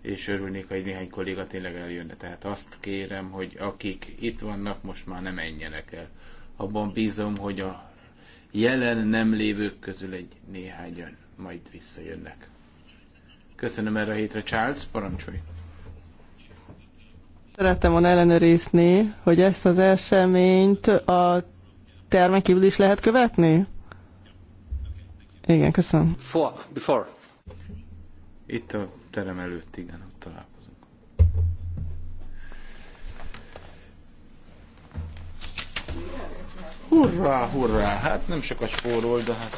C: és örülnék, ha egy néhány kolléga tényleg eljönne. Tehát azt kérem, hogy akik itt vannak, most már nem menjenek el. Abban bízom, hogy a jelen nem lévők közül egy néhányan majd visszajönnek. Köszönöm erre a hétre, Charles, parancsolj!
D: Szerettem volna ellenőrizni, hogy ezt az eseményt a termen kívül is lehet követni? Igen, köszönöm. For,
C: before. Itt a terem előtt, igen, ott találkozunk. Hurrá, hurrá! Hát nem sokat spórol, de hát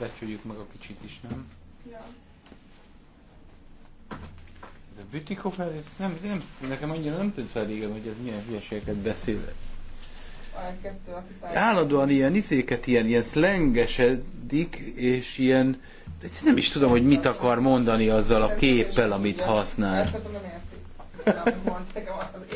C: becsüljük meg a kicsit is, nem? Bütikofer, ez nem, nem, nekem annyira nem tűnt fel igen, hogy ez milyen hülyeségeket beszél. Állandóan ilyen izéket, ilyen, ilyen szlengesedik, és ilyen, nem is tudom, hogy mit akar mondani azzal a képpel, amit használ. Ezt nem értik.